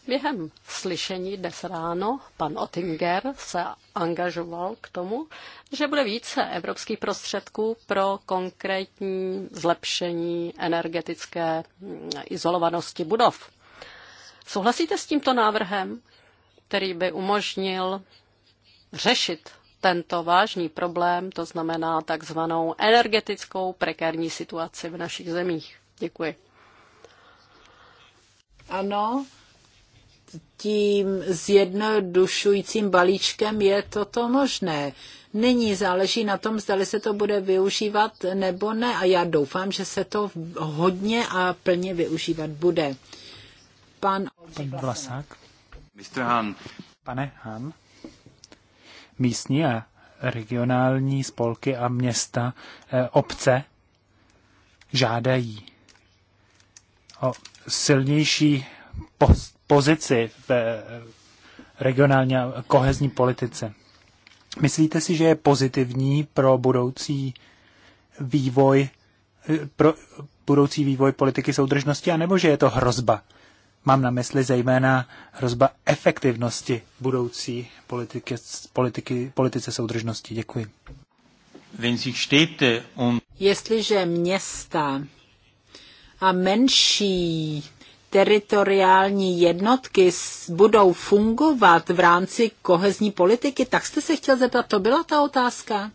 Během slyšení dnes ráno pan Ottinger se angažoval k tomu, že bude více evropských prostředků pro konkrétní zlepšení energetické mm, izolovanosti budov. Souhlasíte s tímto návrhem, který by umožnil řešit tento vážný problém, to znamená takzvanou energetickou prekární situaci v našich zemích? Děkuji. Ano, tím zjednodušujícím balíčkem je toto možné. Nyní záleží na tom, zda se to bude využívat nebo ne a já doufám, že se to hodně a plně využívat bude pan... Pan Vlasák. Mr. Han. Pane Han, místní a regionální spolky a města, eh, obce žádají o silnější pozici v eh, regionální a kohezní politice. Myslíte si, že je pozitivní pro budoucí vývoj eh, pro budoucí vývoj politiky soudržnosti, anebo že je to hrozba Mám na mysli zejména hrozba efektivnosti budoucí politiky, politiky, politice soudržnosti. Děkuji. Jestliže města a menší teritoriální jednotky budou fungovat v rámci kohezní politiky, tak jste se chtěl zeptat, to byla ta otázka?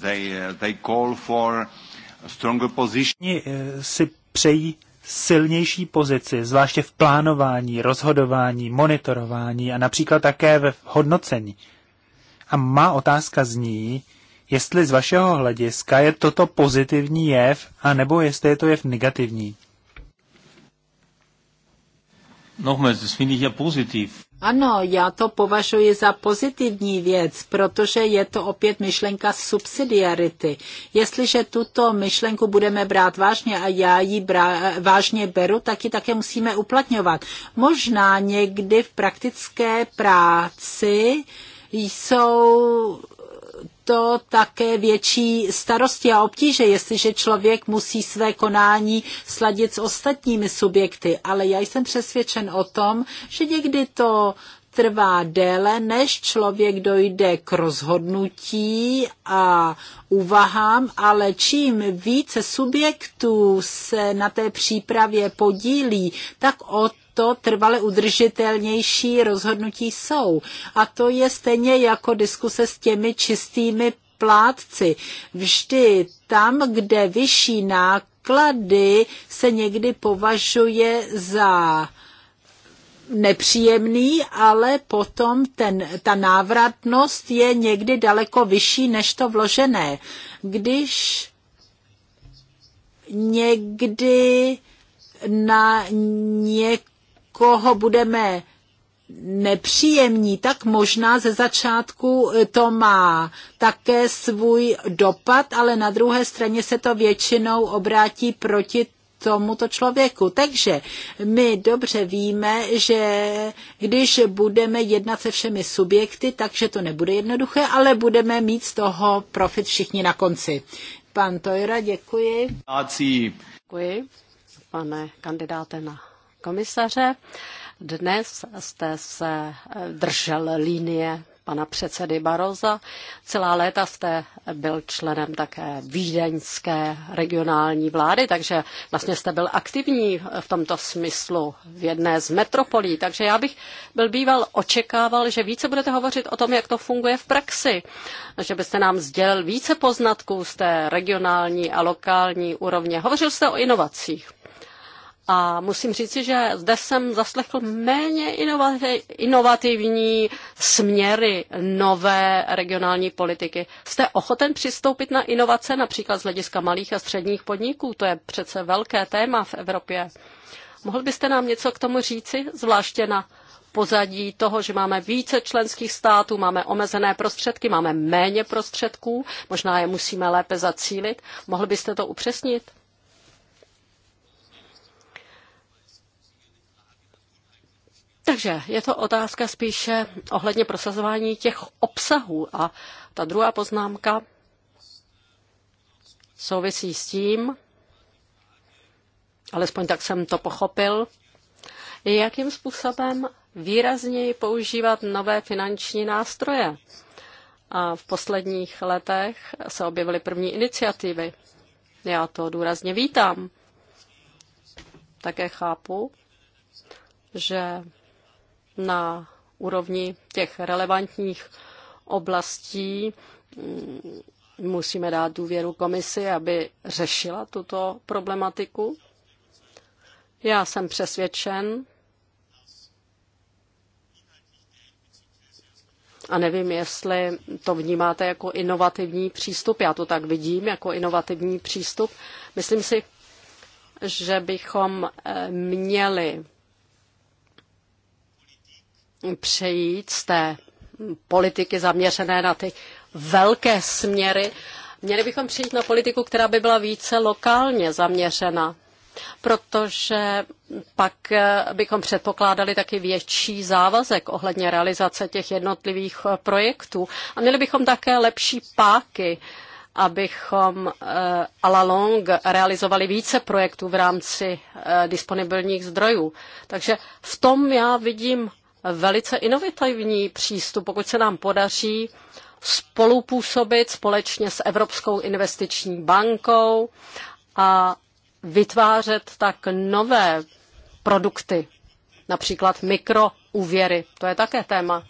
They, uh, they eh, si přejí silnější pozici, zvláště v plánování, rozhodování, monitorování a například také ve hodnocení. A má otázka zní, jestli z vašeho hlediska je toto pozitivní jev, anebo jestli je to jev negativní. Nochmals, das finde ich ja positiv. Ano, já to považuji za pozitivní věc, protože je to opět myšlenka subsidiarity. Jestliže tuto myšlenku budeme brát vážně a já ji brá, vážně beru, tak ji také musíme uplatňovat. Možná někdy v praktické práci jsou to také větší starosti a obtíže, jestliže člověk musí své konání sladit s ostatními subjekty. Ale já jsem přesvědčen o tom, že někdy to trvá déle, než člověk dojde k rozhodnutí a uvahám, ale čím více subjektů se na té přípravě podílí, tak o to trvale udržitelnější rozhodnutí jsou. A to je stejně jako diskuse s těmi čistými plátci. Vždy tam, kde vyšší náklady se někdy považuje za nepříjemný, ale potom ten, ta návratnost je někdy daleko vyšší než to vložené. Když někdy na něk někoho budeme nepříjemní, tak možná ze začátku to má také svůj dopad, ale na druhé straně se to většinou obrátí proti tomuto člověku. Takže my dobře víme, že když budeme jednat se všemi subjekty, takže to nebude jednoduché, ale budeme mít z toho profit všichni na konci. Pan Tojra, děkuji. Děkuji, pane kandidáte na komisaře. Dnes jste se držel linie pana předsedy Baroza. Celá léta jste byl členem také vídeňské regionální vlády, takže vlastně jste byl aktivní v tomto smyslu v jedné z metropolí. Takže já bych byl býval očekával, že více budete hovořit o tom, jak to funguje v praxi, že byste nám sdělil více poznatků z té regionální a lokální úrovně. Hovořil jste o inovacích. A musím říci, že zde jsem zaslechl méně inovativní směry nové regionální politiky. Jste ochoten přistoupit na inovace například z hlediska malých a středních podniků? To je přece velké téma v Evropě. Mohl byste nám něco k tomu říci, zvláště na pozadí toho, že máme více členských států, máme omezené prostředky, máme méně prostředků, možná je musíme lépe zacílit. Mohl byste to upřesnit? Takže je to otázka spíše ohledně prosazování těch obsahů. A ta druhá poznámka souvisí s tím, alespoň tak jsem to pochopil, jakým způsobem výrazněji používat nové finanční nástroje. A v posledních letech se objevily první iniciativy. Já to důrazně vítám. Také chápu, že na úrovni těch relevantních oblastí mm, musíme dát důvěru komisi, aby řešila tuto problematiku. Já jsem přesvědčen, a nevím, jestli to vnímáte jako inovativní přístup, já to tak vidím jako inovativní přístup. Myslím si, že bychom eh, měli přejít z té politiky zaměřené na ty velké směry. Měli bychom přijít na politiku, která by byla více lokálně zaměřena, protože pak eh, bychom předpokládali taky větší závazek ohledně realizace těch jednotlivých eh, projektů. A měli bychom také lepší páky, abychom eh, a la long realizovali více projektů v rámci disponibilních zdrojů. Takže v tom já vidím velice inovativní přístup, pokud se nám podaří spolupůsobit společně s Evropskou investiční bankou a vytvářet tak nové produkty, například mikroúvěry. To je také téma,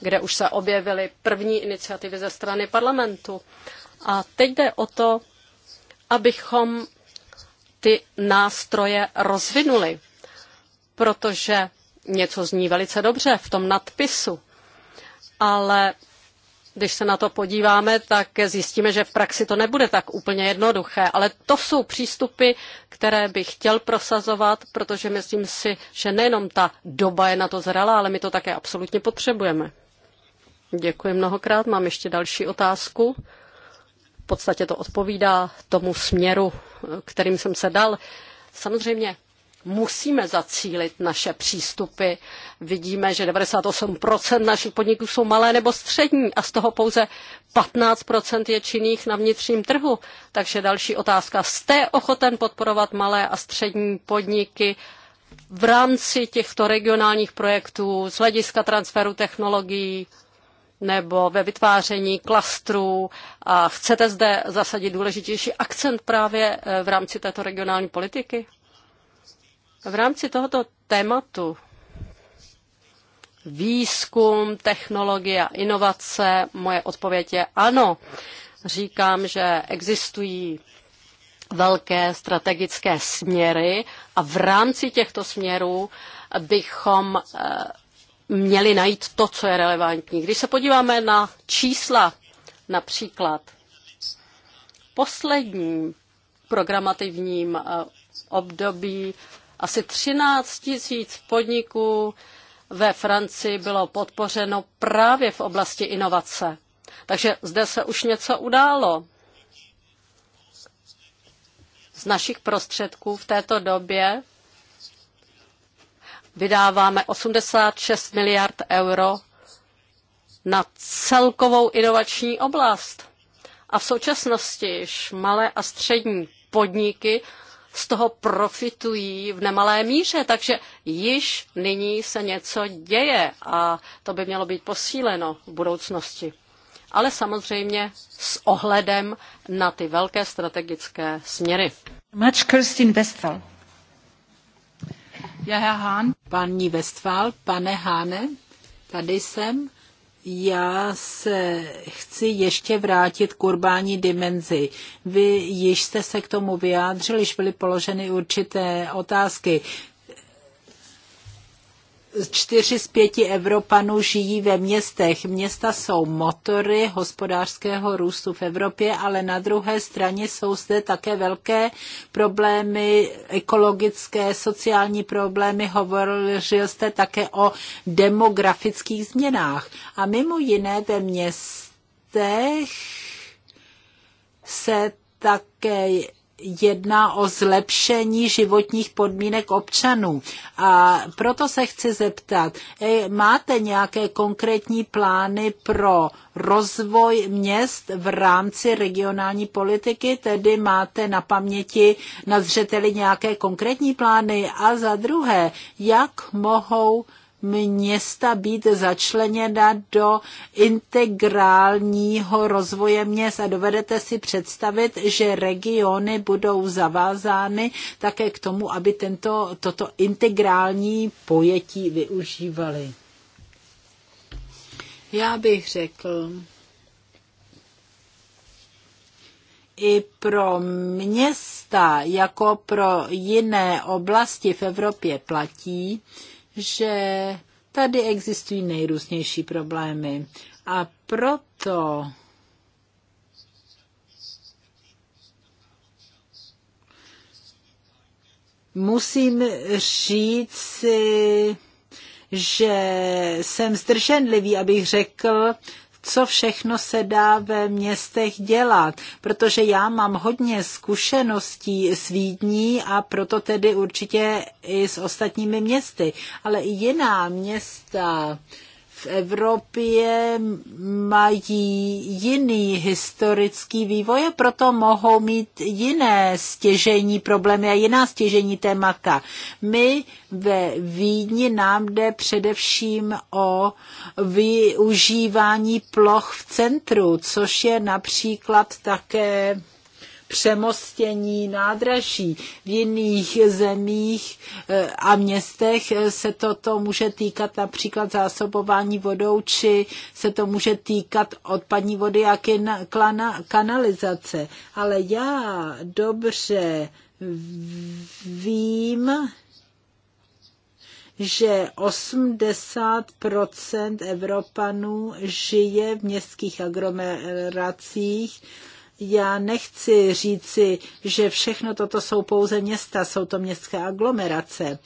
kde už se objevily první iniciativy ze strany parlamentu. A teď jde o to, abychom ty nástroje rozvinuli, protože něco zní velice dobře v tom nadpisu, ale když se na to podíváme, tak zjistíme, že v praxi to nebude tak úplně jednoduché. Ale to jsou přístupy, které bych chtěl prosazovat, protože myslím si, že nejenom ta doba je na to zralá, ale my to také absolutně potřebujeme. Děkuji mnohokrát. Mám ještě další otázku. V podstatě to odpovídá tomu směru, kterým jsem se dal. Samozřejmě musíme zacílit naše přístupy. Vidíme, že 98% našich podniků jsou malé nebo střední a z toho pouze 15% je činných na vnitřním trhu. Takže další otázka. Jste ochoten podporovat malé a střední podniky v rámci těchto regionálních projektů z hlediska transferu technologií? nebo ve vytváření klastrů a chcete zde zasadit důležitější akcent právě eh, v rámci této regionální politiky? V rámci tohoto tématu výzkum, technologie a inovace, moje odpověď je ano. Říkám, že existují velké strategické směry a v rámci těchto směrů bychom eh, měli najít to, co je relevantní. Když se podíváme na čísla, například posledním programativním eh, období asi 13 tisíc podniků ve Francii bylo podpořeno právě v oblasti inovace. Takže zde se už něco událo. Z našich prostředků v této době vydáváme 86 miliard euro na celkovou inovační oblast. A v současnosti již malé a střední podniky z toho profitují v nemalé míře, takže již nyní se něco děje a to by mělo být posíleno v budoucnosti. Ale samozřejmě s ohledem na ty velké strategické směry. Much Kirstin Westphal. Já, Herr Hahn. Paní Westphal, pane Háne, tady jsem. Já se chci ještě vrátit k urbání dimenzi. Vy již jste se k tomu vyjádřili, když byly položeny určité otázky čtyři z pěti Evropanů žijí ve městech. Města jsou motory hospodářského růstu v Evropě, ale na druhé straně jsou zde také velké problémy ekologické, sociální problémy. Hovořil jste také o demografických změnách. A mimo jiné ve městech se také jedná o zlepšení životních podmínek občanů. A proto se chci zeptat, e, máte nějaké konkrétní plány pro rozvoj měst v rámci regionální politiky, tedy máte na paměti, na zřeteli nějaké konkrétní plány? A za druhé, jak mohou města být začleněna do integrálního rozvoje měst a dovedete si představit, že regiony budou zavázány také k tomu, aby tento, toto integrální pojetí využívaly. Já bych řekl, i pro města, jako pro jiné oblasti v Evropě platí, že tady existují nejrůznější problémy. A proto musím říct, že jsem zdrženlivý, abych řekl, co všechno se dá ve městech dělat, protože já mám hodně zkušeností s Vídní a proto tedy určitě i s ostatními městy, ale i jiná města, v Evropě mají jiný historický vývoj a proto mohou mít jiné stěžení problémy a jiná stěžení témata. My ve Vídni nám jde především o využívání ploch v centru, což je například také přemostění nádraží. V jiných zemích eh, a městech eh, se toto může týkat například zásobování vodou, či se to může týkat odpadní vody a kanalizace. Ale já dobře vím, že 80% Evropanů žije v městských aglomeracích já nechci říci, že všechno toto jsou pouze města, jsou to městské aglomerace.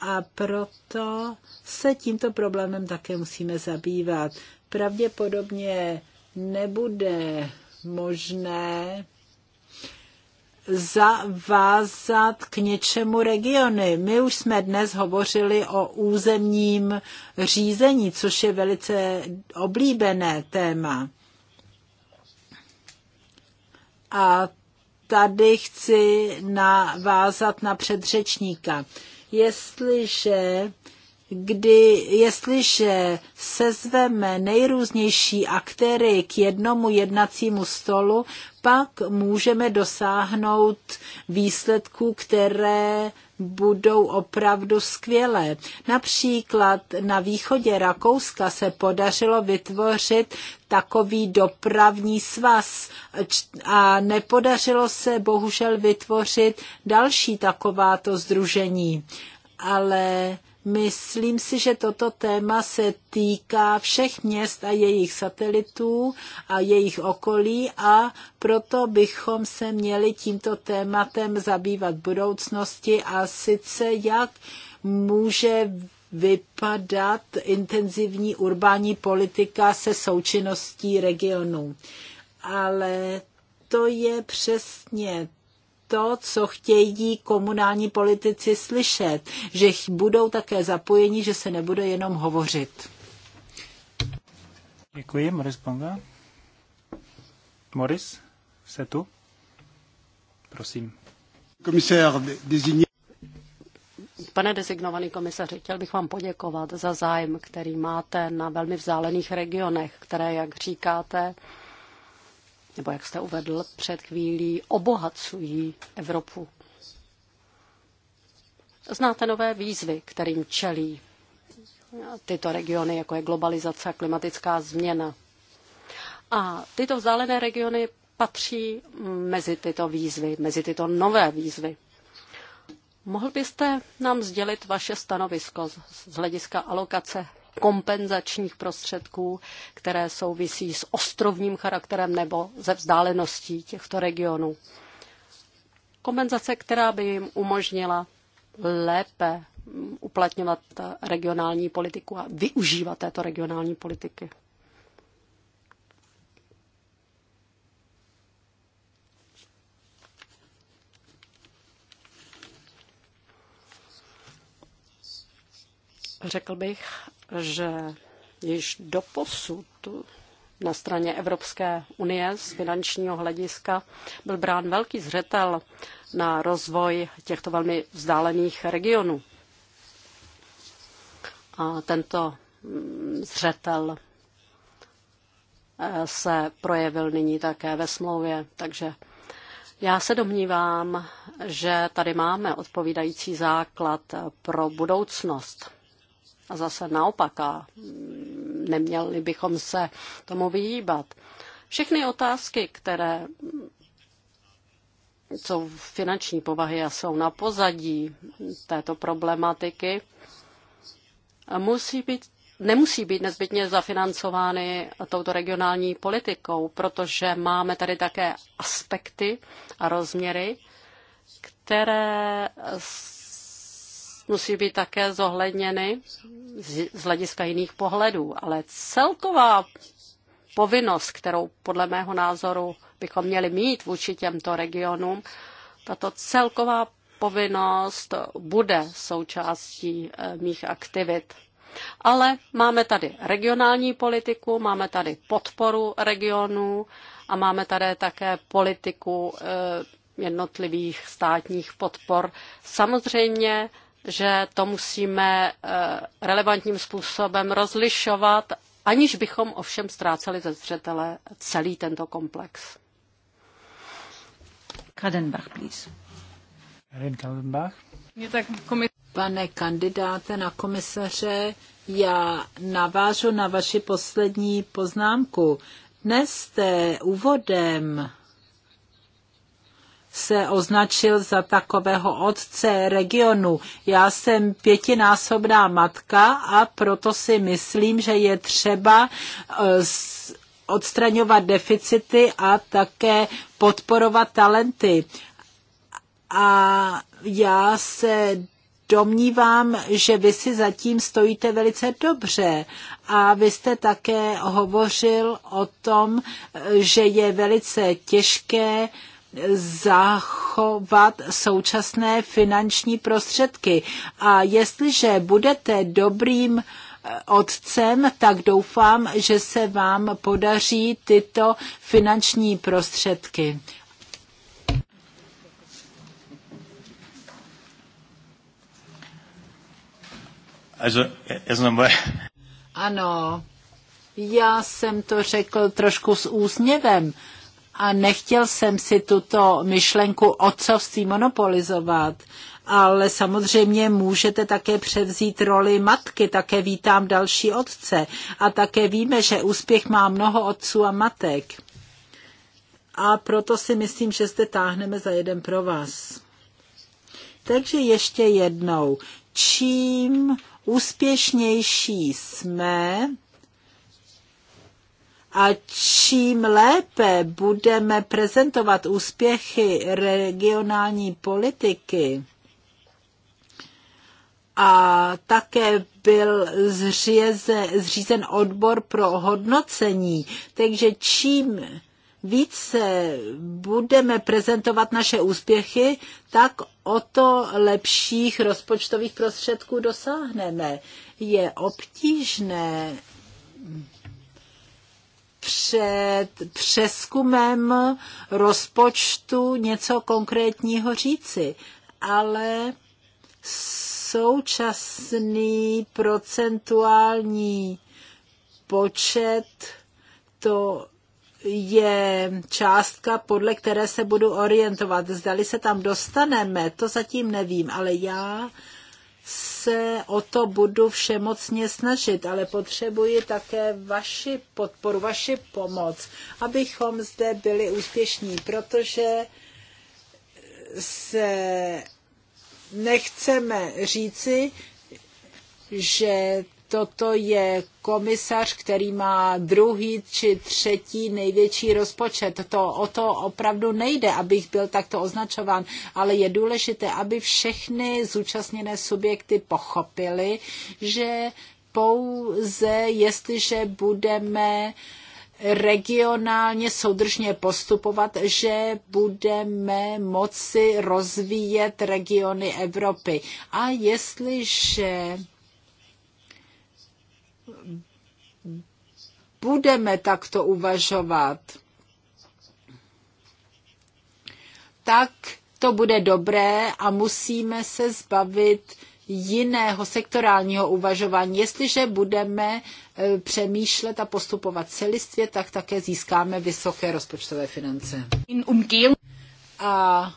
A proto se tímto problémem také musíme zabývat. Pravděpodobně nebude možné zavázat k něčemu regiony. My už jsme dnes hovořili o územním řízení, což je velice oblíbené téma. A tady chci navázat na předřečníka. Jestliže kdy, jestliže sezveme nejrůznější aktéry k jednomu jednacímu stolu, pak můžeme dosáhnout výsledků, které budou opravdu skvělé. Například na východě Rakouska se podařilo vytvořit takový dopravní svaz a nepodařilo se bohužel vytvořit další takováto združení. Ale Myslím si, že toto téma se týká všech měst a jejich satelitů a jejich okolí a proto bychom se měli tímto tématem zabývat v budoucnosti a sice jak může vypadat intenzivní urbání politika se součinností regionů. Ale to je přesně to, co chtějí komunální politici slyšet, že budou také zapojeni, že se nebude jenom hovořit. Děkuji, Moris Bonga. Moris, se tu? Prosím. Komisér, désigné. Pane designovaný komisaři, chtěl bych vám poděkovat za zájem, který máte na velmi vzdálených regionech, které, jak říkáte, nebo jak jste uvedl před chvílí, obohacují Evropu. Znáte nové výzvy, kterým čelí tyto regiony, jako je globalizace a klimatická změna. A tyto vzdálené regiony patří mezi tyto výzvy, mezi tyto nové výzvy. Mohl byste nám sdělit vaše stanovisko z hlediska alokace kompenzačních prostředků, které souvisí s ostrovním charakterem nebo ze vzdáleností těchto regionů. Kompenzace, která by jim umožnila lépe uplatňovat regionální politiku a využívat této regionální politiky. Řekl bych, že již doposud na straně Evropské unie z finančního hlediska byl brán velký zřetel na rozvoj těchto velmi vzdálených regionů. A tento mm, zřetel eh, se projevil nyní také ve smlouvě, takže já se domnívám, že tady máme odpovídající základ pro budoucnost. A zase naopak, a mm, neměli bychom se tomu vyhýbat. Všechny otázky, které mm, jsou finanční povahy a jsou na pozadí této problematiky, musí být, nemusí být nezbytně zafinancovány touto regionální politikou, protože máme tady také aspekty a rozměry, které musí být také zohledněny z hlediska jiných pohledů, ale celková povinnost, kterou podle mého názoru bychom měli mít vůči těmto regionům, tato celková povinnost bude součástí eh, mých aktivit. Ale máme tady regionální politiku, máme tady podporu regionů a máme tady také politiku eh, jednotlivých státních podpor. Samozřejmě že to musíme eh, relevantním způsobem rozlišovat, aniž bychom ovšem ztráceli ze zřetele celý tento komplex. Kadenbach, please. Kadenbach. Pane kandidáte na komisaře, já navážu na vaši poslední poznámku. Dnes jste úvodem se označil za takového otce regionu. Já jsem pětinásobná matka a proto si myslím, že je třeba e, odstraňovat deficity a také podporovat talenty. A já se domnívám, že vy si zatím stojíte velice dobře a vy jste také hovořil o tom, e, že je velice těžké uh, zachovat současné finanční prostředky. A jestliže budete dobrým eh, otcem, tak doufám, že se vám podaří tyto finanční prostředky. Ano, já jsem to řekl trošku s úsměvem, a nechtěl jsem si tuto myšlenku otcovství monopolizovat, ale samozřejmě můžete také převzít roli matky, také vítám další otce a také víme, že úspěch má mnoho otců a matek. A proto si myslím, že zde táhneme za jeden pro vás. Takže ještě jednou, čím úspěšnější jsme, a čím lépe budeme prezentovat úspěchy regionální politiky, a také byl zřízen, zřízen odbor pro hodnocení. Takže čím více budeme prezentovat naše úspěchy, tak o to lepších rozpočtových prostředků dosáhneme. Je obtížné před přeskumem rozpočtu něco konkrétního říci, ale současný procentuální počet to je částka, podle které se budu orientovat. Zdali se tam dostaneme, to zatím nevím, ale já se o to budu všemocně snažit, ale potřebuji také vaši podporu, vaši pomoc, abychom zde byli úspěšní, protože se nechceme říci, že toto je komisař, který má druhý či třetí největší rozpočet. To o to opravdu nejde, abych byl takto označován, ale je důležité, aby všechny zúčastněné subjekty pochopili, že pouze jestliže budeme regionálně soudržně postupovat, že budeme moci rozvíjet regiony Evropy. A jestliže budeme takto uvažovat, tak to bude dobré a musíme se zbavit jiného sektorálního uvažování. Jestliže budeme e, přemýšlet a postupovat celistvě, tak také získáme vysoké rozpočtové finance. A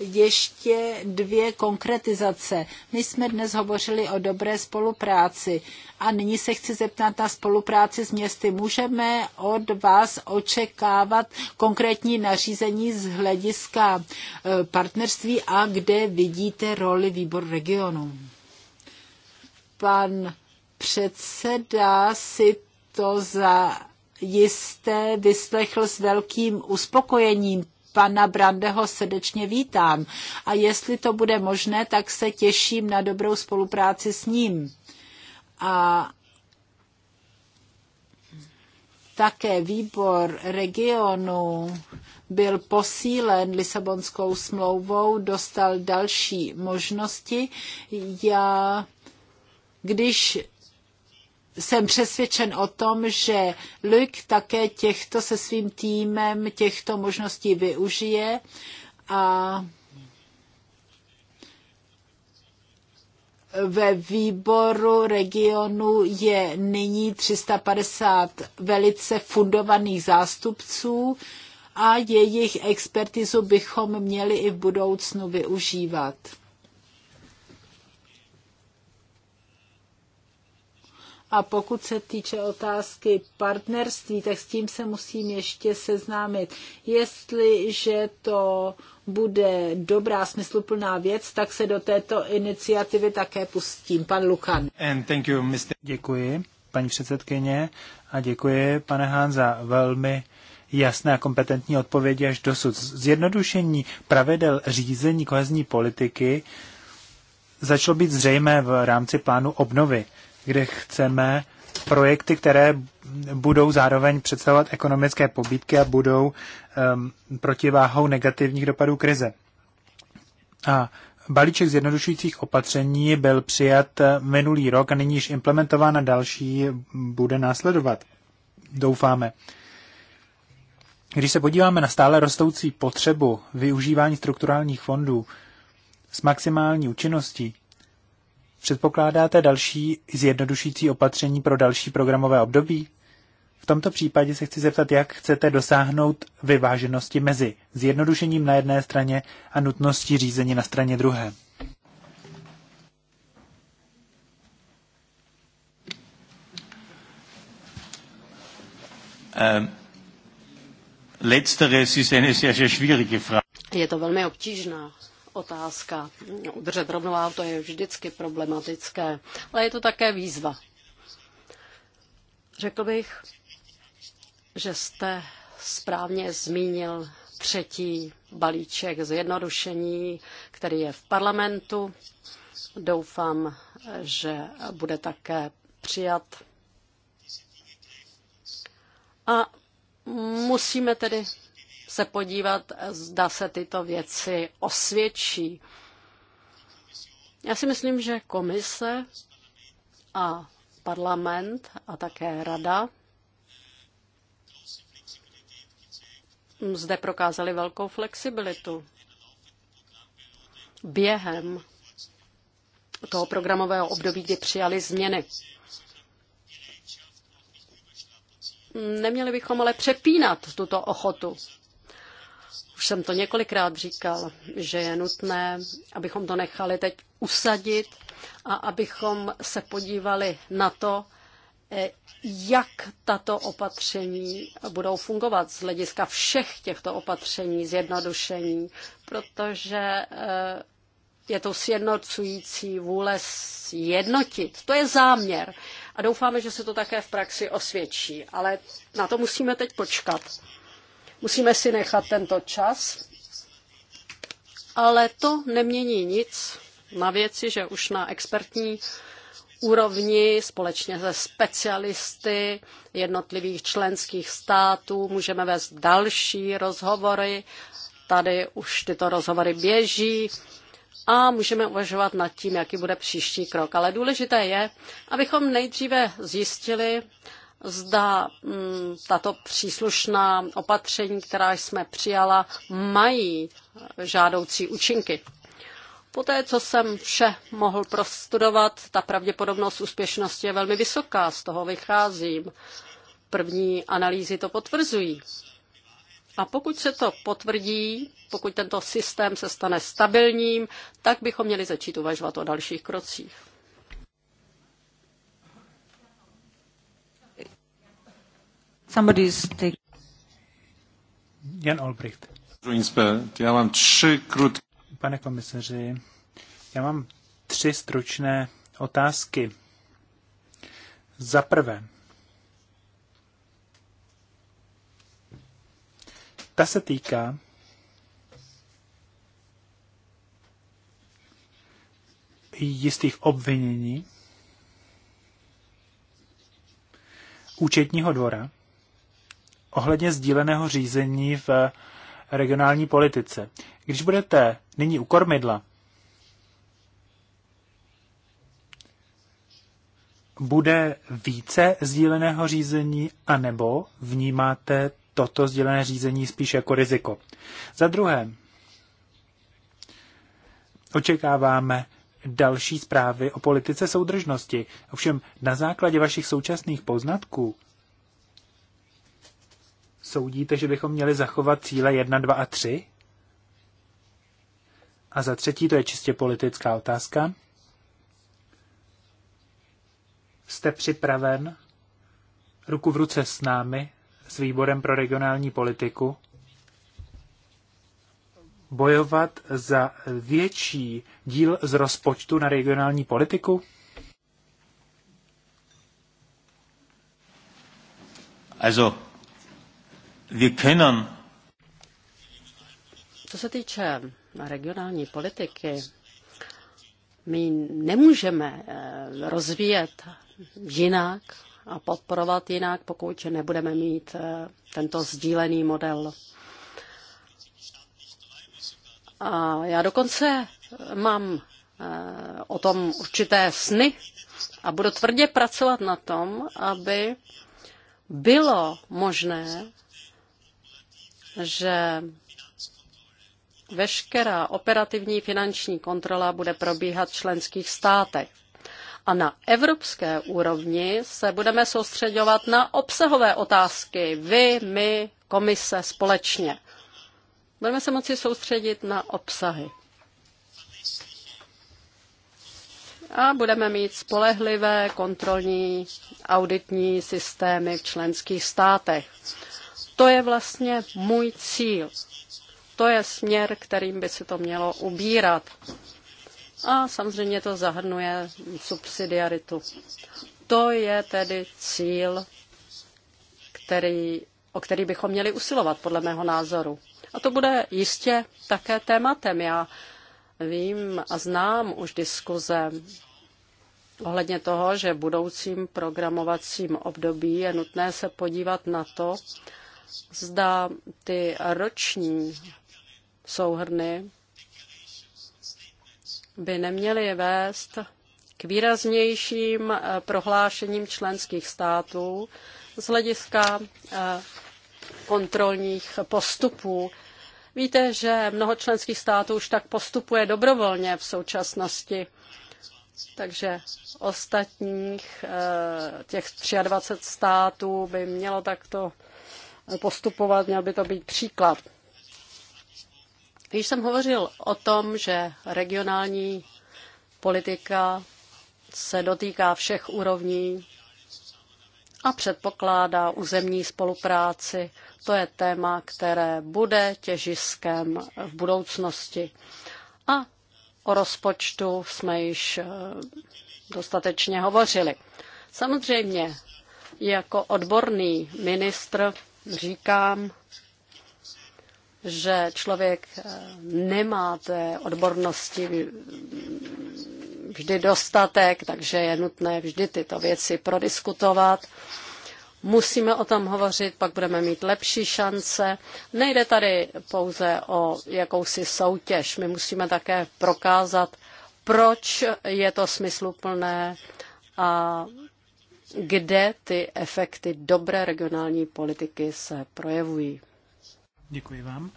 ještě dvě konkretizace. My jsme dnes hovořili o dobré spolupráci a nyní se chci zeptat na spolupráci s městy. Můžeme od vás očekávat konkrétní nařízení z hlediska e, partnerství a kde vidíte roli výboru regionu? Pan předseda si to za jisté vyslechl s velkým uspokojením, pana Brandeho srdečně vítám. A jestli to bude možné, tak se těším na dobrou spolupráci s ním. A také výbor regionu byl posílen Lisabonskou smlouvou, dostal další možnosti. Já, když jsem přesvědčen o tom, že Luk také těchto se svým týmem těchto možností využije a ve výboru regionu je nyní 350 velice fundovaných zástupců a jejich expertizu bychom měli i v budoucnu využívat. A pokud se týče otázky partnerství, tak s tím se musím ještě seznámit. Jestliže to bude dobrá, smysluplná věc, tak se do této iniciativy také pustím. Pan Lukan. And thank you, Mr. Děkuji, paní předsedkyně, a děkuji, pane Hán, za velmi jasné a kompetentní odpovědi až dosud. Zjednodušení pravidel řízení kohezní politiky začalo být zřejmé v rámci plánu obnovy kde chceme projekty, které budou zároveň představovat ekonomické pobídky a budou um, protiváhou negativních dopadů krize. A balíček zjednodušujících opatření byl přijat eh, minulý rok a nyní již implementován a další bude následovat. Doufáme. Když se podíváme na stále rostoucí potřebu využívání strukturálních fondů s maximální účinností, Předpokládáte další zjednodušující opatření pro další programové období? V tomto případě se chci zeptat, jak chcete dosáhnout vyváženosti mezi zjednodušením na jedné straně a nutností řízení na straně druhé. Ehm, letzteres ist eine sehr, sehr schwierige Frage. Je to velmi obtížná otázka. Udržet rovnováhu to je vždycky problematické, ale je to také výzva. Řekl bych, že jste správně zmínil třetí balíček zjednodušení, který je v parlamentu. Doufám, že bude také přijat. A musíme tedy se podívat, zda se tyto věci osvědčí. Já si myslím, že komise a parlament a také rada zde prokázali velkou flexibilitu. Během toho programového období, kdy přijali změny. Neměli bychom ale přepínat tuto ochotu. Už jsem to několikrát říkal, že je nutné, abychom to nechali teď usadit a abychom se podívali na to, eh, jak tato opatření budou fungovat z hlediska všech těchto opatření zjednodušení, protože eh, je to sjednocující vůle sjednotit. To je záměr a doufáme, že se to také v praxi osvědčí, ale na to musíme teď počkat. Musíme si nechat tento čas, ale to nemění nic na věci, že už na expertní úrovni společně se specialisty jednotlivých členských států můžeme vést další rozhovory. Tady už tyto rozhovory běží a můžeme uvažovat nad tím, jaký bude příští krok. Ale důležité je, abychom nejdříve zjistili, zda mm, tato příslušná opatření, která jsme přijala, mají žádoucí účinky. Poté, co jsem vše mohl prostudovat, ta pravděpodobnost úspěšnosti je velmi vysoká, z toho vycházím. První analýzy to potvrzují. A pokud se to potvrdí, pokud tento systém se stane stabilním, tak bychom měli začít uvažovat o dalších krocích. Somebody's taking... Jan Olbricht. Já mám tři krut. Pane komisaři, já mám tři stručné otázky. Za prvé, ta se týká jistých obvinění účetního dvora ohledně sdíleného řízení v regionální politice. Když budete nyní u kormidla, bude více sdíleného řízení, anebo vnímáte toto sdílené řízení spíš jako riziko. Za druhé, očekáváme další zprávy o politice soudržnosti. Ovšem, na základě vašich současných poznatků soudíte, že bychom měli zachovat cíle 1, 2 a 3? A za třetí, to je čistě politická otázka. Jste připraven ruku v ruce s námi, s výborem pro regionální politiku, bojovat za větší díl z rozpočtu na regionální politiku? Also, co se týče regionální politiky, my nemůžeme eh, rozvíjet jinak a podporovat jinak, pokud nebudeme mít eh, tento sdílený model. A já dokonce mám eh, o tom určité sny a budu tvrdě pracovat na tom, aby bylo možné že veškerá operativní finanční kontrola bude probíhat v členských státech. A na evropské úrovni se budeme soustředovat na obsahové otázky. Vy, my, komise společně. Budeme se moci soustředit na obsahy. A budeme mít spolehlivé kontrolní auditní systémy v členských státech. To je vlastně můj cíl. To je směr, kterým by se to mělo ubírat. A samozřejmě to zahrnuje subsidiaritu. To je tedy cíl, který, o který bychom měli usilovat, podle mého názoru. A to bude jistě také tématem. Já vím a znám už diskuze ohledně toho, že v budoucím programovacím období je nutné se podívat na to, zda ty roční souhrny by neměly vést k výraznějším eh, prohlášením členských států z hlediska eh, kontrolních postupů. Víte, že mnoho členských států už tak postupuje dobrovolně v současnosti, takže ostatních eh, těch 23 států by mělo takto postupovat, měl by to být příklad. Když jsem hovořil o tom, že regionální politika se dotýká všech úrovní a předpokládá územní spolupráci, to je téma, které bude těžiskem v budoucnosti. A o rozpočtu jsme již eh, dostatečně hovořili. Samozřejmě jako odborný ministr říkám, že člověk eh, nemá té odbornosti vždy dostatek, takže je nutné vždy tyto věci prodiskutovat. Musíme o tom hovořit, pak budeme mít lepší šance. Nejde tady pouze o jakousi soutěž. My musíme také prokázat, proč je to smysluplné a kde ty efekty dobré regionální politiky se projevují. Děkuji vám.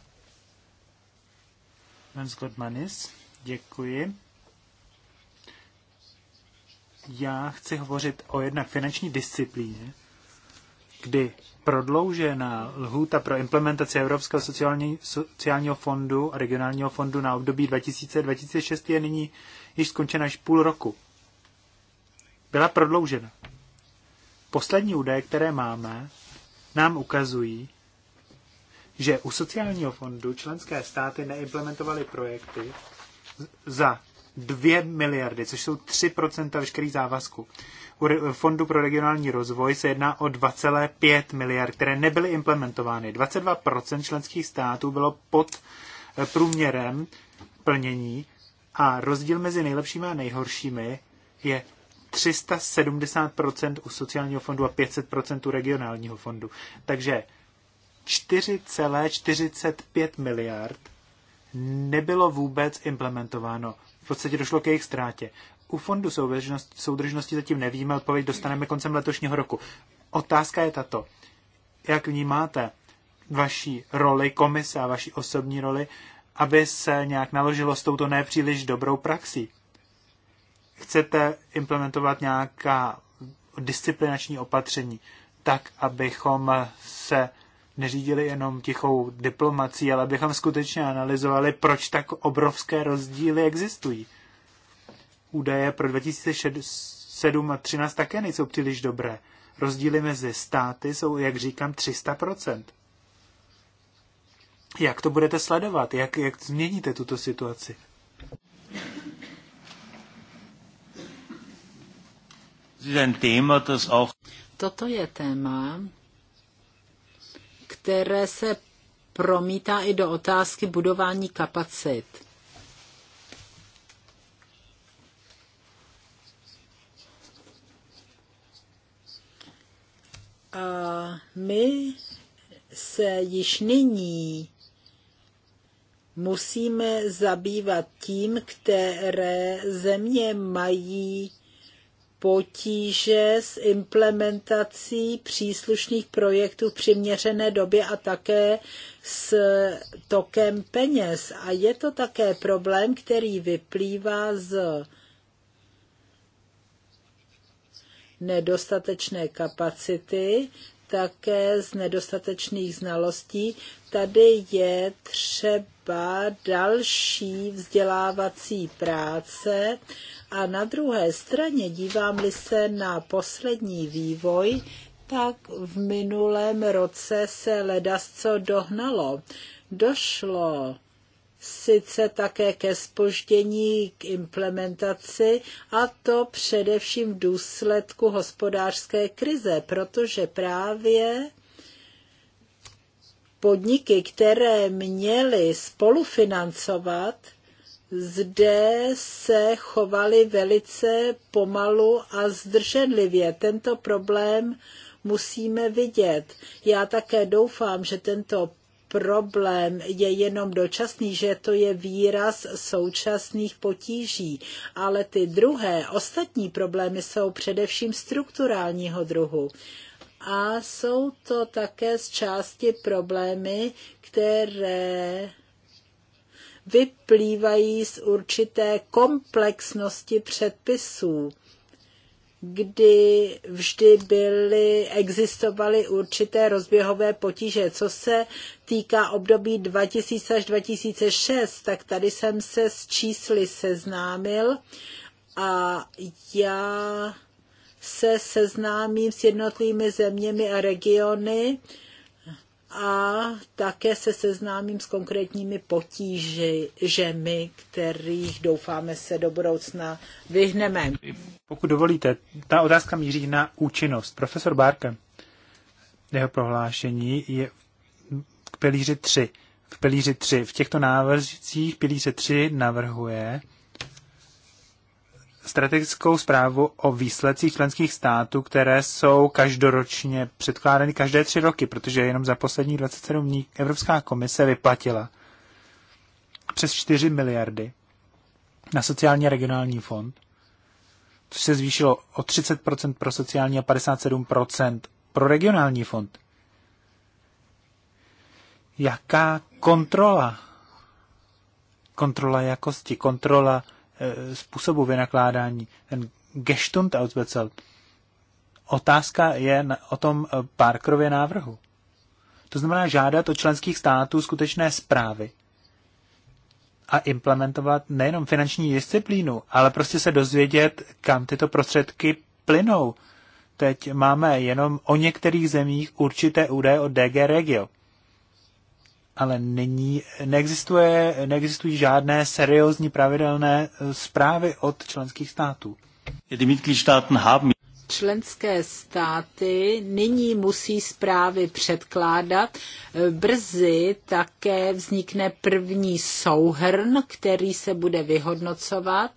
hans Godmanis, děkuji. Já chci hovořit o jednak finanční disciplíně, kdy prodloužená lhůta pro implementaci Evropského sociální, sociálního fondu a regionálního fondu na období 2026 je nyní již skončena až půl roku. Byla prodloužena. Poslední údaje, které máme, nám ukazují, že u sociálního fondu členské státy neimplementovaly projekty za 2 miliardy, což jsou 3% veškerých závazků. U Fondu pro regionální rozvoj se jedná o 2,5 miliard, které nebyly implementovány. 22% členských států bylo pod eh, průměrem plnění a rozdíl mezi nejlepšími a nejhoršími je 370% u sociálního fondu a 500% u regionálního fondu. Takže 4,45 miliard nebylo vůbec implementováno. V podstatě došlo k jejich ztrátě. U fondu soudržnosti zatím nevíme, odpověď dostaneme koncem letošního roku. Otázka je tato. Jak vnímáte vaší roli komise a vaší osobní roli, aby se nějak naložilo s touto nepříliš dobrou praxí? chcete implementovat nějaká disciplinační opatření, tak, abychom se neřídili jenom tichou diplomací, ale abychom skutečně analyzovali, proč tak obrovské rozdíly existují. Údaje pro 2007 a 2013 také nejsou příliš dobré. Rozdíly mezi státy jsou, jak říkám, 300%. Jak to budete sledovat? Jak, jak změníte tuto situaci? Toto je téma, které se promítá i do otázky budování kapacit. A my se již nyní musíme zabývat tím, které země mají potíže s implementací příslušných projektů v přiměřené době a také s tokem peněz. A je to také problém, který vyplývá z nedostatečné kapacity, také z nedostatečných znalostí. Tady je třeba další vzdělávací práce, a na druhé straně, dívám-li se na poslední vývoj, tak v minulém roce se ledasco dohnalo. Došlo sice také ke spoždění k implementaci, a to především v důsledku hospodářské krize, protože právě podniky, které měly spolufinancovat, zde se chovali velice pomalu a zdrženlivě. Tento problém musíme vidět. Já také doufám, že tento problém je jenom dočasný, že to je výraz současných potíží, ale ty druhé, ostatní problémy jsou především strukturálního druhu. A jsou to také z části problémy, které vyplývají z určité komplexnosti předpisů, kdy vždy byly, existovaly určité rozběhové potíže. Co se týká období 2000 až 2006, tak tady jsem se s čísly seznámil a já se seznámím s jednotlivými zeměmi a regiony, a také se seznámím s konkrétními potížemi, kterých doufáme se do budoucna vyhneme. Pokud dovolíte, ta otázka míří na účinnost. Profesor Bárka jeho prohlášení je k pilíři 3. V pilíři 3, v těchto návrzích pilíře 3 navrhuje, strategickou zprávu o výsledcích členských států, které jsou každoročně předkládány každé tři roky, protože jenom za poslední 27 dní Evropská komise vyplatila přes 4 miliardy na sociální a regionální fond, což se zvýšilo o 30% pro sociální a 57% pro regionální fond. Jaká kontrola? Kontrola jakosti, kontrola Eh, způsobu vynakládání, ten gestunt Ausbezelt. Otázka je o tom eh, Parkerově návrhu. To znamená žádat od členských států skutečné zprávy a implementovat nejenom finanční disciplínu, ale prostě se dozvědět, kam tyto prostředky plynou. Teď máme jenom o některých zemích určité údaje od DG Regio ale není, neexistuje, neexistují žádné seriózní pravidelné eh, zprávy od členských států. Členské státy nyní musí zprávy předkládat. Eh, Brzy také vznikne první souhrn, který se bude vyhodnocovat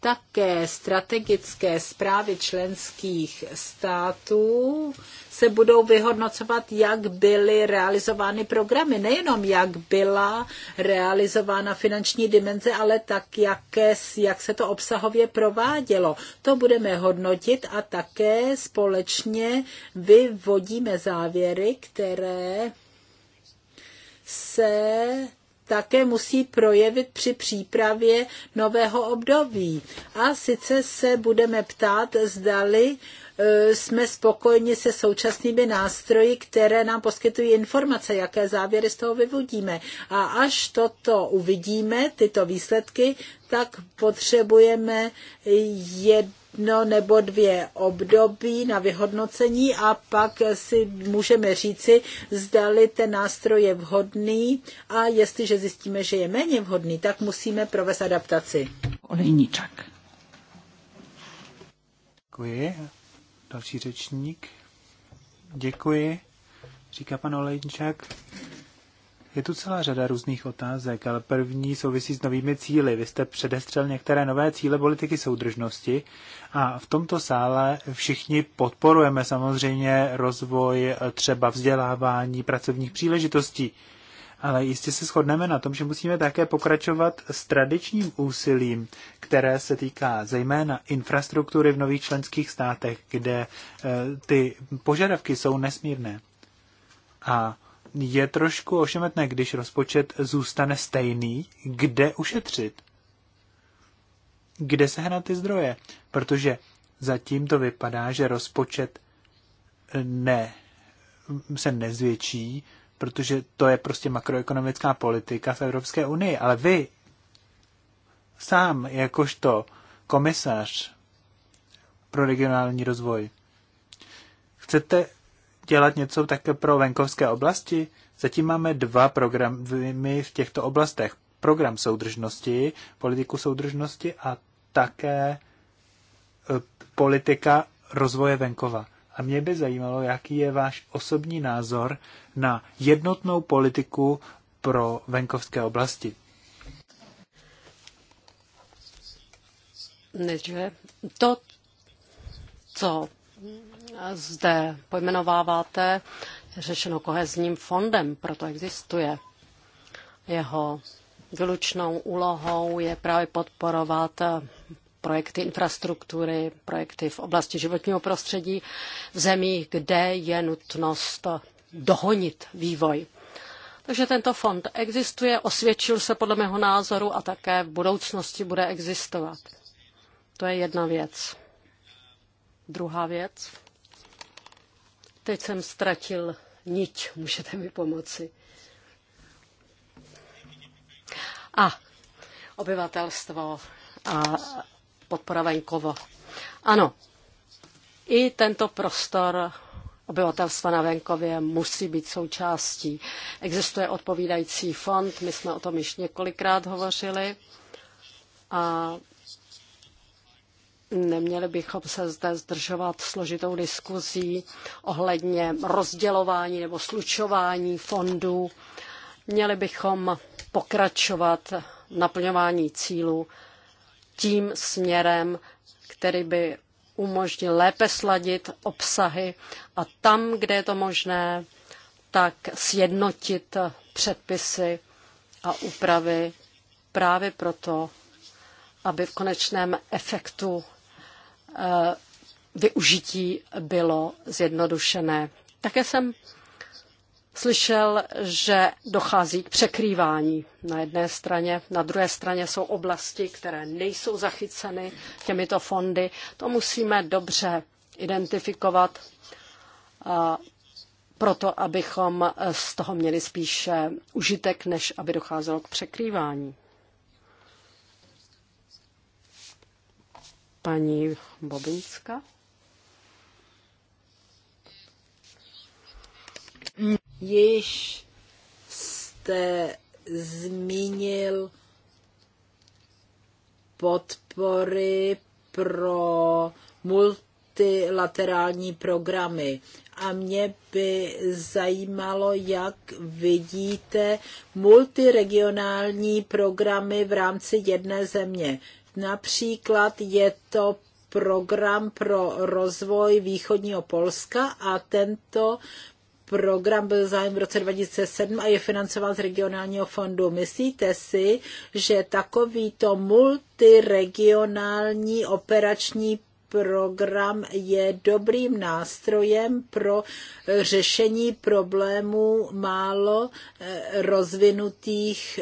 také strategické zprávy členských států se budou vyhodnocovat, jak byly realizovány programy. Nejenom jak byla realizována finanční dimenze, ale tak, jaké, jak se to obsahově provádělo. To budeme hodnotit a také společně vyvodíme závěry, které se také musí projevit při přípravě nového období. A sice se budeme ptát, zdali e, jsme spokojeni se současnými nástroji, které nám poskytují informace, jaké závěry z toho vyvodíme. A až toto uvidíme, tyto výsledky, tak potřebujeme jednu jedno nebo dvě období na vyhodnocení a pak si můžeme říci, zdali ten nástroj je vhodný a jestliže zjistíme, že je méně vhodný, tak musíme provést adaptaci. Olejníčak. Děkuji. Další řečník. Děkuji, říká pan Olejníčak. Je tu celá řada různých otázek, ale první souvisí s novými cíly. Vy jste předestřel některé nové cíle politiky soudržnosti a v tomto sále všichni podporujeme samozřejmě rozvoj eh, třeba vzdělávání pracovních příležitostí. Ale jistě se shodneme na tom, že musíme také pokračovat s tradičním úsilím, které se týká zejména infrastruktury v nových členských státech, kde eh, ty požadavky jsou nesmírné. A je trošku ošemetné, když rozpočet zůstane stejný, kde ušetřit? Kde sehnat ty zdroje? Protože zatím to vypadá, že rozpočet eh, ne, se nezvětší, protože to je prostě makroekonomická politika v Evropské unii. Ale vy sám, jakožto komisař pro regionální rozvoj, chcete dělat něco také pro venkovské oblasti? Zatím máme dva programy v těchto oblastech. Program soudržnosti, politiku soudržnosti a také e, politika rozvoje venkova. A mě by zajímalo, jaký je váš osobní názor na jednotnou politiku pro venkovské oblasti. Nejdříve to, co zde pojmenováváte, řešeno kohezním fondem, proto existuje. Jeho vylučnou úlohou je právě podporovat projekty infrastruktury, projekty v oblasti životního prostředí v zemích, kde je nutnost dohonit vývoj. Takže tento fond existuje, osvědčil se podle mého názoru a také v budoucnosti bude existovat. To je jedna věc. Druhá věc. Teď jsem ztratil nič, můžete mi pomoci. A obyvatelstvo a podpora venkova. Ano, i tento prostor obyvatelstva na venkově musí být součástí. Existuje odpovídající fond, my jsme o tom již několikrát hovořili a Neměli bychom se zde zdržovat složitou diskuzí ohledně rozdělování nebo slučování fondů. Měli bychom pokračovat naplňování cílů tím směrem, který by umožnil lépe sladit obsahy a tam, kde je to možné, tak sjednotit předpisy a úpravy právě proto, aby v konečném efektu Eh, využití bylo zjednodušené. Také jsem slyšel, že dochází k překrývání na jedné straně, na druhé straně jsou oblasti, které nejsou zachyceny těmito fondy. To musíme dobře identifikovat eh, proto, abychom z toho měli spíše užitek, než aby docházelo k překrývání. paní Bobinska. Již jste zmínil podpory pro multilaterální programy. A mě by zajímalo, jak vidíte multiregionální programy v rámci jedné země. Například je to program pro rozvoj východního Polska a tento program byl zájem v roce 2007 a je financován z regionálního fondu. Myslíte si, že takovýto multiregionální operační program je dobrým nástrojem pro řešení problémů málo eh, rozvinutých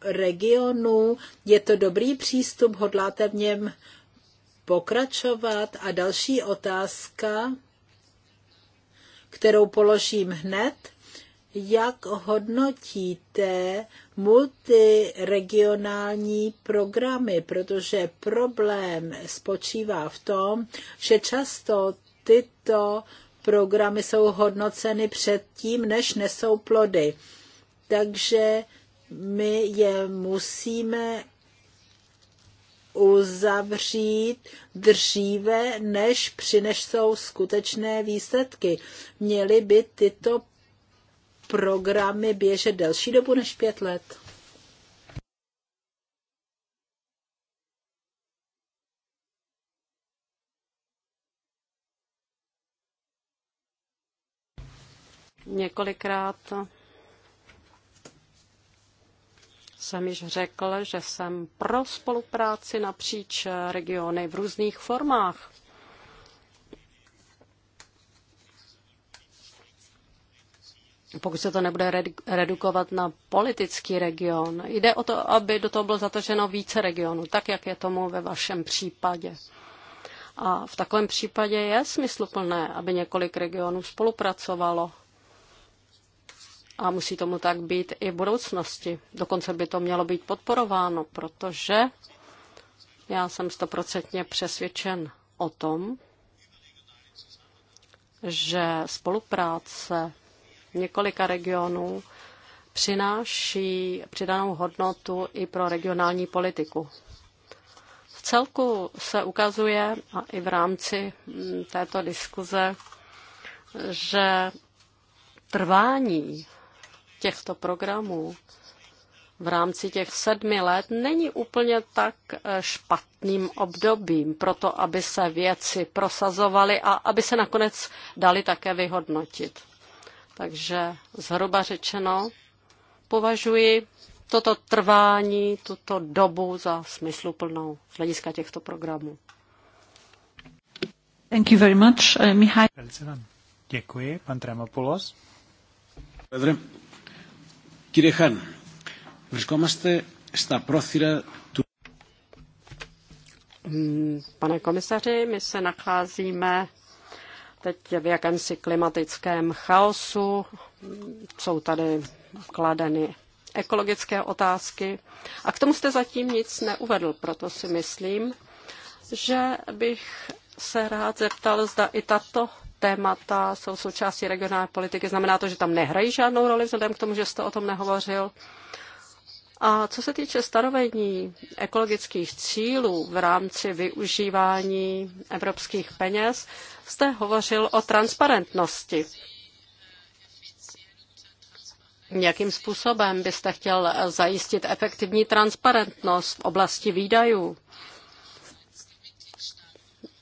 regionů. Je to dobrý přístup, hodláte v něm pokračovat? A další otázka, kterou položím hned – jak hodnotíte multiregionální programy, protože problém spočívá v tom, že často tyto programy jsou hodnoceny předtím, než nesou plody. Takže my je musíme uzavřít dříve, než přinesou skutečné výsledky. Měly by tyto programy běžet delší dobu než pět let? Několikrát jsem již řekl, že jsem pro spolupráci napříč regiony v různých formách. pokud se to nebude redukovat na politický region. Jde o to, aby do toho bylo zatoženo více regionů, tak jak je tomu ve vašem případě. A v takovém případě je smysluplné, aby několik regionů spolupracovalo. A musí tomu tak být i v budoucnosti. Dokonce by to mělo být podporováno, protože já jsem stoprocentně přesvědčen o tom, že spolupráce několika regionů přináší přidanou hodnotu i pro regionální politiku. V celku se ukazuje a i v rámci mm, této diskuze, že trvání těchto programů v rámci těch sedmi let není úplně tak eh, špatným obdobím pro to, aby se věci prosazovaly a aby se nakonec dali také vyhodnotit. Takže zhruba řečeno, považuji toto trvání, tuto dobu za smysluplnou z hlediska těchto programů. Thank you very much, uh, eh, Mihaj. Velice vám děkuji, pan Tremopoulos. Πρόεδρε, κύριε Χάν, βρισκόμαστε στα πρόθυρα Pane komisaři, my se nacházíme teď v jakémsi klimatickém chaosu, jsou tady kladeny ekologické otázky a k tomu jste zatím nic neuvedl, proto si myslím, že bych se rád zeptal, zda i tato témata jsou součástí regionální politiky. Znamená to, že tam nehrají žádnou roli, vzhledem k tomu, že jste o tom nehovořil. A co se týče stanovení ekologických cílů v rámci využívání evropských peněz, jste hovořil o transparentnosti. Jakým způsobem byste chtěl zajistit efektivní transparentnost v oblasti výdajů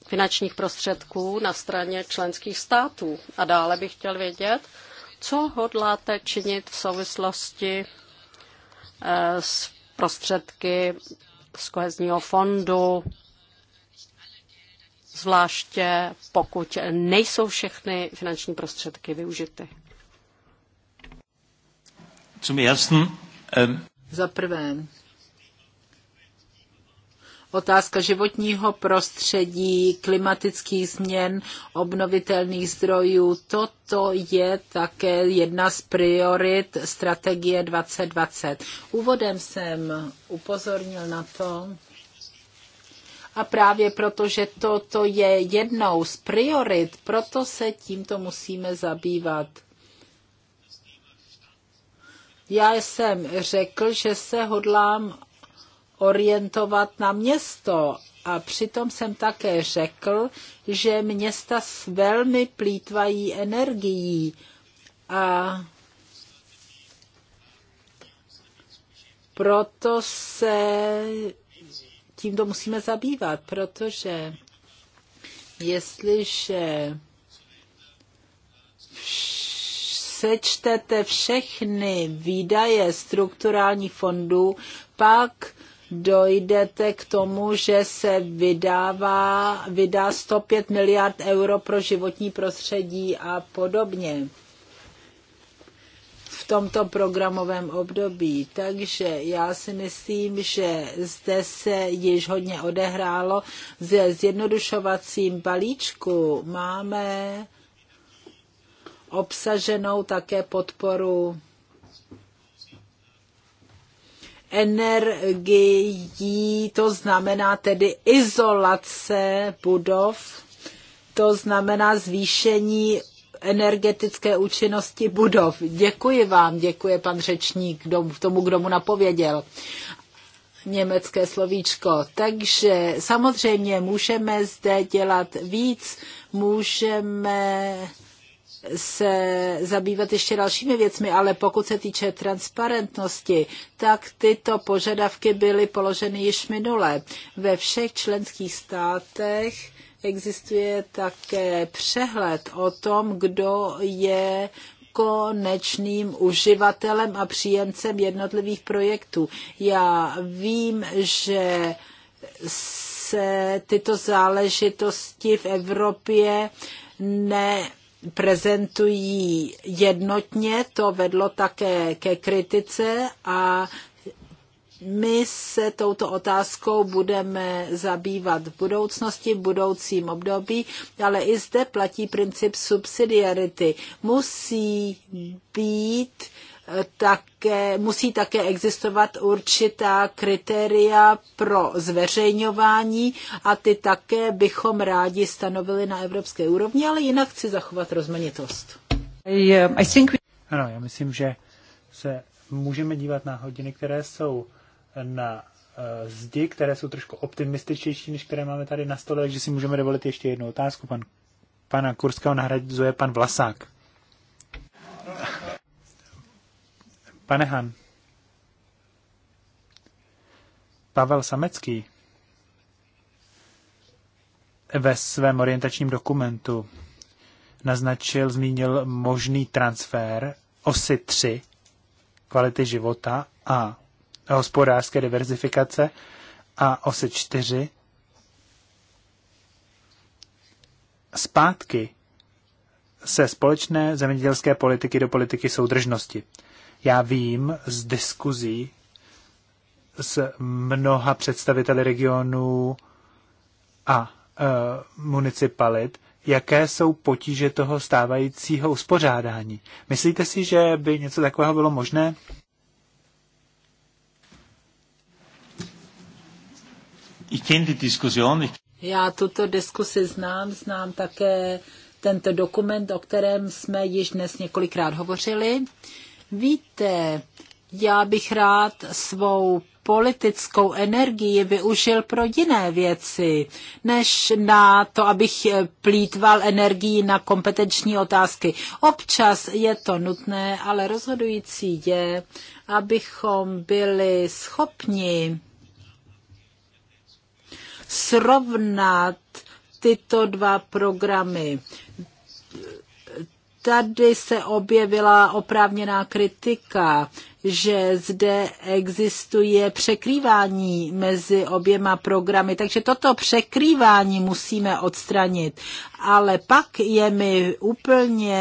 finančních prostředků na straně členských států? A dále bych chtěl vědět, co hodláte činit v souvislosti z eh, prostředky z kohezního fondu, zvláště pokud nejsou všechny finanční prostředky využity. Zum ersten, ähm, Za prvé, otázka životního prostředí, klimatických změn, obnovitelných zdrojů. Toto je také jedna z priorit strategie 2020. Úvodem jsem upozornil na to, a právě proto, že toto je jednou z priorit, proto se tímto musíme zabývat. Já jsem řekl, že se hodlám orientovat na město. A přitom jsem také řekl, že města velmi plítvají energií a proto se tímto musíme zabývat, protože jestliže sečtete všechny výdaje strukturálních fondů, pak dojdete k tomu, že se vydává, vydá 105 miliard euro pro životní prostředí a podobně v tomto programovém období. Takže já si myslím, že zde se již hodně odehrálo. Ze zjednodušovacím balíčku máme obsaženou také podporu energií, to znamená tedy izolace budov, to znamená zvýšení energetické účinnosti budov. Děkuji vám, děkuje pan řečník tomu, kdo mu napověděl německé slovíčko. Takže samozřejmě můžeme zde dělat víc, můžeme se zabývat ještě dalšími věcmi, ale pokud se týče transparentnosti, tak tyto požadavky byly položeny již minule. Ve všech členských státech existuje také přehled o tom, kdo je konečným uživatelem a příjemcem jednotlivých projektů. Já vím, že se tyto záležitosti v Evropě ne prezentují jednotně, to vedlo také ke kritice a my se touto otázkou budeme zabývat v budoucnosti, v budoucím období, ale i zde platí princip subsidiarity. Musí být uh, také, musí také existovat určitá kritéria pro zveřejňování a ty také bychom rádi stanovili na evropské úrovni, ale jinak chci zachovat rozmanitost. Uh, ano, já myslím, že se můžeme dívat na hodiny, které jsou na uh, zdi, které jsou trošku optimističtější, než které máme tady na stole, takže si můžeme dovolit ještě jednu otázku. Pan, pana Kurského nahrazuje pan Vlasák. Pane Han. Pavel Samecký ve svém orientačním dokumentu naznačil, zmínil možný transfer osy 3 kvality života a hospodářské diverzifikace a osy 4 zpátky se společné zemědělské politiky do politiky soudržnosti. Já vím z diskuzí s mnoha představiteli regionů a e, municipalit, jaké jsou potíže toho stávajícího uspořádání. Myslíte si, že by něco takového bylo možné? Já tuto diskusi znám, znám také tento dokument, o kterém jsme již dnes několikrát hovořili. Uh, Víte, já bych rád svou politickou energii využil pro jiné věci, než na to, abych eh, plítval energii na kompetenční otázky. Občas je to nutné, ale rozhodující je, abychom byli schopni srovnat tyto dva programy tady se objevila oprávněná kritika, že zde existuje překrývání mezi oběma programy, takže toto překrývání musíme odstranit. Ale pak je mi úplně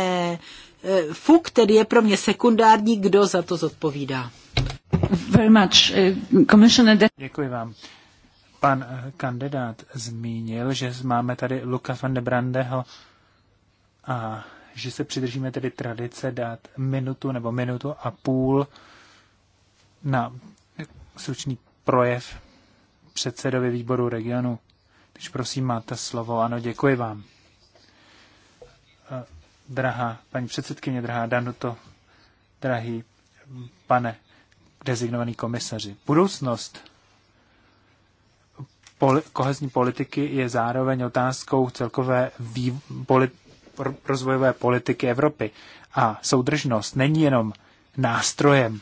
eh, fuk, který je pro mě sekundární, kdo za to zodpovídá. Very much. Eh, Děkuji vám. Pan eh, kandidát zmínil, že máme tady Luka van de Brandeho a že se přidržíme tedy tradice dát minutu nebo minutu a půl na slučný projev předsedovi výboru regionu. Takže prosím, máte slovo. Ano, děkuji vám. Eh, drahá paní předsedkyně, drahá Danuto, drahý pane designovaný komisaři. Budoucnost poli- kohezní politiky je zároveň otázkou celkové vý- polit- rozvojové politiky Evropy. A soudržnost není jenom nástrojem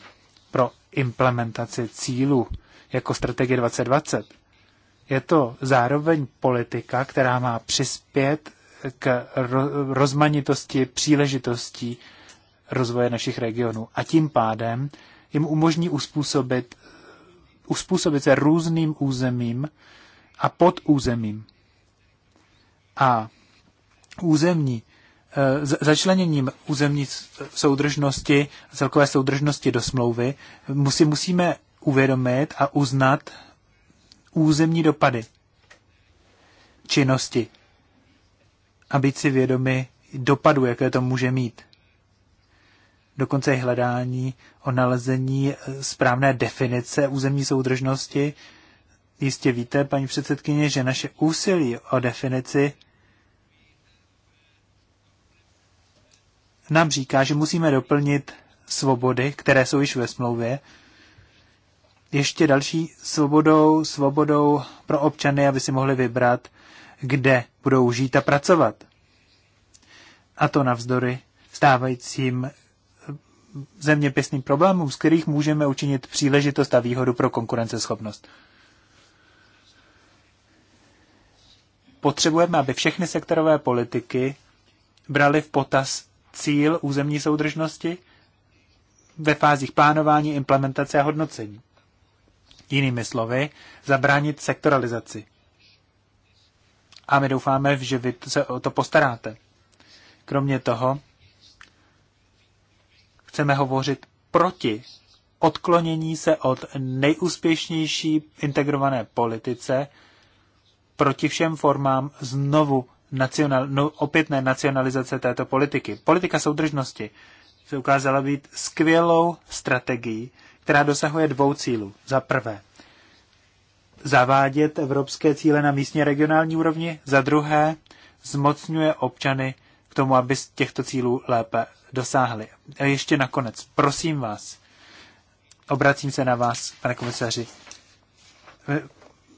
pro implementaci cílů jako strategie 2020. Je to zároveň politika, která má přispět k rozmanitosti příležitostí rozvoje našich regionů. A tím pádem jim umožní uspůsobit, uspůsobit se různým územím a podúzemím. A územní eh, začleněním územní soudržnosti, celkové soudržnosti do smlouvy, musí, musíme uvědomit a uznat územní dopady činnosti a být si vědomi dopadu, jaké to může mít. Dokonce i hledání o nalezení eh, správné definice územní soudržnosti. Jistě víte, paní předsedkyně, že naše úsilí o definici nám říká, že musíme doplnit svobody, které jsou již ve smlouvě, ještě další svobodou, svobodou pro občany, aby si mohli vybrat, kde budou žít a pracovat. A to navzdory stávajícím eh, zeměpisným problémům, z kterých můžeme učinit příležitost a výhodu pro konkurenceschopnost. Potřebujeme, aby všechny sektorové politiky brali v potaz cíl územní soudržnosti ve fázích plánování, implementace a hodnocení. Jinými slovy, zabránit sektoralizaci. A my doufáme, že vy se o to postaráte. Kromě toho, chceme hovořit proti odklonění se od nejúspěšnější integrované politice proti všem formám znovu nacional, no, opětné nacionalizace této politiky. Politika soudržnosti se ukázala být skvělou strategií, která dosahuje dvou cílů. Za prvé, zavádět evropské cíle na místně regionální úrovni, za druhé, zmocňuje občany k tomu, aby z těchto cílů lépe dosáhli. A ještě nakonec, prosím vás, obracím se na vás, pane komisaři,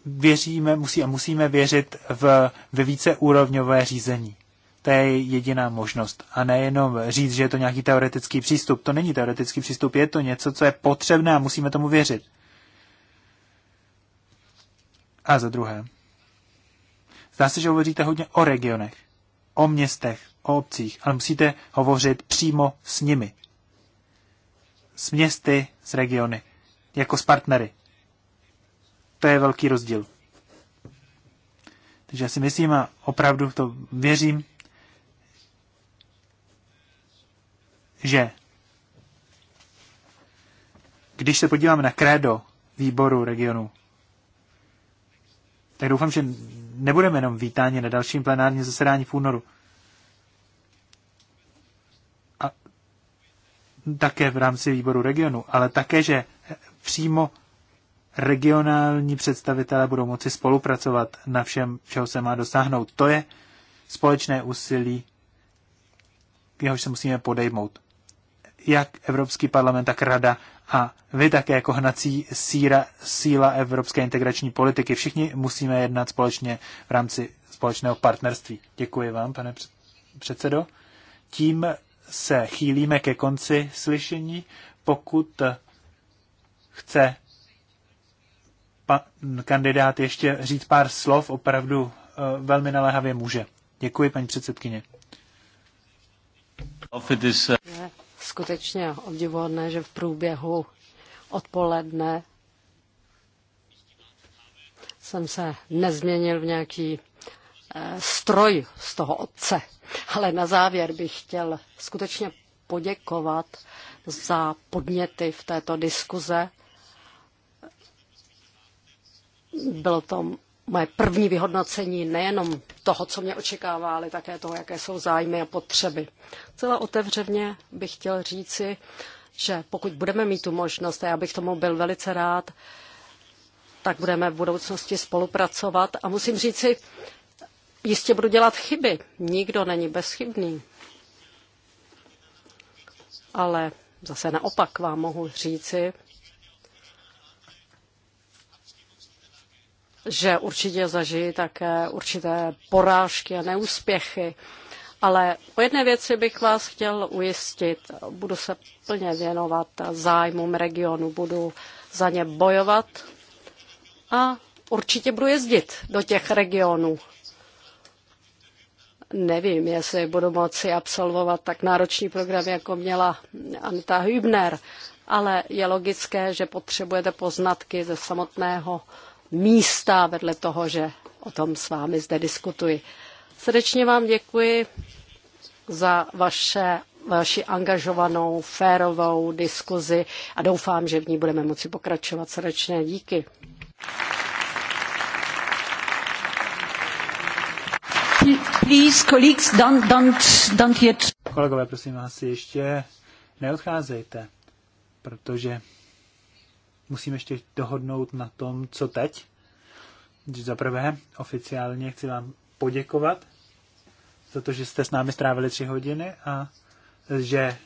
věříme, musí a musíme věřit v, ve úrovňové řízení. To je jediná možnost. A nejenom říct, že je to nějaký teoretický přístup. To není teoretický přístup, je to něco, co je potřebné a musíme tomu věřit. A za druhé. Zdá se, že hovoříte hodně o regionech, o městech, o obcích, ale musíte hovořit přímo s nimi. S městy, s regiony, jako s partnery to je velký rozdíl. Takže já si myslím a opravdu to věřím, že když se podíváme na krédo výboru regionu, tak doufám, že nebudeme jenom vítáni na dalším plenárním zasedání v únoru. A také v rámci výboru regionu, ale také, že přímo regionální představitelé budou moci spolupracovat na všem, čeho se má dosáhnout. To je společné úsilí, jehož se musíme podejmout. Jak Evropský parlament, tak Rada a vy také jako hnací síra, síla evropské integrační politiky. Všichni musíme jednat společně v rámci společného partnerství. Děkuji vám, pane předsedo. Tím se chýlíme ke konci slyšení. Pokud chce kandidát ještě říct pár slov, opravdu eh, velmi naléhavě může. Děkuji, paní předsedkyně. Je skutečně obdivuhodné, že v průběhu odpoledne jsem se nezměnil v nějaký eh, stroj z toho otce. Ale na závěr bych chtěl skutečně poděkovat za podněty v této diskuze bylo to moje první vyhodnocení nejenom toho, co mě očekává, ale také toho, jaké jsou zájmy a potřeby. Celá otevřeně bych chtěl říci, že pokud budeme mít tu možnost, a já bych tomu byl velice rád, tak budeme v budoucnosti spolupracovat. A musím říci, jistě budu dělat chyby. Nikdo není bezchybný. Ale zase naopak vám mohu říci, že určitě zažijí také určité porážky a neúspěchy. Ale o jedné věci bych vás chtěl ujistit. Budu se plně věnovat zájmům regionu, budu za ně bojovat a určitě budu jezdit do těch regionů. Nevím, jestli budu moci absolvovat tak náročný program, jako měla Anita Hübner, ale je logické, že potřebujete poznatky ze samotného místa vedle toho, že o tom s vámi zde diskutuji. Srdečně vám děkuji za vaše, vaši angažovanou, férovou diskuzi a doufám, že v ní budeme moci pokračovat. Srdečné díky. Please, colleagues, don't, don't, don't yet. Kolegové, prosím vás, ještě neodcházejte, protože musíme ještě dohodnout na tom, co teď. Za prvé, oficiálně chci vám poděkovat za to, že jste s námi strávili tři hodiny a že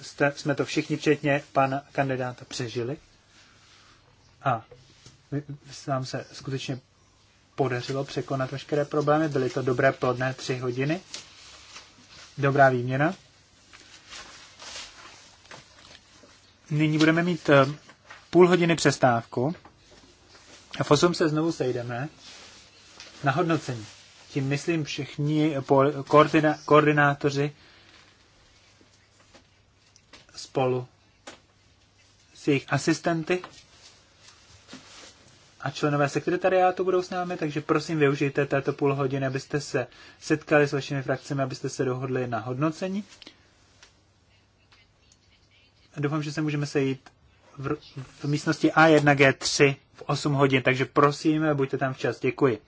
jste, jsme to všichni, včetně pana kandidáta, přežili. A vám se skutečně podařilo překonat veškeré problémy. Byly to dobré plodné tři hodiny. Dobrá výměna. Nyní budeme mít eh, půl hodiny přestávku a v 8 se znovu sejdeme na hodnocení. Tím myslím všichni koordina, koordinátoři spolu s jejich asistenty a členové sekretariátu budou s námi, takže prosím využijte této půl hodiny, abyste se setkali s vašimi frakcemi, abyste se dohodli na hodnocení. A doufám, že se můžeme sejít v, v místnosti A1G3 v 8 hodin, takže prosím, buďte tam včas. Děkuji.